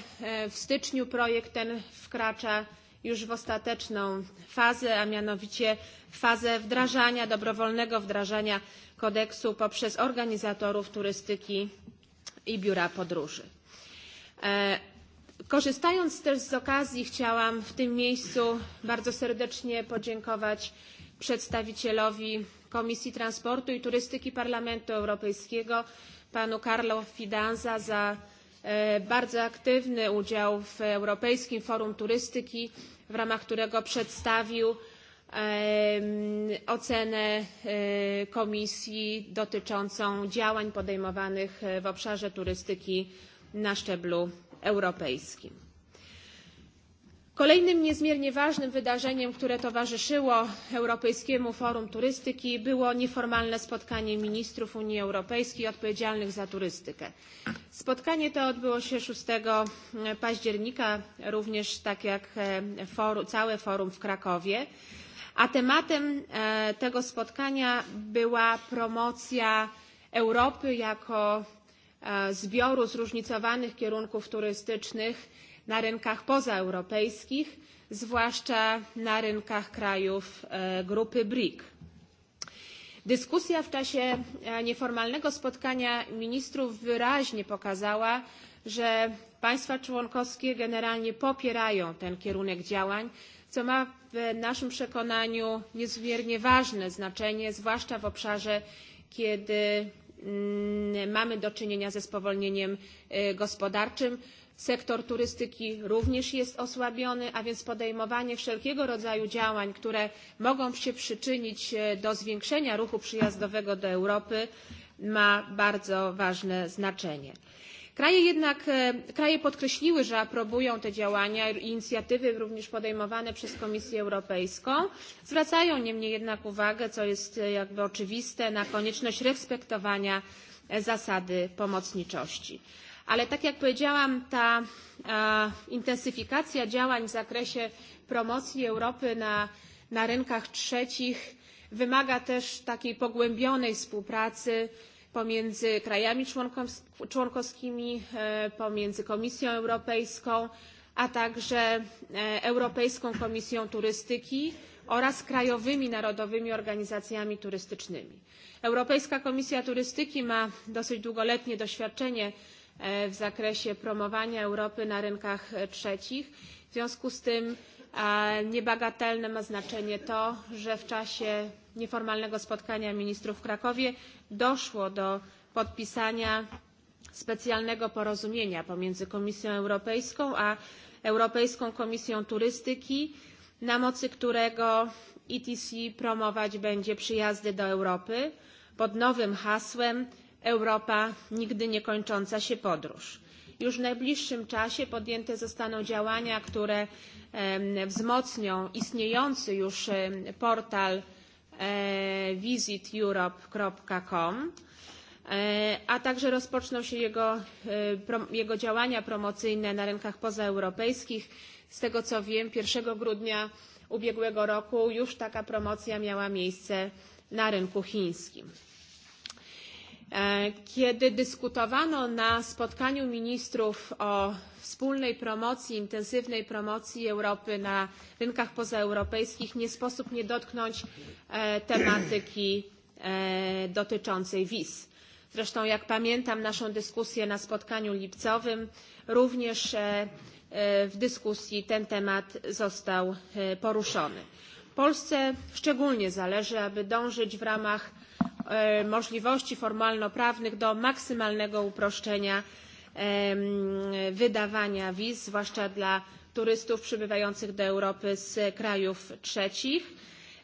F: w styczniu projekt ten wkracza już w ostateczną fazę, a mianowicie fazę wdrażania, dobrowolnego wdrażania kodeksu poprzez organizatorów turystyki i biura podróży. Korzystając też z okazji chciałam w tym miejscu bardzo serdecznie podziękować przedstawicielowi Komisji Transportu i Turystyki Parlamentu Europejskiego, panu Carlo Fidanza za bardzo aktywny udział w Europejskim Forum Turystyki, w ramach którego przedstawił ocenę Komisji dotyczącą działań podejmowanych w obszarze turystyki na szczeblu europejskim. Kolejnym niezmiernie ważnym wydarzeniem, które towarzyszyło Europejskiemu Forum Turystyki było nieformalne spotkanie ministrów Unii Europejskiej odpowiedzialnych za turystykę. Spotkanie to odbyło się 6 października, również tak jak forum, całe forum w Krakowie, a tematem tego spotkania była promocja Europy jako zbioru zróżnicowanych kierunków turystycznych, na rynkach pozaeuropejskich, zwłaszcza na rynkach krajów grupy BRIC. Dyskusja w czasie nieformalnego spotkania ministrów wyraźnie pokazała, że państwa członkowskie generalnie popierają ten kierunek działań, co ma w naszym przekonaniu niezmiernie ważne znaczenie, zwłaszcza w obszarze, kiedy mm, mamy do czynienia ze spowolnieniem gospodarczym, Sektor turystyki również jest osłabiony, a więc podejmowanie wszelkiego rodzaju działań, które mogą się przyczynić do zwiększenia ruchu przyjazdowego do Europy ma bardzo ważne znaczenie. Kraje jednak, kraje podkreśliły, że aprobują te działania i inicjatywy również podejmowane przez Komisję Europejską. Zwracają niemniej jednak uwagę, co jest jakby oczywiste, na konieczność respektowania zasady pomocniczości. Ale tak jak powiedziałam, ta a, intensyfikacja działań w zakresie promocji Europy na, na rynkach trzecich wymaga też takiej pogłębionej współpracy pomiędzy krajami członkowskimi, pomiędzy Komisją Europejską, a także Europejską Komisją Turystyki oraz krajowymi narodowymi organizacjami turystycznymi. Europejska Komisja Turystyki ma dosyć długoletnie doświadczenie w zakresie promowania Europy na rynkach trzecich. W związku z tym niebagatelne ma znaczenie to, że w czasie nieformalnego spotkania ministrów w Krakowie doszło do podpisania specjalnego porozumienia pomiędzy Komisją Europejską a Europejską Komisją Turystyki, na mocy którego ETC promować będzie przyjazdy do Europy pod nowym hasłem Europa nigdy nie kończąca się podróż. Już w najbliższym czasie podjęte zostaną działania, które wzmocnią istniejący już portal com a także rozpoczną się jego, jego działania promocyjne na rynkach pozaeuropejskich. Z tego co wiem, jeden grudnia ubiegłego roku już taka promocja miała miejsce na rynku chińskim. Kiedy dyskutowano na spotkaniu ministrów o wspólnej promocji, intensywnej promocji Europy na rynkach pozaeuropejskich, nie sposób nie dotknąć tematyki dotyczącej wiz. Zresztą jak pamiętam naszą dyskusję na spotkaniu lipcowym, również w dyskusji ten temat został poruszony. Polsce szczególnie zależy, aby dążyć w ramach możliwości formalno-prawnych do maksymalnego uproszczenia wydawania wiz, zwłaszcza dla turystów przybywających do Europy z krajów trzecich.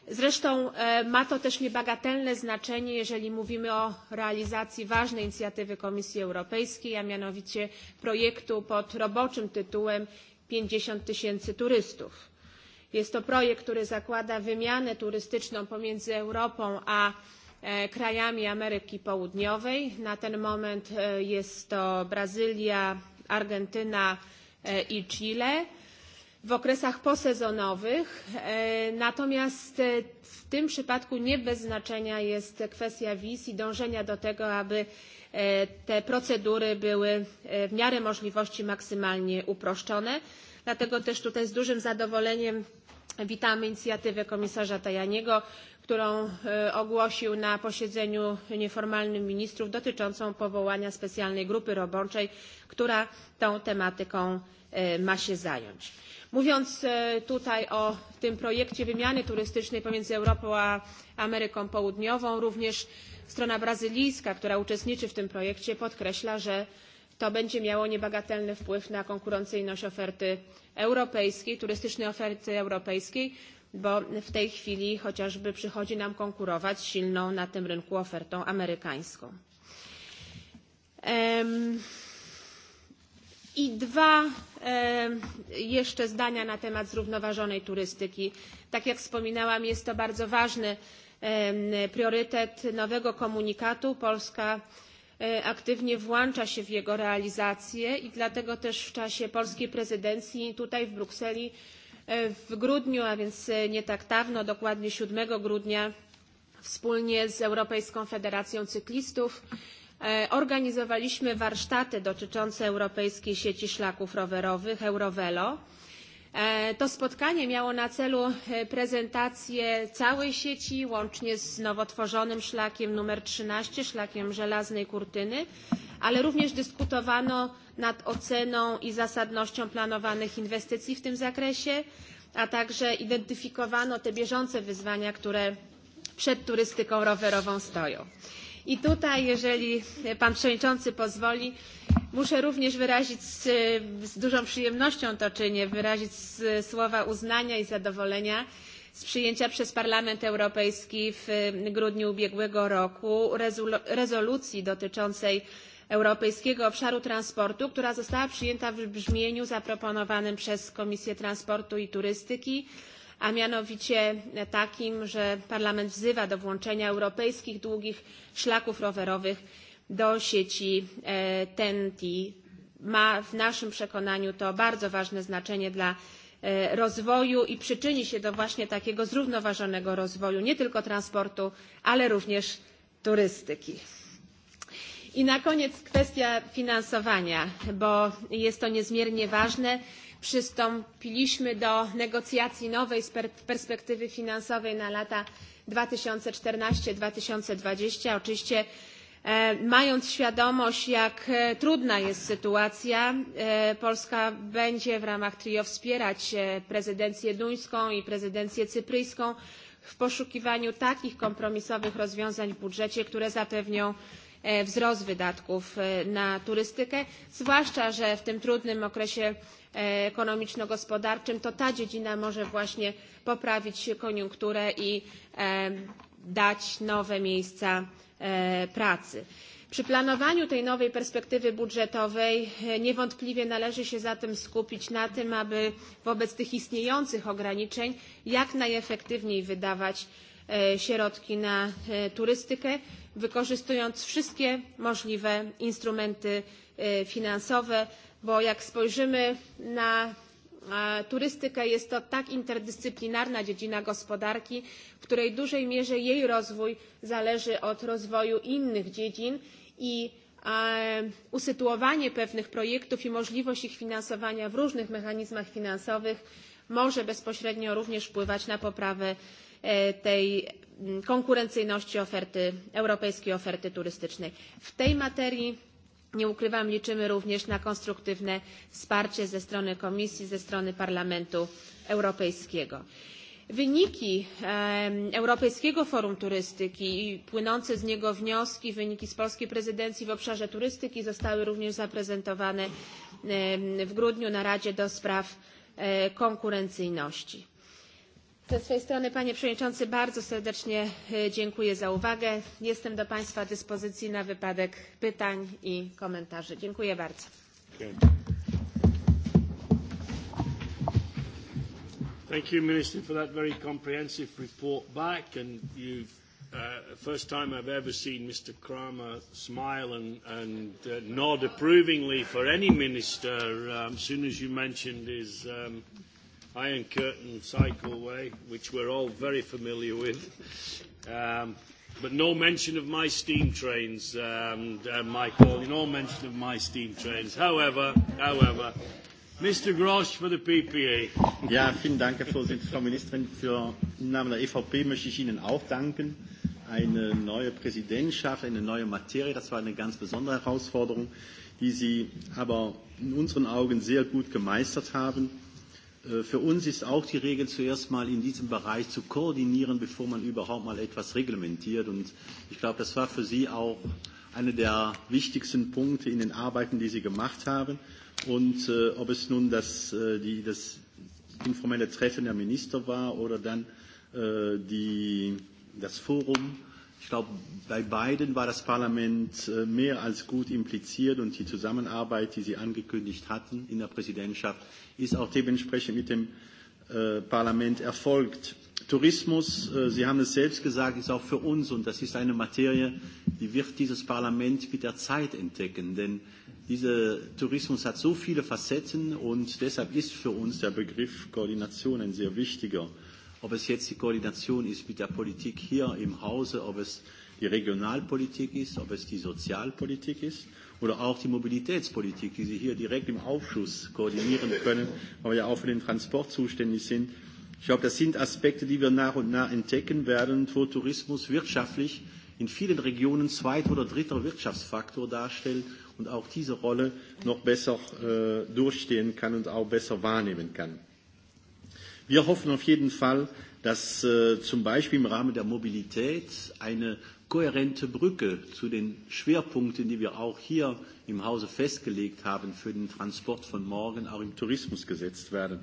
F: Zresztą ma to też niebagatelne znaczenie, jeżeli mówimy o realizacji ważnej inicjatywy Komisji Europejskiej, a mianowicie projektu pod roboczym tytułem 50 tysięcy turystów. Jest to projekt, który zakłada wymianę turystyczną pomiędzy Europą a krajami Ameryki Południowej. Na ten moment jest to Brazylia, Argentyna i Chile w okresach posezonowych. Natomiast w tym przypadku nie bez znaczenia jest kwestia wiz i dążenia do tego, aby te procedury były w miarę możliwości maksymalnie uproszczone. Dlatego też tutaj z dużym zadowoleniem witamy inicjatywę komisarza Tajaniego którą ogłosił na posiedzeniu nieformalnym ministrów dotyczącą powołania specjalnej grupy roboczej, która tą tematyką ma się zająć. Mówiąc tutaj o tym projekcie wymiany turystycznej pomiędzy Europą a Ameryką Południową, również strona brazylijska, która uczestniczy w tym projekcie, podkreśla, że to będzie miało niebagatelny wpływ na konkurencyjność oferty europejskiej, turystycznej oferty europejskiej, bo w tej chwili chociażby przychodzi nam konkurować silną na tym rynku ofertą amerykańską. I dwa jeszcze zdania na temat zrównoważonej turystyki. Tak jak wspominałam, jest to bardzo ważny priorytet nowego komunikatu. Polska aktywnie włącza się w jego realizację i dlatego też w czasie polskiej prezydencji tutaj w Brukseli W grudniu, a więc nie tak dawno, dokładnie siedem grudnia, wspólnie z Europejską Federacją Cyklistów organizowaliśmy warsztaty dotyczące Europejskiej Sieci Szlaków Rowerowych Eurovelo. To spotkanie miało na celu prezentację całej sieci, łącznie z nowo tworzonym szlakiem nr trzynaście szlakiem Żelaznej Kurtyny, ale również dyskutowano nad oceną i zasadnością planowanych inwestycji w tym zakresie, a także identyfikowano te bieżące wyzwania, które przed turystyką rowerową stoją. I tutaj, jeżeli pan przewodniczący pozwoli, muszę również wyrazić z, z dużą przyjemnością to czynię, wyrazić słowa uznania i zadowolenia z przyjęcia przez Parlament Europejski w grudniu ubiegłego roku rezolucji dotyczącej Europejskiego Obszaru Transportu, która została przyjęta w brzmieniu zaproponowanym przez Komisję Transportu i Turystyki, a mianowicie takim, że Parlament wzywa do włączenia europejskich długich szlaków rowerowych do sieci TEN-T. Ma w naszym przekonaniu to bardzo ważne znaczenie dla rozwoju i przyczyni się do właśnie takiego zrównoważonego rozwoju nie tylko transportu, ale również turystyki. I na koniec kwestia finansowania, bo jest to niezmiernie ważne. Przystąpiliśmy do negocjacji nowej perspektywy finansowej na lata 2014-2020. Oczywiście mając świadomość jak trudna jest sytuacja polska będzie w ramach trio wspierać prezydencję duńską i prezydencję cypryjską w poszukiwaniu takich kompromisowych rozwiązań w budżecie które zapewnią wzrost wydatków na turystykę, zwłaszcza, że w tym trudnym okresie ekonomiczno-gospodarczym to ta dziedzina może właśnie poprawić koniunkturę i dać nowe miejsca pracy. Przy planowaniu tej nowej perspektywy budżetowej niewątpliwie należy się zatem skupić na tym, aby wobec tych istniejących ograniczeń jak najefektywniej wydawać środki na turystykę, wykorzystując wszystkie możliwe instrumenty finansowe, bo jak spojrzymy na turystykę, jest to tak interdyscyplinarna dziedzina gospodarki, w której w dużej mierze jej rozwój zależy od rozwoju innych dziedzin i usytuowanie pewnych projektów i możliwość ich finansowania w różnych mechanizmach finansowych może bezpośrednio również wpływać na poprawę tej mm, konkurencyjności oferty, europejskiej oferty turystycznej. W tej materii Nie ukrywam, liczymy również na konstruktywne wsparcie ze strony Komisji, ze strony Parlamentu Europejskiego. Wyniki Europejskiego Forum Turystyki i płynące z niego wnioski, wyniki z polskiej prezydencji w obszarze turystyki zostały również zaprezentowane w grudniu na Radzie do Spraw Konkurencyjności. Ze swej strony, panie przewodniczący, bardzo serdecznie dziękuję za uwagę. Jestem do państwa dyspozycji na wypadek pytań i komentarzy. Dziękuję bardzo.
C: Thank you, Minister, for that very comprehensive report back. And you, uh, first time I've ever seen Mr. Kramer smile and, and uh, nod approvingly for any minister. As um, soon as you mentioned his um, Iron Curtain cycleway, which we're all very familiar with. Um, but no mention of my steam trains, um, uh, Michael. No mention of my steam trains. However, however, Mr. Grosch for the PPA.
D: Ja, vielen Dank, Herr Vorsitzender, Frau Ministerin. Für, Im Namen der EVP möchte ich Ihnen auch danken. Eine neue Präsidentschaft, eine neue Materie, das war eine ganz besondere Herausforderung, die Sie aber in unseren Augen sehr gut gemeistert haben. Äh, für uns ist auch die Regel zuerst mal in diesem Bereich zu koordinieren, bevor man überhaupt mal etwas reglementiert. Und ich glaube, das war für Sie auch einer der wichtigsten Punkte in den Arbeiten, die Sie gemacht haben. Und äh, ob es nun das, äh, die, das informelle Treffen der Minister war oder dann äh, die, das Forum, äh, Ich glaube, bei beiden war das Parlament äh, mehr als gut impliziert und die Zusammenarbeit, die Sie angekündigt hatten in der Präsidentschaft, ist auch dementsprechend mit dem äh, Parlament erfolgt. Tourismus, äh, Sie haben es selbst gesagt, ist auch für uns und das ist eine Materie, die wird dieses Parlament mit der Zeit entdecken, denn dieser Tourismus hat so viele Facetten und deshalb ist für uns der Begriff Koordination ein sehr wichtiger ob es jetzt die Koordination ist mit der Politik hier im Hause, ob es die Regionalpolitik ist, ob es die Sozialpolitik ist oder auch die Mobilitätspolitik, die Sie hier direkt im Aufschuss koordinieren können, weil wir ja auch für den Transport zuständig sind. Ich glaube, das sind Aspekte, die wir nach und nach entdecken werden, wo Tourismus wirtschaftlich in vielen Regionen zweiter oder dritter Wirtschaftsfaktor darstellt und auch diese Rolle noch besser äh, durchstehen kann und auch besser wahrnehmen kann. Wir hoffen auf jeden Fall, dass äh, zum Beispiel im Rahmen der Mobilität eine kohärente Brücke zu den Schwerpunkten, die wir auch hier im Hause festgelegt haben für den Transport von morgen, auch im Tourismus gesetzt werden.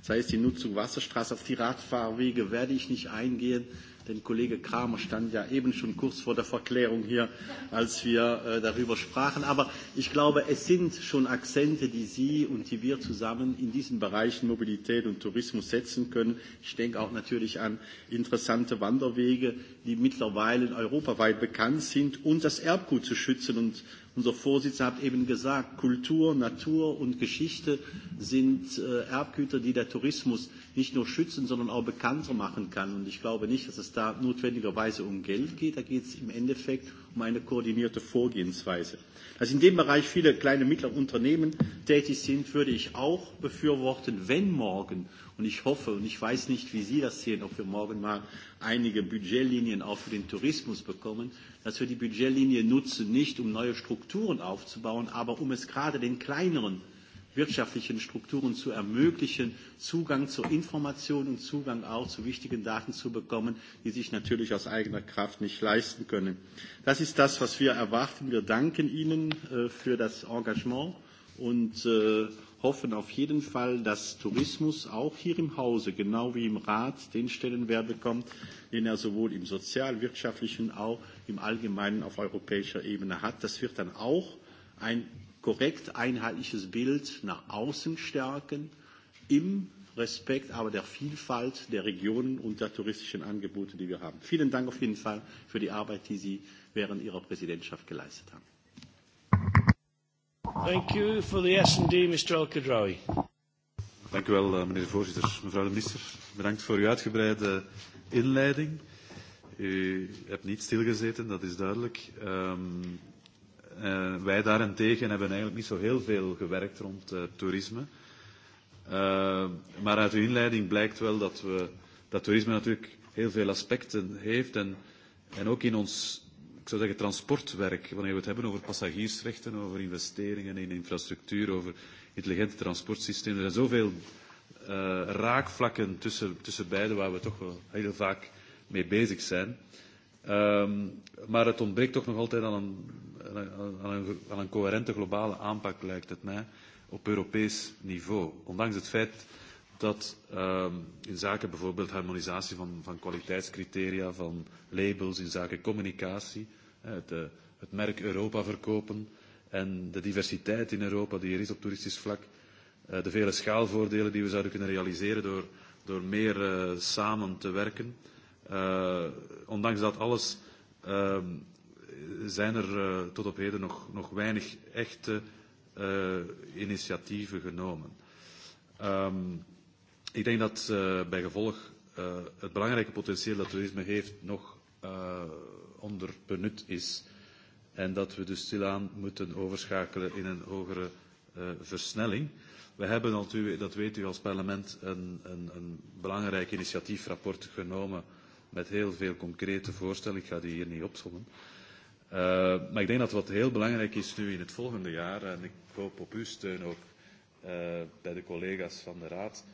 D: Das heißt, die Nutzung Wasserstraße auf die Radfahrwege werde ich nicht eingehen, denn Kollege Kramer stand ja eben schon kurz vor der Verklärung hier, als wir äh, darüber sprachen. Aber ich glaube, es sind schon Akzente, die Sie und die wir zusammen in diesen Bereichen Mobilität und Tourismus setzen können. Ich denke auch natürlich an interessante Wanderwege, die mittlerweile europaweit bekannt sind, und das Erbgut zu schützen und Unser Vorsitzender hat eben gesagt, Kultur, Natur und Geschichte sind äh, Erbgüter, die der Tourismus nicht nur schützen, sondern auch bekannter machen kann. Und ich glaube nicht, dass es da notwendigerweise um Geld geht. Da geht es im Endeffekt um eine koordinierte Vorgehensweise. Dass in dem Bereich viele kleine und mittlere Unternehmen tätig sind, würde ich auch befürworten, wenn morgen, und ich hoffe, und ich weiß nicht, wie Sie das sehen, ob wir morgen mal einige Budgetlinien auch für den Tourismus bekommen, dass wir die Budgetlinie nutzen, nicht um neue Strukturen aufzubauen, aber um es gerade den kleineren wirtschaftlichen Strukturen zu ermöglichen, Zugang zur Information und Zugang auch zu wichtigen Daten zu bekommen, die sich natürlich aus eigener Kraft nicht leisten können. Das ist das, was wir erwarten. Wir danken Ihnen äh, für das Engagement und äh, hoffen auf jeden Fall, dass Tourismus auch hier im Hause, genau wie im Rat, den Stellenwert bekommt, den er sowohl im sozialwirtschaftlichen auch im Allgemeinen auf europäischer Ebene hat. Das wird dann auch ein korrekt einheitliches Bild nach außen stärken, im Respekt aber der Vielfalt der Regionen und der touristischen Angebote, die wir haben. Vielen Dank auf jeden Fall für die Arbeit, die Sie während Ihrer Präsidentschaft geleistet haben. Thank you for the S&D, Mr. El Khadraoui. Dank u wel, eh, meneer
B: de voorzitter. Mevrouw de minister, bedankt voor uw uitgebreide inleiding. U hebt niet stilgezeten, dat is duidelijk. Um, Uh, wij daarentegen hebben eigenlijk niet zo heel veel gewerkt rond uh, toerisme. Uh, maar uit uw inleiding blijkt wel dat, we, dat toerisme natuurlijk heel veel aspecten heeft. En, en ook in ons, ik zou zeggen, transportwerk, wanneer we het hebben over passagiersrechten, over investeringen in infrastructuur, over intelligente transportsystemen. Er zijn zoveel uh, raakvlakken tussen, tussen beide waar we toch wel heel vaak mee bezig zijn. Um, maar het ontbreekt toch nog altijd aan een aan een, aan een coherente globale aanpak, lijkt het mij, op Europees niveau. Ondanks het feit dat uh, in zaken bijvoorbeeld harmonisatie van, van kwaliteitscriteria, van labels, in zaken communicatie, het, eh, het merk Europa verkopen en de diversiteit in Europa die er is op toeristisch vlak, uh, de vele schaalvoordelen die we zouden kunnen realiseren door, door meer uh, samen te werken. Uh, ondanks dat alles ehm, zijn er uh, tot op heden nog, nog weinig echte uh, initiatieven genomen. Um, ik denk dat uh, bij gevolg uh, het belangrijke potentieel dat toerisme heeft nog uh, onderbenut is. En dat we dus stilaan moeten overschakelen in een hogere uh, versnelling. We hebben, dat, u, dat weet u als parlement, een, een, een belangrijk initiatiefrapport genomen met heel veel concrete voorstellen. Ik ga die hier niet opzommen. Uh, Uh, maar ik denk dat wat heel belangrijk is nu in het volgende jaar, en ik hoop op uw steun ook uh, bij de collega's van de Raad,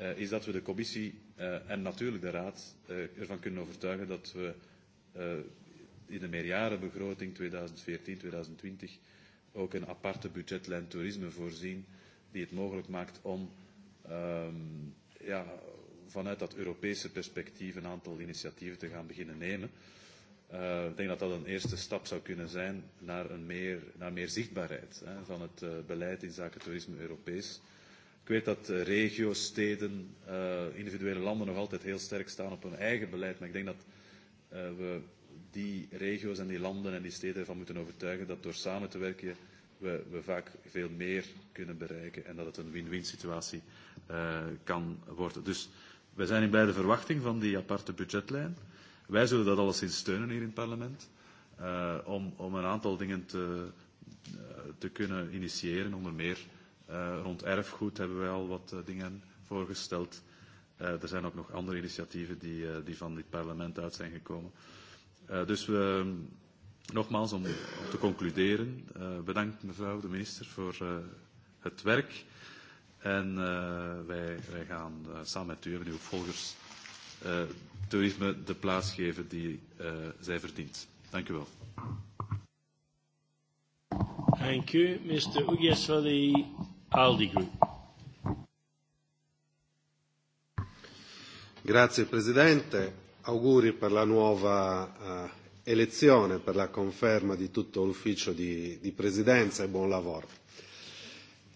B: uh, is dat we de Commissie uh, en natuurlijk de Raad uh, ervan kunnen overtuigen dat we uh, in de meerjarenbegroting 2014-2020 ook een aparte budgetlijn toerisme voorzien die het mogelijk maakt om um, ja, vanuit dat Europese perspectief een aantal initiatieven te gaan beginnen nemen. Uh, Uh, ik denk dat dat een eerste stap zou kunnen zijn naar, een meer, naar meer zichtbaarheid hè, van het uh, beleid in zaken toerisme Europees. Ik weet dat uh, regio's, steden, uh, individuele landen nog altijd heel sterk staan op hun eigen beleid. Maar ik denk dat uh, we die regio's en die landen en die steden ervan moeten overtuigen dat door samen te werken we, we vaak veel meer kunnen bereiken en dat het een win-win situatie uh, kan worden. Dus we zijn in blijde verwachting van die aparte budgetlijn. Uh, Wij zullen dat alleszins steunen hier in het parlement, uh, om, om een aantal dingen te, eh, te kunnen initiëren. Onder meer uh, rond erfgoed hebben wij al wat uh, dingen voorgesteld. Uh, er zijn ook nog andere initiatieven die, uh, die van dit parlement uit zijn gekomen. Uh, dus we, nogmaals, om, om te concluderen, uh, bedankt mevrouw de minister voor uh, het werk. En uh, wij, wij gaan uh, samen met u en uw volgers Eh, toerisme de plaats geven die uh, zij verdient. Dank u wel.
C: Mr. ALDI Group.
M: Grazie Presidente, auguri per la nuova uh, elezione, per la conferma di tutto l'ufficio di, di Presidenza e buon lavoro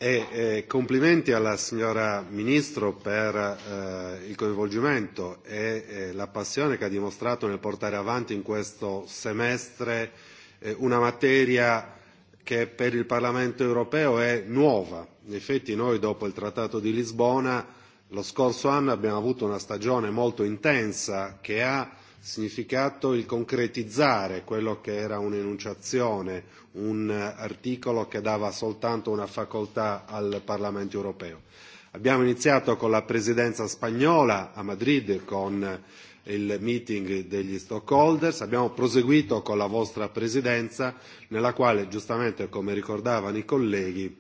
M: e eh, complimenti alla signora Ministro per eh, il coinvolgimento e eh, la passione che ha dimostrato nel portare avanti in questo semestre eh, una materia che per il Parlamento europeo è nuova. In effetti noi dopo il Trattato di Lisbona lo scorso anno abbiamo avuto una stagione molto intensa che ha significato il concretizzare quello che era un'enunciazione, un articolo che dava soltanto una facoltà al Parlamento europeo. Abbiamo iniziato con la presidenza spagnola a Madrid con il meeting degli stockholders, abbiamo proseguito con la vostra presidenza nella quale giustamente come ricordavano i colleghi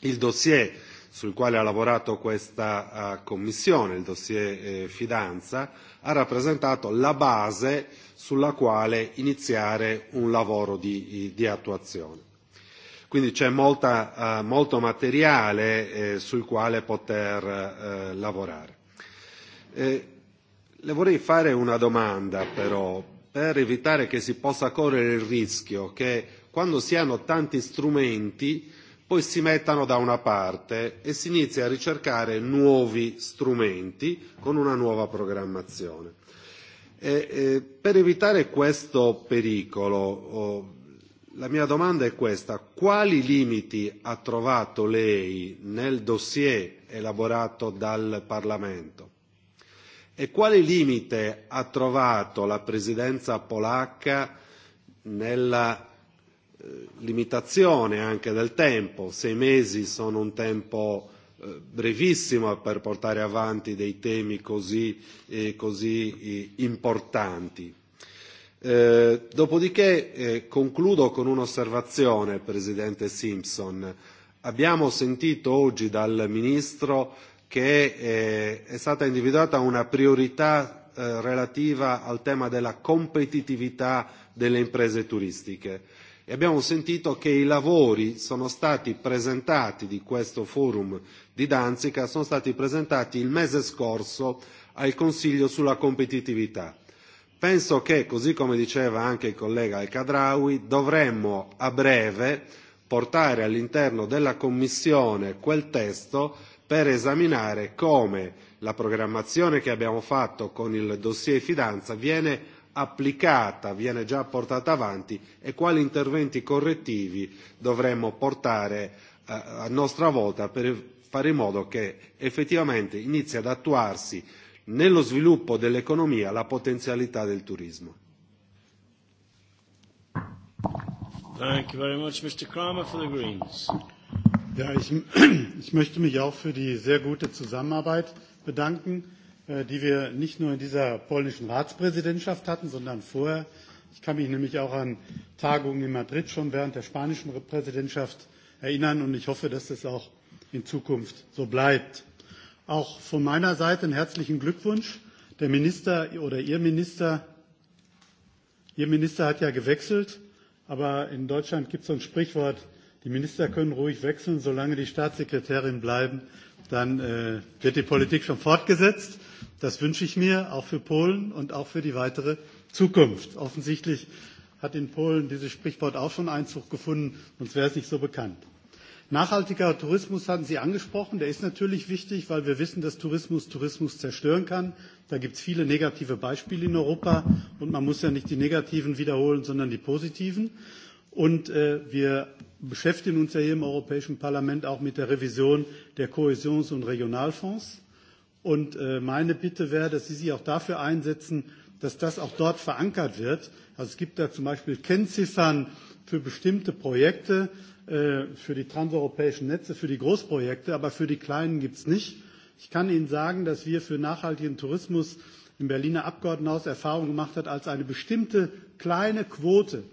M: il dossier sul quale ha lavorato questa uh, commissione, il dossier eh, fidanza, ha rappresentato la base sulla quale iniziare un lavoro di, di attuazione. Quindi c'è molta, eh, molto materiale eh, sul quale poter eh, lavorare. Eh, le vorrei fare una domanda però per evitare che si possa correre il rischio che quando si hanno tanti strumenti eh, poi si mettano da una parte e si inizia a ricercare nuovi strumenti con una nuova programmazione. E, eh, per evitare questo pericolo, oh, la mia domanda è questa. Quali limiti ha trovato lei nel dossier elaborato dal Parlamento? E quale limite ha trovato la presidenza polacca nella Eh, limitazione anche del tempo, sei mesi sono un tempo eh, brevissimo per portare avanti dei temi così, eh, così importanti. dopodiché concludo con un'osservazione, Presidente Simpson. Abbiamo sentito oggi dal Ministro che è stata individuata una priorità relativa al tema della competitività delle imprese turistiche e abbiamo sentito che i lavori sono stati presentati di questo forum di Danzica, sono stati presentati il mese scorso al Consiglio sulla competitività. Penso che, così come diceva anche il collega Al-Kadraoui, dovremmo a breve portare all'interno della Commissione quel testo per esaminare come la programmazione che abbiamo fatto con il dossier fidanza viene applicata, viene già portata avanti e quali interventi correttivi dovremmo portare eh, a nostra volta per fare in modo che effettivamente inizi ad attuarsi nello sviluppo dell'economia la potenzialità del turismo.
C: Thank you very much, Mr. Kramer for the
J: Greens. Ja, ich, (clears throat) ich möchte mich auch für die sehr gute Zusammenarbeit bedanken. Äh, die wir nicht nur in dieser polnischen Ratspräsidentschaft hatten, sondern vorher. Ich kann mich nämlich auch an Tagungen in Madrid schon während der spanischen Präsidentschaft erinnern und ich hoffe, dass das auch in Zukunft so bleibt. Auch von meiner Seite einen herzlichen Glückwunsch. Der Minister oder Ihr Minister, Ihr Minister hat ja gewechselt, aber in Deutschland gibt es so ein Sprichwort, die Minister können ruhig wechseln, solange die Staatssekretärin bleiben, dann äh, wird die Politik schon fortgesetzt. Das wünsche ich mir auch für Polen und auch für die weitere Zukunft. Offensichtlich hat in Polen dieses Sprichwort auch schon Einzug gefunden, sonst wäre es nicht so bekannt. Nachhaltiger Tourismus hatten Sie angesprochen. Der ist natürlich wichtig, weil wir wissen, dass Tourismus Tourismus zerstören kann. Da gibt es viele negative Beispiele in Europa und man muss ja nicht die negativen wiederholen, sondern die positiven. Und äh, wir beschäftigen uns ja hier im Europäischen Parlament auch mit der Revision der Kohäsions- und Regionalfonds. Und äh, meine Bitte wäre, dass Sie sich auch dafür einsetzen, dass das auch dort verankert wird. Also es gibt da zum Beispiel Kennziffern für bestimmte Projekte, äh, für die transeuropäischen Netze, für die Großprojekte, aber für die kleinen gibt es nicht. Ich kann Ihnen sagen, dass wir für nachhaltigen Tourismus im Berliner Abgeordnetenhaus Erfahrung gemacht haben, als eine bestimmte kleine Quote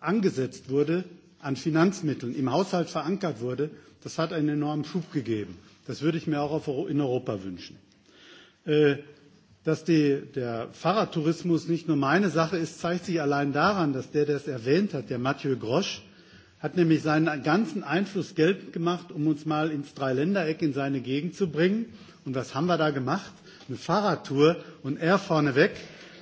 J: angesetzt wurde an Finanzmitteln, im Haushalt verankert wurde, das hat einen enormen Schub gegeben. Das würde ich mir auch in Europa wünschen. Äh, dass die, der Fahrradtourismus nicht nur meine Sache ist, zeigt sich allein daran, dass der, der es erwähnt hat, der Mathieu Grosch, hat nämlich seinen ganzen Einfluss geltend gemacht, um uns mal ins Dreiländereck in seine Gegend zu bringen. Und was haben wir da gemacht? Eine Fahrradtour und er vorneweg.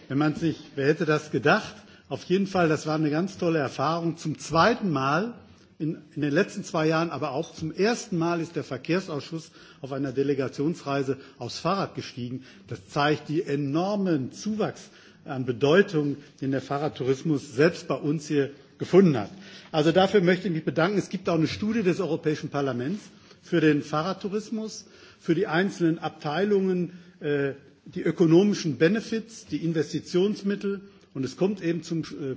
J: Wenn man sich, wer hätte das gedacht? Auf jeden Fall, das war eine ganz tolle Erfahrung. Zum zweiten Mal in, in den letzten zwei Jahren aber auch zum ersten Mal ist der Verkehrsausschuss auf einer Delegationsreise aufs Fahrrad gestiegen. Das zeigt den enormen Zuwachs an Bedeutung, den der Fahrradtourismus selbst bei uns hier gefunden hat. Also dafür möchte ich mich bedanken. Es gibt auch eine Studie des Europäischen Parlaments für den Fahrradtourismus, für die einzelnen Abteilungen, äh, die ökonomischen Benefits, die Investitionsmittel. Und es kommt eben zum, äh,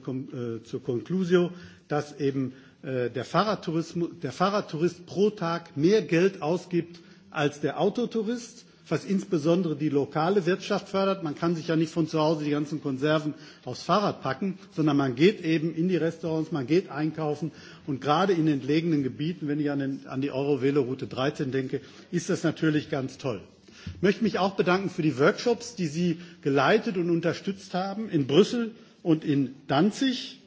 J: äh zur Conclusio, dass eben Äh, der Fahrradtourist, der Fahrradtourist pro Tag mehr Geld ausgibt als der Autotourist, was insbesondere die lokale Wirtschaft fördert. Man kann sich ja nicht von zu Hause die ganzen Konserven aufs Fahrrad packen, sondern man geht eben in die Restaurants, man geht einkaufen. Und gerade in entlegenen Gebieten, wenn ich an, den, an die Eurovelo-Route 13 denke, ist das natürlich ganz toll. Ich möchte mich auch bedanken für die Workshops, die Sie geleitet und unterstützt haben in Brüssel und in Danzig.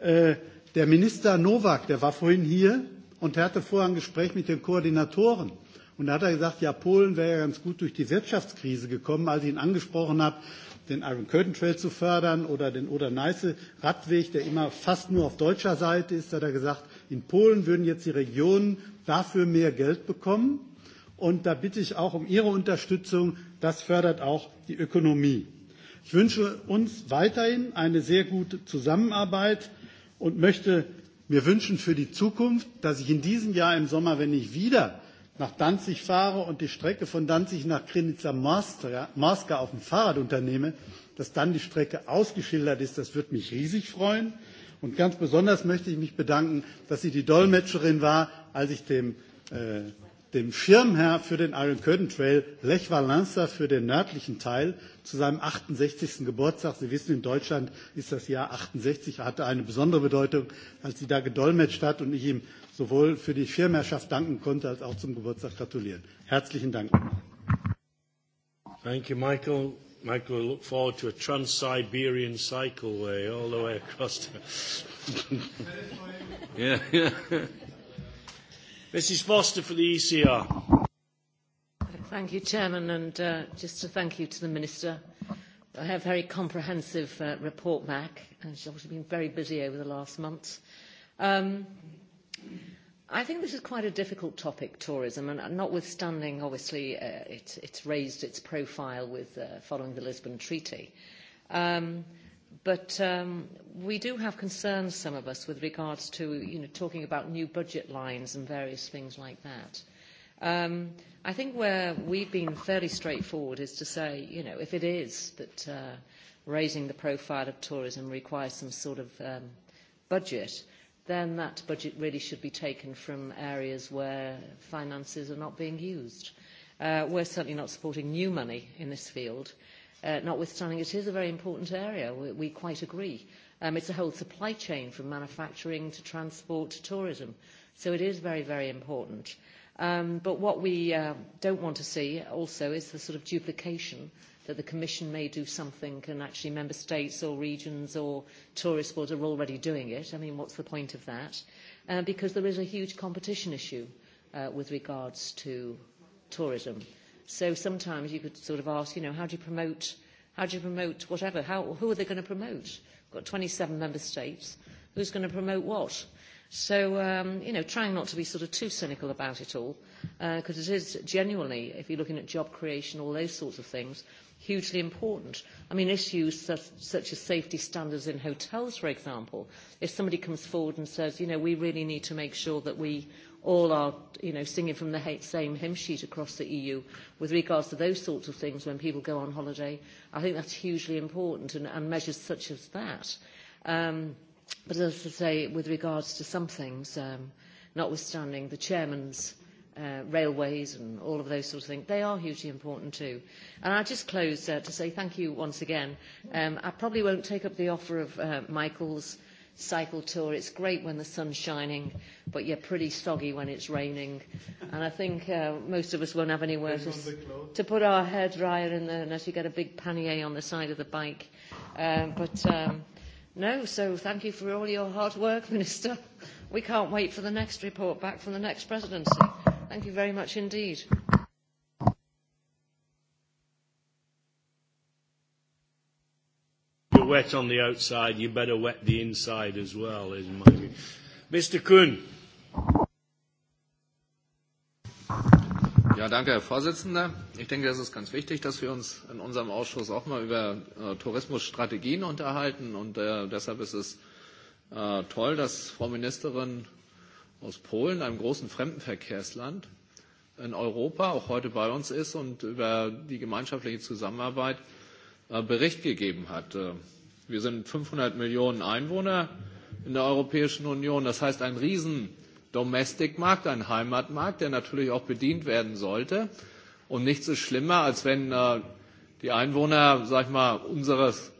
J: Äh, Der Minister Nowak, der war vorhin hier und der hatte vorher ein Gespräch mit den Koordinatoren. Und da hat er gesagt, ja, Polen wäre ja ganz gut durch die Wirtschaftskrise gekommen, als ich ihn angesprochen habe, den Iron Curtain Trail zu fördern oder den Oder-Neiße-Radweg, der immer fast nur auf deutscher Seite ist, Da hat er gesagt, in Polen würden jetzt die Regionen dafür mehr Geld bekommen. Und da bitte ich auch um Ihre Unterstützung. Das fördert auch die Ökonomie. Ich wünsche uns weiterhin eine sehr gute Zusammenarbeit und möchte mir wünschen für die Zukunft, dass ich in diesem Jahr im Sommer, wenn ich wieder nach Danzig fahre und die Strecke von Danzig nach Krinica Marska auf dem Fahrrad unternehme, dass dann die Strecke ausgeschildert ist. Das wird mich riesig freuen. Und ganz besonders möchte ich mich bedanken, dass sie die Dolmetscherin war, als ich dem äh, dem Schirmherr für den Iron Curtain Trail, Lech Walesa für den nördlichen Teil, zu seinem 68. Geburtstag. Sie wissen, in Deutschland ist das Jahr 68, er hatte eine besondere Bedeutung, als sie da gedolmetscht hat und ich ihm sowohl für die Schirmherrschaft danken konnte, als auch zum Geburtstag gratulieren. Herzlichen Dank.
C: Thank you, Michael. Michael, we look forward to a trans-Siberian cycleway all the way across. The... (laughs) yeah, yeah. Mrs Foster for the ECR.
E: Thank you, Chairman, and uh, just to thank you to the Minister. I have a very comprehensive uh, report back, and she's obviously been very busy over the last months. Um, I think this is quite a difficult topic, tourism, and notwithstanding, obviously, uh, it, it's raised its profile with uh, following the Lisbon Treaty. Um, But um, we do have concerns, some of us, with regards to you know, talking about new budget lines and various things like that. Um, I think where we've been fairly straightforward is to say, you know, if it is that uh, raising the profile of tourism requires some sort of um, budget, then that budget really should be taken from areas where finances are not being used. Uh, we're certainly not supporting new money in this field. Uh, uh, notwithstanding it is a very important area. We, we quite agree. Um, it's a whole supply chain from manufacturing to transport to tourism. So it is very, very important. Um, but what we uh, don't want to see also is the sort of duplication that the Commission may do something and actually member states or regions or tourist boards are already doing it. I mean, what's the point of that? Uh, because there is a huge competition issue uh, with regards to tourism. So sometimes you could sort of ask, you know, how do you promote, how do you promote whatever? How, who are they going to promote? We've got 27 member states. Who's going to promote what? So, um, you know, trying not to be sort of too cynical about it all, because uh, it is genuinely, if you're looking at job creation, all those sorts of things, hugely important. I mean, issues such, such as safety standards in hotels, for example. If somebody comes forward and says, you know, we really need to make sure that we all are you know, singing from the same hymn sheet across the EU with regards to those sorts of things when people go on holiday. I think that's hugely important and, and measures such as that. Um, but as I say, with regards to some things, um, notwithstanding the chairman's uh, railways and all of those sorts of things, they are hugely important too. And I'll just close uh, to say thank you once again. Um, I probably won't take up the offer of uh, Michael's cycle tour. It's great when the sun's shining, but you're pretty soggy when it's raining. And I think uh, most of us won't have anywhere to, to put our hairdryer in there unless you get a big pannier on the side of the bike. Um, but um, no, so thank you for all your hard work, (laughs) Minister. We can't wait for the next report back from the next presidency. Thank you very much indeed.
C: wet on the outside, you better wet the inside as well, is my view. Mr. Kuhn.
N: Ja, danke, Herr Vorsitzender. Ich denke, es ist ganz wichtig, dass wir uns in unserem Ausschuss auch mal über äh, Tourismusstrategien unterhalten. Und äh, deshalb ist es äh, toll, dass Frau Ministerin aus Polen, einem großen Fremdenverkehrsland in Europa, auch heute bei uns ist und über die gemeinschaftliche Zusammenarbeit äh, Bericht gegeben hat. Äh, Wir sind 500 Millionen Einwohner in der Europäischen Union. Das heißt, ein riesen Domestic-Markt, ein Heimatmarkt, der natürlich auch bedient werden sollte. Und nichts ist schlimmer, als wenn äh, die Einwohner, sag ich mal, unseres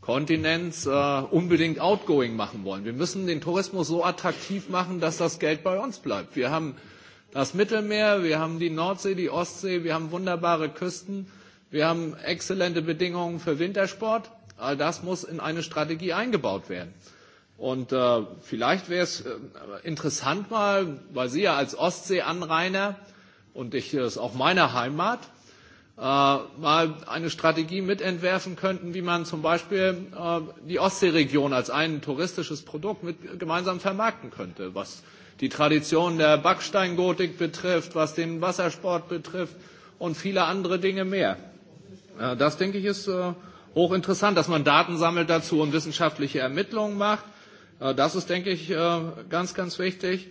N: Kontinents äh, unbedingt Outgoing machen wollen. Wir müssen den Tourismus so attraktiv machen, dass das Geld bei uns bleibt. Wir haben das Mittelmeer, wir haben die Nordsee, die Ostsee, wir haben wunderbare Küsten, wir haben exzellente Bedingungen für Wintersport. All das muss in eine Strategie eingebaut werden. Und äh, vielleicht wäre es äh, interessant mal, weil Sie ja als Ostseeanrainer und ich das äh, ist auch meine Heimat, äh, mal eine Strategie mitentwerfen könnten, wie man zum Beispiel äh, die Ostseeregion als ein touristisches Produkt mit, gemeinsam vermarkten könnte, was die Tradition der Backsteingotik betrifft, was den Wassersport betrifft und viele andere Dinge mehr. Äh, das, denke ich, ist äh, hochinteressant, dass man Daten sammelt dazu und wissenschaftliche Ermittlungen macht. Äh, das ist, denke ich, äh, ganz, ganz wichtig.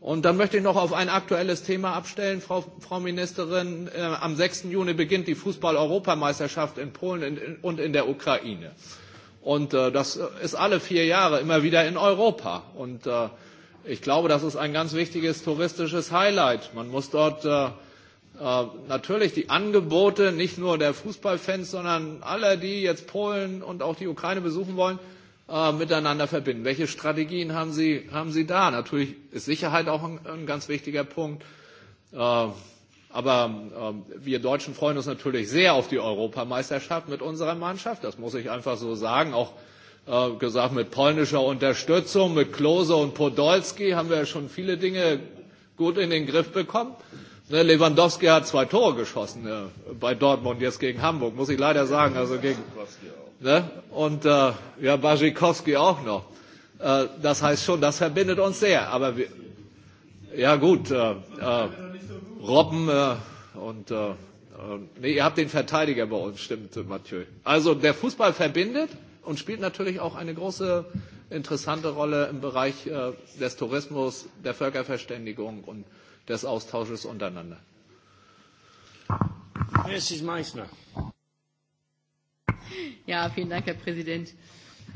N: Und dann möchte ich noch auf ein aktuelles Thema abstellen, Frau, Frau Ministerin. Äh, am 6. Juni beginnt die Fußball-Europameisterschaft in Polen und in der Ukraine. Und das ist alle vier Jahre immer wieder in Europa. Und ich glaube, das ist ein ganz wichtiges touristisches Highlight. Man muss dort äh, Äh, natürlich die Angebote nicht nur der Fußballfans, sondern aller, die jetzt Polen und auch die Ukraine besuchen wollen, äh, miteinander verbinden. Welche Strategien haben Sie, haben Sie da? Natürlich ist Sicherheit auch ein, ein ganz wichtiger Punkt. Äh, aber äh, wir Deutschen freuen uns natürlich sehr auf die Europameisterschaft mit unserer Mannschaft. Das muss ich einfach so sagen. Auch äh, gesagt mit polnischer Unterstützung, mit Klose und Podolski haben wir schon viele Dinge gut in den Griff bekommen. Lewandowski hat zwei Tore geschossen ja, äh, bei Dortmund jetzt gegen Hamburg, muss ich leider sagen. Also gegen, ne? Und äh, ja, Bajikowski auch noch. Äh, das heißt schon, das verbindet uns sehr. Aber wir, ja gut, äh, äh, Robben äh, und äh, äh, nee, ihr habt den Verteidiger bei uns, stimmt, Mathieu. Also der Fußball verbindet und spielt natürlich auch eine große interessante Rolle im Bereich äh, des Tourismus, der Völkerverständigung und des Austausches untereinander. Mrs.
I: Meissner. Ja, vielen Dank, Herr Präsident.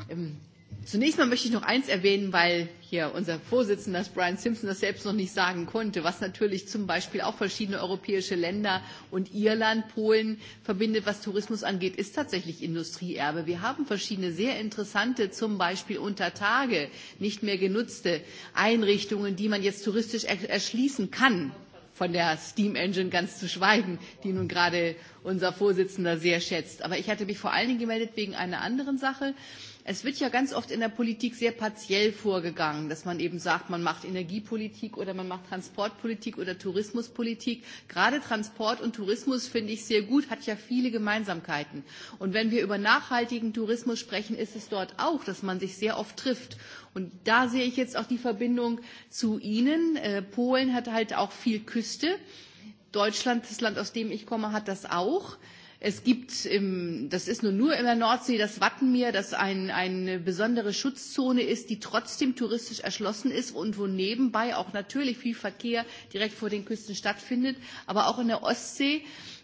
I: Ähm Zunächst mal möchte ich noch eins erwähnen, weil hier unser Vorsitzender Brian Simpson das selbst noch nicht sagen konnte, was natürlich zum Beispiel auch verschiedene europäische Länder und Irland, Polen verbindet, was Tourismus angeht, ist tatsächlich Industrieerbe. Wir haben verschiedene sehr interessante, zum Beispiel unter Tage nicht mehr genutzte Einrichtungen, die man jetzt touristisch er erschließen kann von der Steam Engine ganz zu schweigen, die nun gerade unser Vorsitzender sehr schätzt. Aber ich hatte mich vor allen Dingen gemeldet wegen einer anderen Sache. Es wird ja ganz oft in der Politik sehr partiell vorgegangen, dass man eben sagt, man macht Energiepolitik oder man macht Transportpolitik oder Tourismuspolitik. Gerade Transport und Tourismus finde ich sehr gut, hat ja viele Gemeinsamkeiten. Und wenn wir über nachhaltigen Tourismus sprechen, ist es dort auch, dass man sich sehr oft trifft. Und da sehe ich jetzt auch die Verbindung zu Ihnen. Äh, Polen hat halt auch viel Küste. Deutschland, das Land, aus dem ich komme, hat das auch. Es gibt, im, ähm, das ist nur, nur in der Nordsee, das Wattenmeer, das ein, eine besondere Schutzzone ist, die trotzdem touristisch erschlossen ist und wo nebenbei auch natürlich viel Verkehr direkt vor den Küsten stattfindet. Aber auch in der Ostsee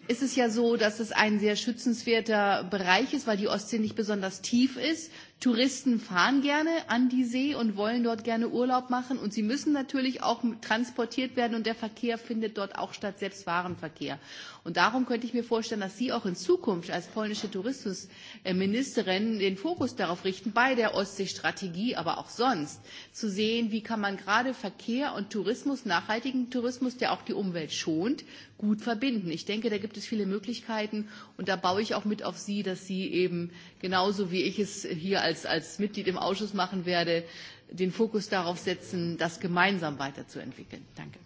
I: ist es ja so, dass es ein sehr schützenswerter Bereich ist, weil die Ostsee nicht besonders tief ist. Touristen fahren gerne an die See und wollen dort gerne Urlaub machen. Und sie müssen natürlich auch transportiert werden und der Verkehr findet dort auch statt, selbst Warenverkehr. Und darum könnte ich mir vorstellen, dass Sie auch in Zukunft als polnische Tourismusministerin den Fokus darauf richten, bei der Ostseestrategie, aber auch sonst, zu sehen, wie kann man gerade Verkehr und Tourismus, nachhaltigen Tourismus, der auch die Umwelt schont, gut verbinden. Ich denke, da gibt es viele Möglichkeiten und da baue ich auch mit auf Sie, dass Sie eben genauso wie ich es hier als, als Mitglied im Ausschuss machen werde, den Fokus darauf setzen, das gemeinsam weiterzuentwickeln. Danke.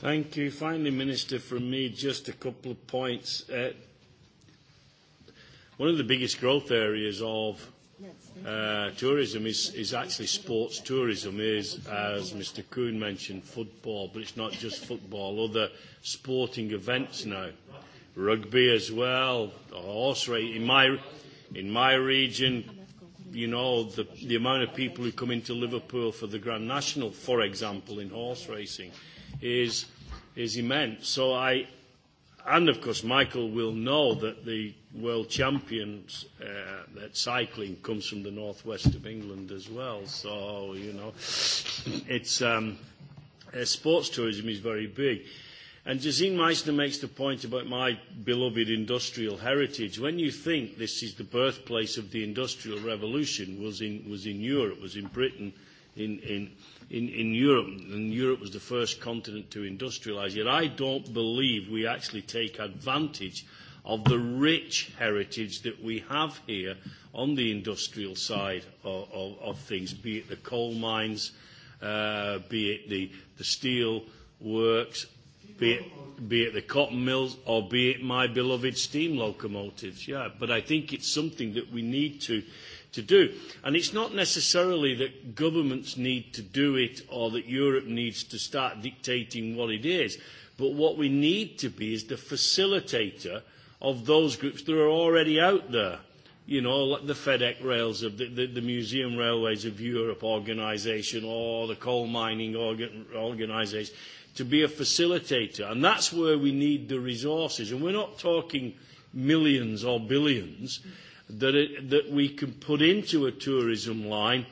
C: Thank you. Finally, Minister, from me, just a couple of points. Uh, one of the biggest growth areas of uh, tourism is, is actually sports tourism, is, as Mr Kuhn mentioned, football, but it's not just football, other sporting events now. Rugby as well, horse racing. In my, In my region, you know, the, the amount of people who come into Liverpool for the Grand National, for example, in horse racing, is, is immense. So I, and of course, Michael will know that the world champions uh, at cycling comes from the northwest of England as well. So, you know, it's, um, uh, sports tourism is very big. And Jazine Meissner makes the point about my beloved industrial heritage. When you think this is the birthplace of the Industrial Revolution, was in, was in Europe, was in Britain, in, in, in, in Europe, and Europe was the first continent to industrialise. Yet I don't believe we actually take advantage of the rich heritage that we have here on the industrial side of, of, of things, be it the coal mines, uh, be it the, the steel works, be it, be it the cotton mills or be it my beloved steam locomotives. Yeah, but I think it's something that we need to, to do. And it's not necessarily that governments need to do it or that Europe needs to start dictating what it is. But what we need to be is the facilitator of those groups that are already out there. You know, like the FedEx Rails of the, the, the Museum Railways of Europe organisation or the coal mining organ, organization to be a facilitator. And that's where we need the resources. And we're not talking millions or billions that, it, that we can put into a tourism line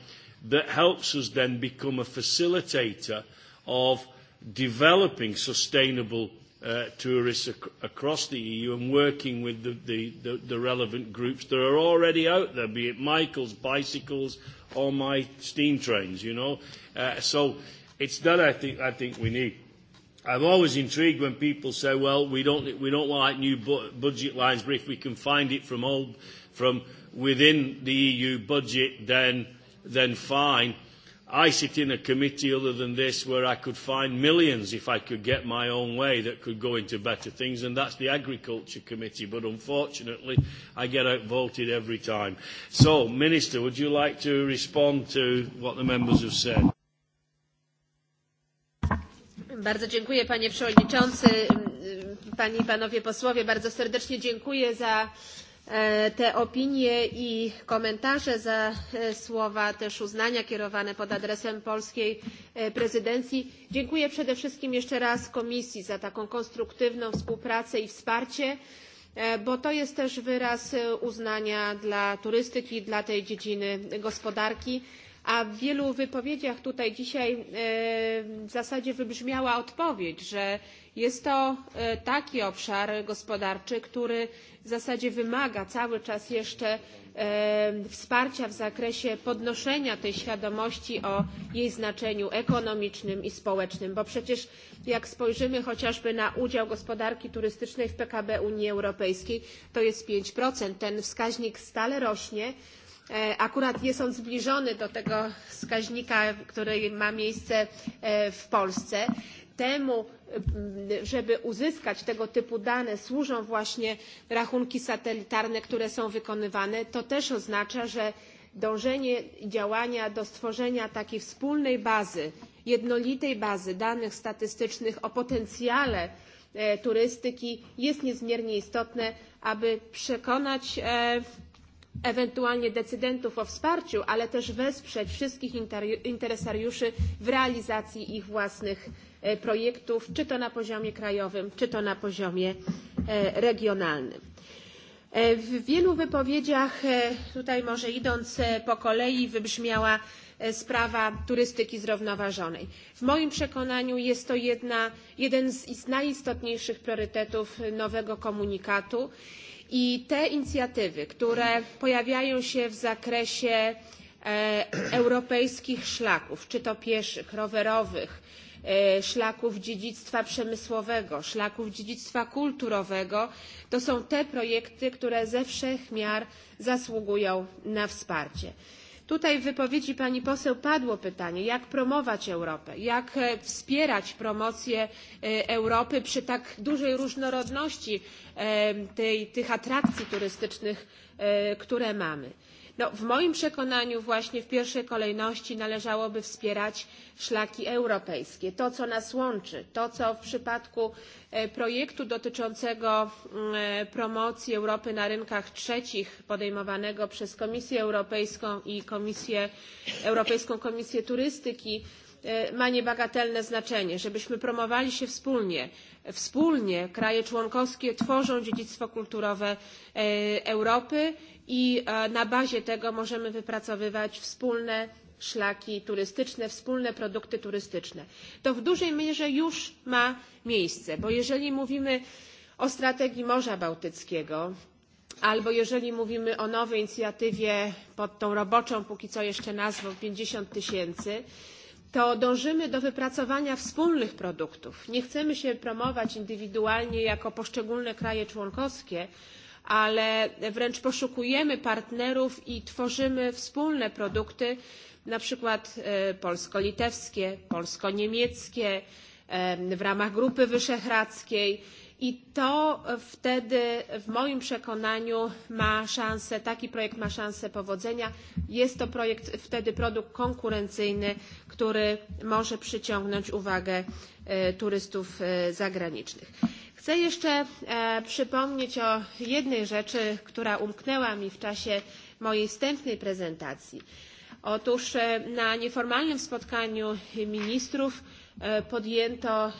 C: that helps us then become a facilitator of developing sustainable uh, tourists ac- across the EU and working with the, the, the, the relevant groups that are already out there, be it Michael's bicycles or my steam trains, you know. Uh, so it's that I think, I think we need. I'm always intrigued when people say, well, we don't, we don't like new bu- budget lines, but if we can find it from, old, from within the EU budget, then, then fine. I sit in a committee other than this where I could find millions if I could get my own way that could go into better things, and that's the Agriculture Committee. But unfortunately, I get outvoted every time. So, Minister, would you like to respond to what the members have said?
F: panie przewodniczący, mm, panie i panowie posłowie. Bardzo serdecznie dziękuję za te opinie i komentarze, za słowa też uznania kierowane pod adresem polskiej prezydencji. Dziękuję przede wszystkim jeszcze raz Komisji za taką konstruktywną współpracę i wsparcie bo to jest też wyraz uznania dla turystyki, dla tej dziedziny gospodarki. A w wielu wypowiedziach tutaj dzisiaj w zasadzie wybrzmiała odpowiedź, że jest to taki obszar gospodarczy, który w zasadzie wymaga cały czas jeszcze wsparcia w zakresie podnoszenia tej świadomości o jej znaczeniu ekonomicznym i społecznym, bo przecież jak spojrzymy chociażby na udział gospodarki turystycznej w PKB Unii Europejskiej, to jest 5%. Ten wskaźnik stale rośnie akurat jest on zbliżony do tego wskaźnika, który ma miejsce w Polsce. Temu, żeby uzyskać tego typu dane, służą właśnie rachunki satelitarne, które są wykonywane. To też oznacza, że dążenie działania do stworzenia takiej wspólnej bazy, jednolitej bazy danych statystycznych o potencjale turystyki jest niezmiernie istotne, aby przekonać ewentualnie decydentów o wsparciu, ale też wesprzeć wszystkich interesariuszy w realizacji ich własnych projektów, czy to na poziomie krajowym, czy to na poziomie regionalnym. W wielu wypowiedziach, tutaj może idąc po kolei, wybrzmiała sprawa turystyki zrównoważonej. W moim przekonaniu jest to jedna, jeden z, z najistotniejszych priorytetów nowego komunikatu. I te inicjatywy, które pojawiają się w zakresie europejskich szlaków, czy to pieszych, rowerowych, szlaków dziedzictwa przemysłowego, szlaków dziedzictwa kulturowego, to są te projekty, które ze wszech miar zasługują na wsparcie. Tutaj w wypowiedzi pani poseł padło pytanie, jak promować Europę, jak wspierać promocję Europy przy tak dużej różnorodności tej, tych atrakcji turystycznych, które mamy. No, w moim przekonaniu właśnie w pierwszej kolejności należałoby wspierać szlaki europejskie, to co nas łączy, to co w przypadku projektu dotyczącego mm, promocji Europy na rynkach trzecich podejmowanego przez Komisję Europejską i Komisję, Europejską Komisję Turystyki ma niebagatelne znaczenie, żebyśmy promowali się wspólnie. Wspólnie kraje członkowskie tworzą dziedzictwo kulturowe Europy i na bazie tego możemy wypracowywać wspólne szlaki turystyczne, wspólne produkty turystyczne. To w dużej mierze już ma miejsce, bo jeżeli mówimy o strategii Morza Bałtyckiego, albo jeżeli mówimy o nowej inicjatywie pod tą roboczą póki co jeszcze nazwą 50 tysięcy, to dążymy do wypracowania wspólnych produktów. Nie chcemy się promować indywidualnie jako poszczególne kraje członkowskie, ale wręcz poszukujemy partnerów i tworzymy wspólne produkty, na przykład polsko-litewskie, polsko-niemieckie, w ramach Grupy Wyszehradzkiej. I to wtedy w moim przekonaniu ma szansę, taki projekt ma szansę powodzenia. Jest to projekt, wtedy produkt konkurencyjny, który może przyciągnąć uwagę turystów zagranicznych. Chcę jeszcze e, przypomnieć o jednej rzeczy, która umknęła mi w czasie mojej wstępnej prezentacji. Otóż e, na nieformalnym spotkaniu ministrów podjęto,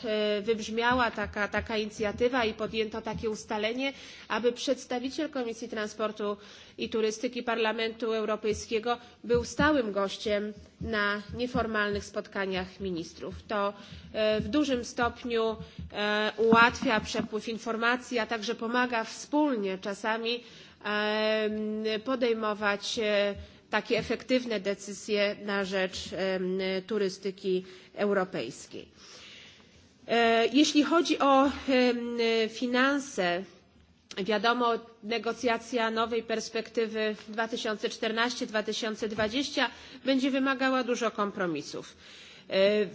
F: wybrzmiała taka, taka inicjatywa i podjęto takie ustalenie, aby przedstawiciel Komisji Transportu i Turystyki Parlamentu Europejskiego był stałym gościem na nieformalnych spotkaniach ministrów. To w dużym stopniu ułatwia przepływ informacji, a także pomaga wspólnie czasami podejmować takie efektywne decyzje na rzecz turystyki europejskiej. Jeśli chodzi o finanse, wiadomo, negocjacja nowej perspektywy 2014-2020 będzie wymagała dużo kompromisów.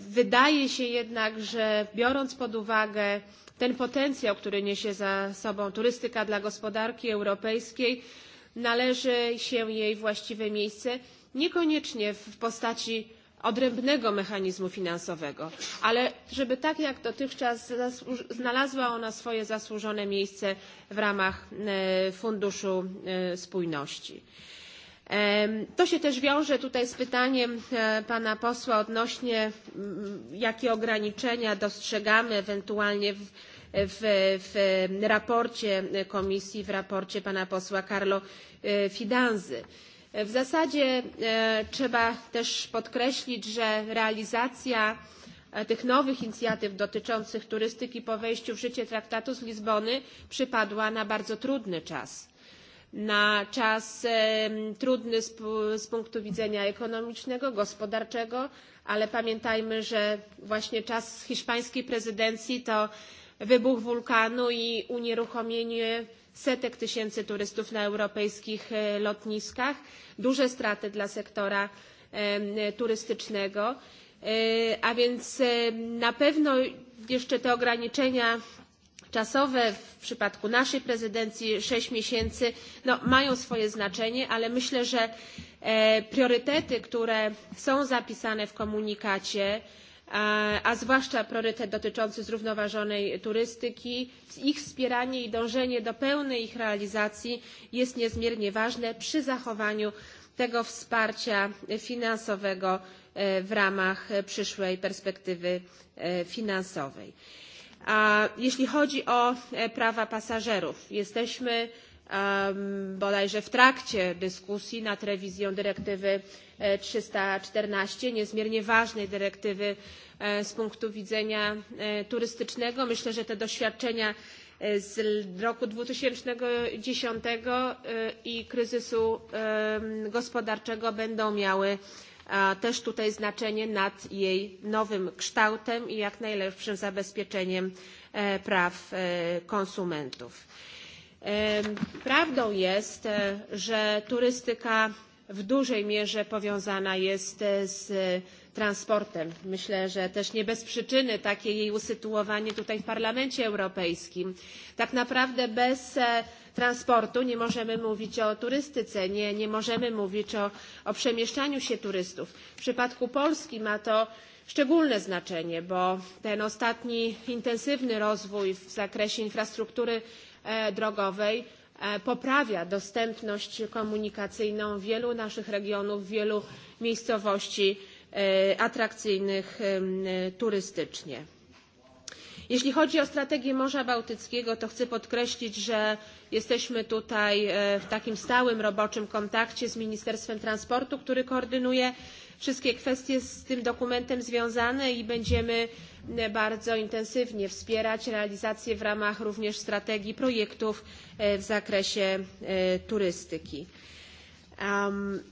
F: Wydaje się jednak, że biorąc pod uwagę ten potencjał, który niesie za sobą turystyka dla gospodarki europejskiej, należy się jej właściwe miejsce, niekoniecznie w postaci odrębnego mechanizmu finansowego, ale żeby tak jak dotychczas znalazła ona swoje zasłużone miejsce w ramach Funduszu Spójności. To się też wiąże tutaj z pytaniem pana posła odnośnie do tego jakie ograniczenia dostrzegamy ewentualnie w w, sprawozdaniu komisji, w sprawozdaniu pana posła Carlo Fidanzy. W zasadzie trzeba też podkreślić, że realizacja tych nowych inicjatyw dotyczących turystyki po wejściu w życie traktatu z Lizbony przypadła na bardzo trudny czas na czas trudny z punktu widzenia ekonomicznego, gospodarczego, ale pamiętajmy, że właśnie czas hiszpańskiej prezydencji to wybuch wulkanu i unieruchomienie setek tysięcy turystów na europejskich lotniskach, duże straty dla sektora turystycznego. A więc na pewno jeszcze te ograniczenia czasowe w przypadku naszej prezydencji sześć miesięcy no, mają swoje znaczenie, ale myślę, że priorytety, które są zapisane w komunikacie, a zwłaszcza priorytet dotyczący zrównoważonej turystyki. Ich wspieranie i dążenie do pełnej ich realizacji jest niezmiernie ważne przy zachowaniu tego wsparcia finansowego w ramach przyszłej perspektywy finansowej. A jeśli chodzi o prawa pasażerów, jesteśmy bodajże w trakcie dyskusji nad rewizją dyrektywy 314, niezmiernie ważnej dyrektywy z punktu widzenia turystycznego. Myślę, że te doświadczenia z roku 2010 i kryzysu gospodarczego będą miały też tutaj znaczenie nad jej nowym kształtem i jak najlepszym zabezpieczeniem praw konsumentów. Prawdą jest, że turystyka w dużej mierze powiązana jest z transportem. Myślę, że też nie bez przyczyny takie jej usytuowanie tutaj w Parlamencie Europejskim. Tak naprawdę bez transportu nie możemy mówić o turystyce, nie, nie możemy mówić o, o przemieszczaniu się turystów. W przypadku Polski ma to szczególne znaczenie, bo ten ostatni intensywny rozwój w zakresie infrastruktury drogowej poprawia dostępność komunikacyjną wielu naszych regionów, wielu miejscowości atrakcyjnych turystycznie. Jeśli chodzi o strategię Morza Bałtyckiego, to chcę podkreślić, że jesteśmy tutaj w takim stałym roboczym kontakcie z Ministerstwem Transportu, który koordynuje wszystkie kwestie z tym dokumentem związane i będziemy bardzo intensywnie wspierać realizację w ramach również strategii projektów w zakresie turystyki. Um,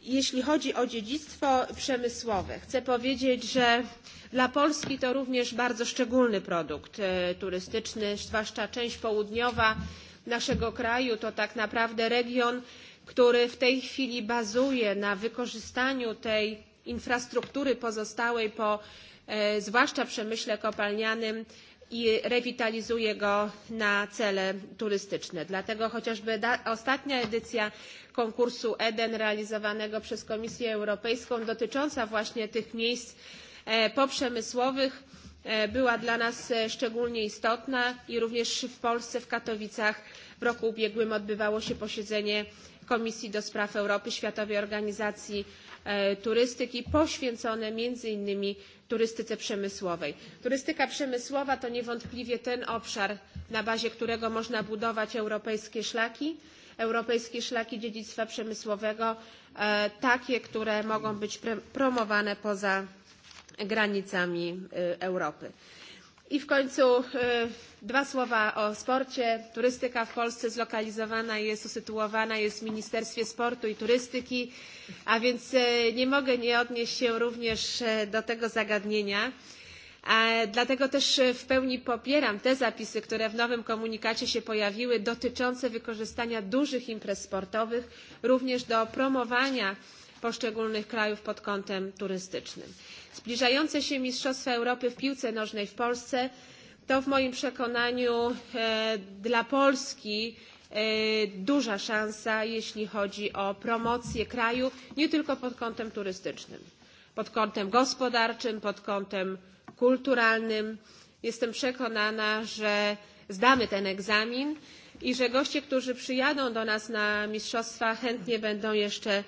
F: jeśli chodzi o dziedzictwo przemysłowe, chcę powiedzieć, że dla Polski to również bardzo szczególny produkt turystyczny, zwłaszcza część południowa naszego kraju to tak naprawdę region, który w tej chwili bazuje na wykorzystaniu tej infrastruktury pozostałej po zwłaszcza przemyśle kopalnianym i rewitalizuje go na cele turystyczne. Dlatego chociażby da, ostatnia edycja konkursu EDEN realizowanego przez Komisję Europejską dotycząca właśnie tych miejsc poprzemysłowych była dla nas szczególnie istotna i również w Polsce w Katowicach w roku ubiegłym odbywało się posiedzenie Komisji do Spraw Europy Światowej Organizacji Turystyki poświęcone między innymi turystyce przemysłowej. Turystyka przemysłowa to niewątpliwie ten obszar, na bazie którego można budować europejskie szlaki, europejskie szlaki dziedzictwa przemysłowego, takie, które mogą być promowane poza granicami Europy. I w końcu dwa słowa o sporcie. Turystyka w Polsce zlokalizowana jest, usytuowana jest w Ministerstwie Sportu i Turystyki, a więc nie mogę nie odnieść się również do tego zagadnienia. dlatego też w pełni popieram te zapisy, które w nowym komunikacie się pojawiły dotyczące wykorzystania dużych imprez sportowych również do promowania poszczególnych krajów pod kątem turystycznym. Zbliżające się Mistrzostwa Europy w piłce nożnej w Polsce to w moim przekonaniu e, dla Polski duża szansa, jeśli chodzi o promocję kraju, nie tylko pod kątem turystycznym, pod kątem gospodarczym, pod kątem kulturalnym. Jestem przekonana, że zdamy ten egzamin i że goście, którzy przyjadą do nas na mistrzostwa, chętnie będą jeszcze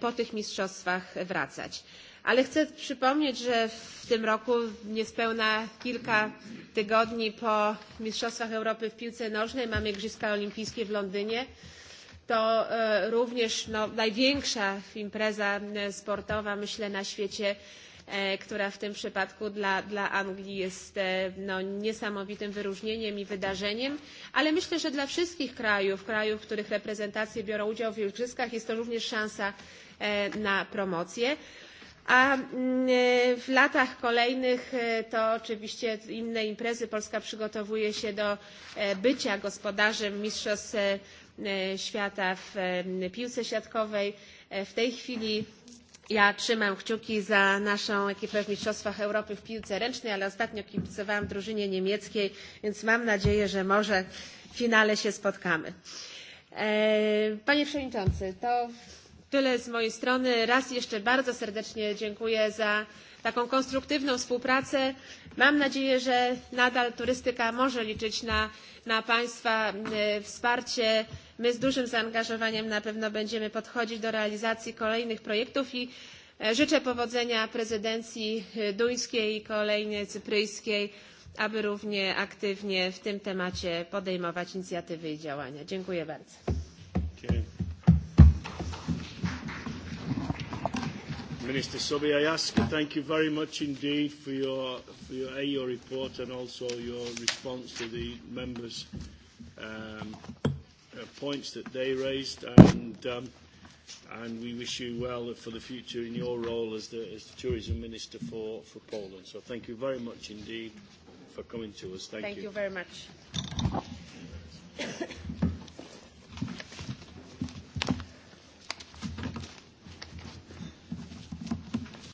F: po tych mistrzostwach wracać. Ale chcę przypomnieć, że w tym roku niespełna kilka tygodni po Mistrzostwach Europy w piłce nożnej mamy Igrzyska Olimpijskie w Londynie. To również no, największa impreza sportowa, myślę, na świecie która w tym przypadku dla, dla Anglii jest no, niesamowitym wyróżnieniem i wydarzeniem, ale myślę, że dla wszystkich krajów, krajów, których reprezentacje biorą udział w igrzyskach, jest to również szansa na promocję. A mm, w latach kolejnych to oczywiście inne imprezy. Polska przygotowuje się do bycia gospodarzem Mistrzostw Świata w piłce siatkowej. W tej chwili Ja trzymam kciuki za naszą ekipę w Mistrzostwach Europy w piłce ręcznej, ale ostatnio kibicowałam drużynie niemieckiej, więc mam nadzieję, że może w finale się spotkamy. Panie Przewodniczący, to tyle z mojej strony. Raz jeszcze bardzo serdecznie dziękuję za taką konstruktywną współpracę. Mam nadzieję, że nadal turystyka może liczyć na, na Państwa wsparcie. My z dużym zaangażowaniem na pewno będziemy podchodzić do realizacji kolejnych projektów i życzę powodzenia prezydencji duńskiej i kolejnej cypryjskiej, aby równie aktywnie w tym temacie podejmować inicjatywy i działania. Dziękuję bardzo.
I: Dziękuję.
C: Minister Subi, I ask to thank you very much indeed for your, for your, A, your report and also your response to the members' um, uh, points that they raised, and, um, and we wish you well for the future in your role as the, as the tourism minister for, for Poland. So thank you very much indeed for coming to us. Thank, thank you.
F: Thank you very much.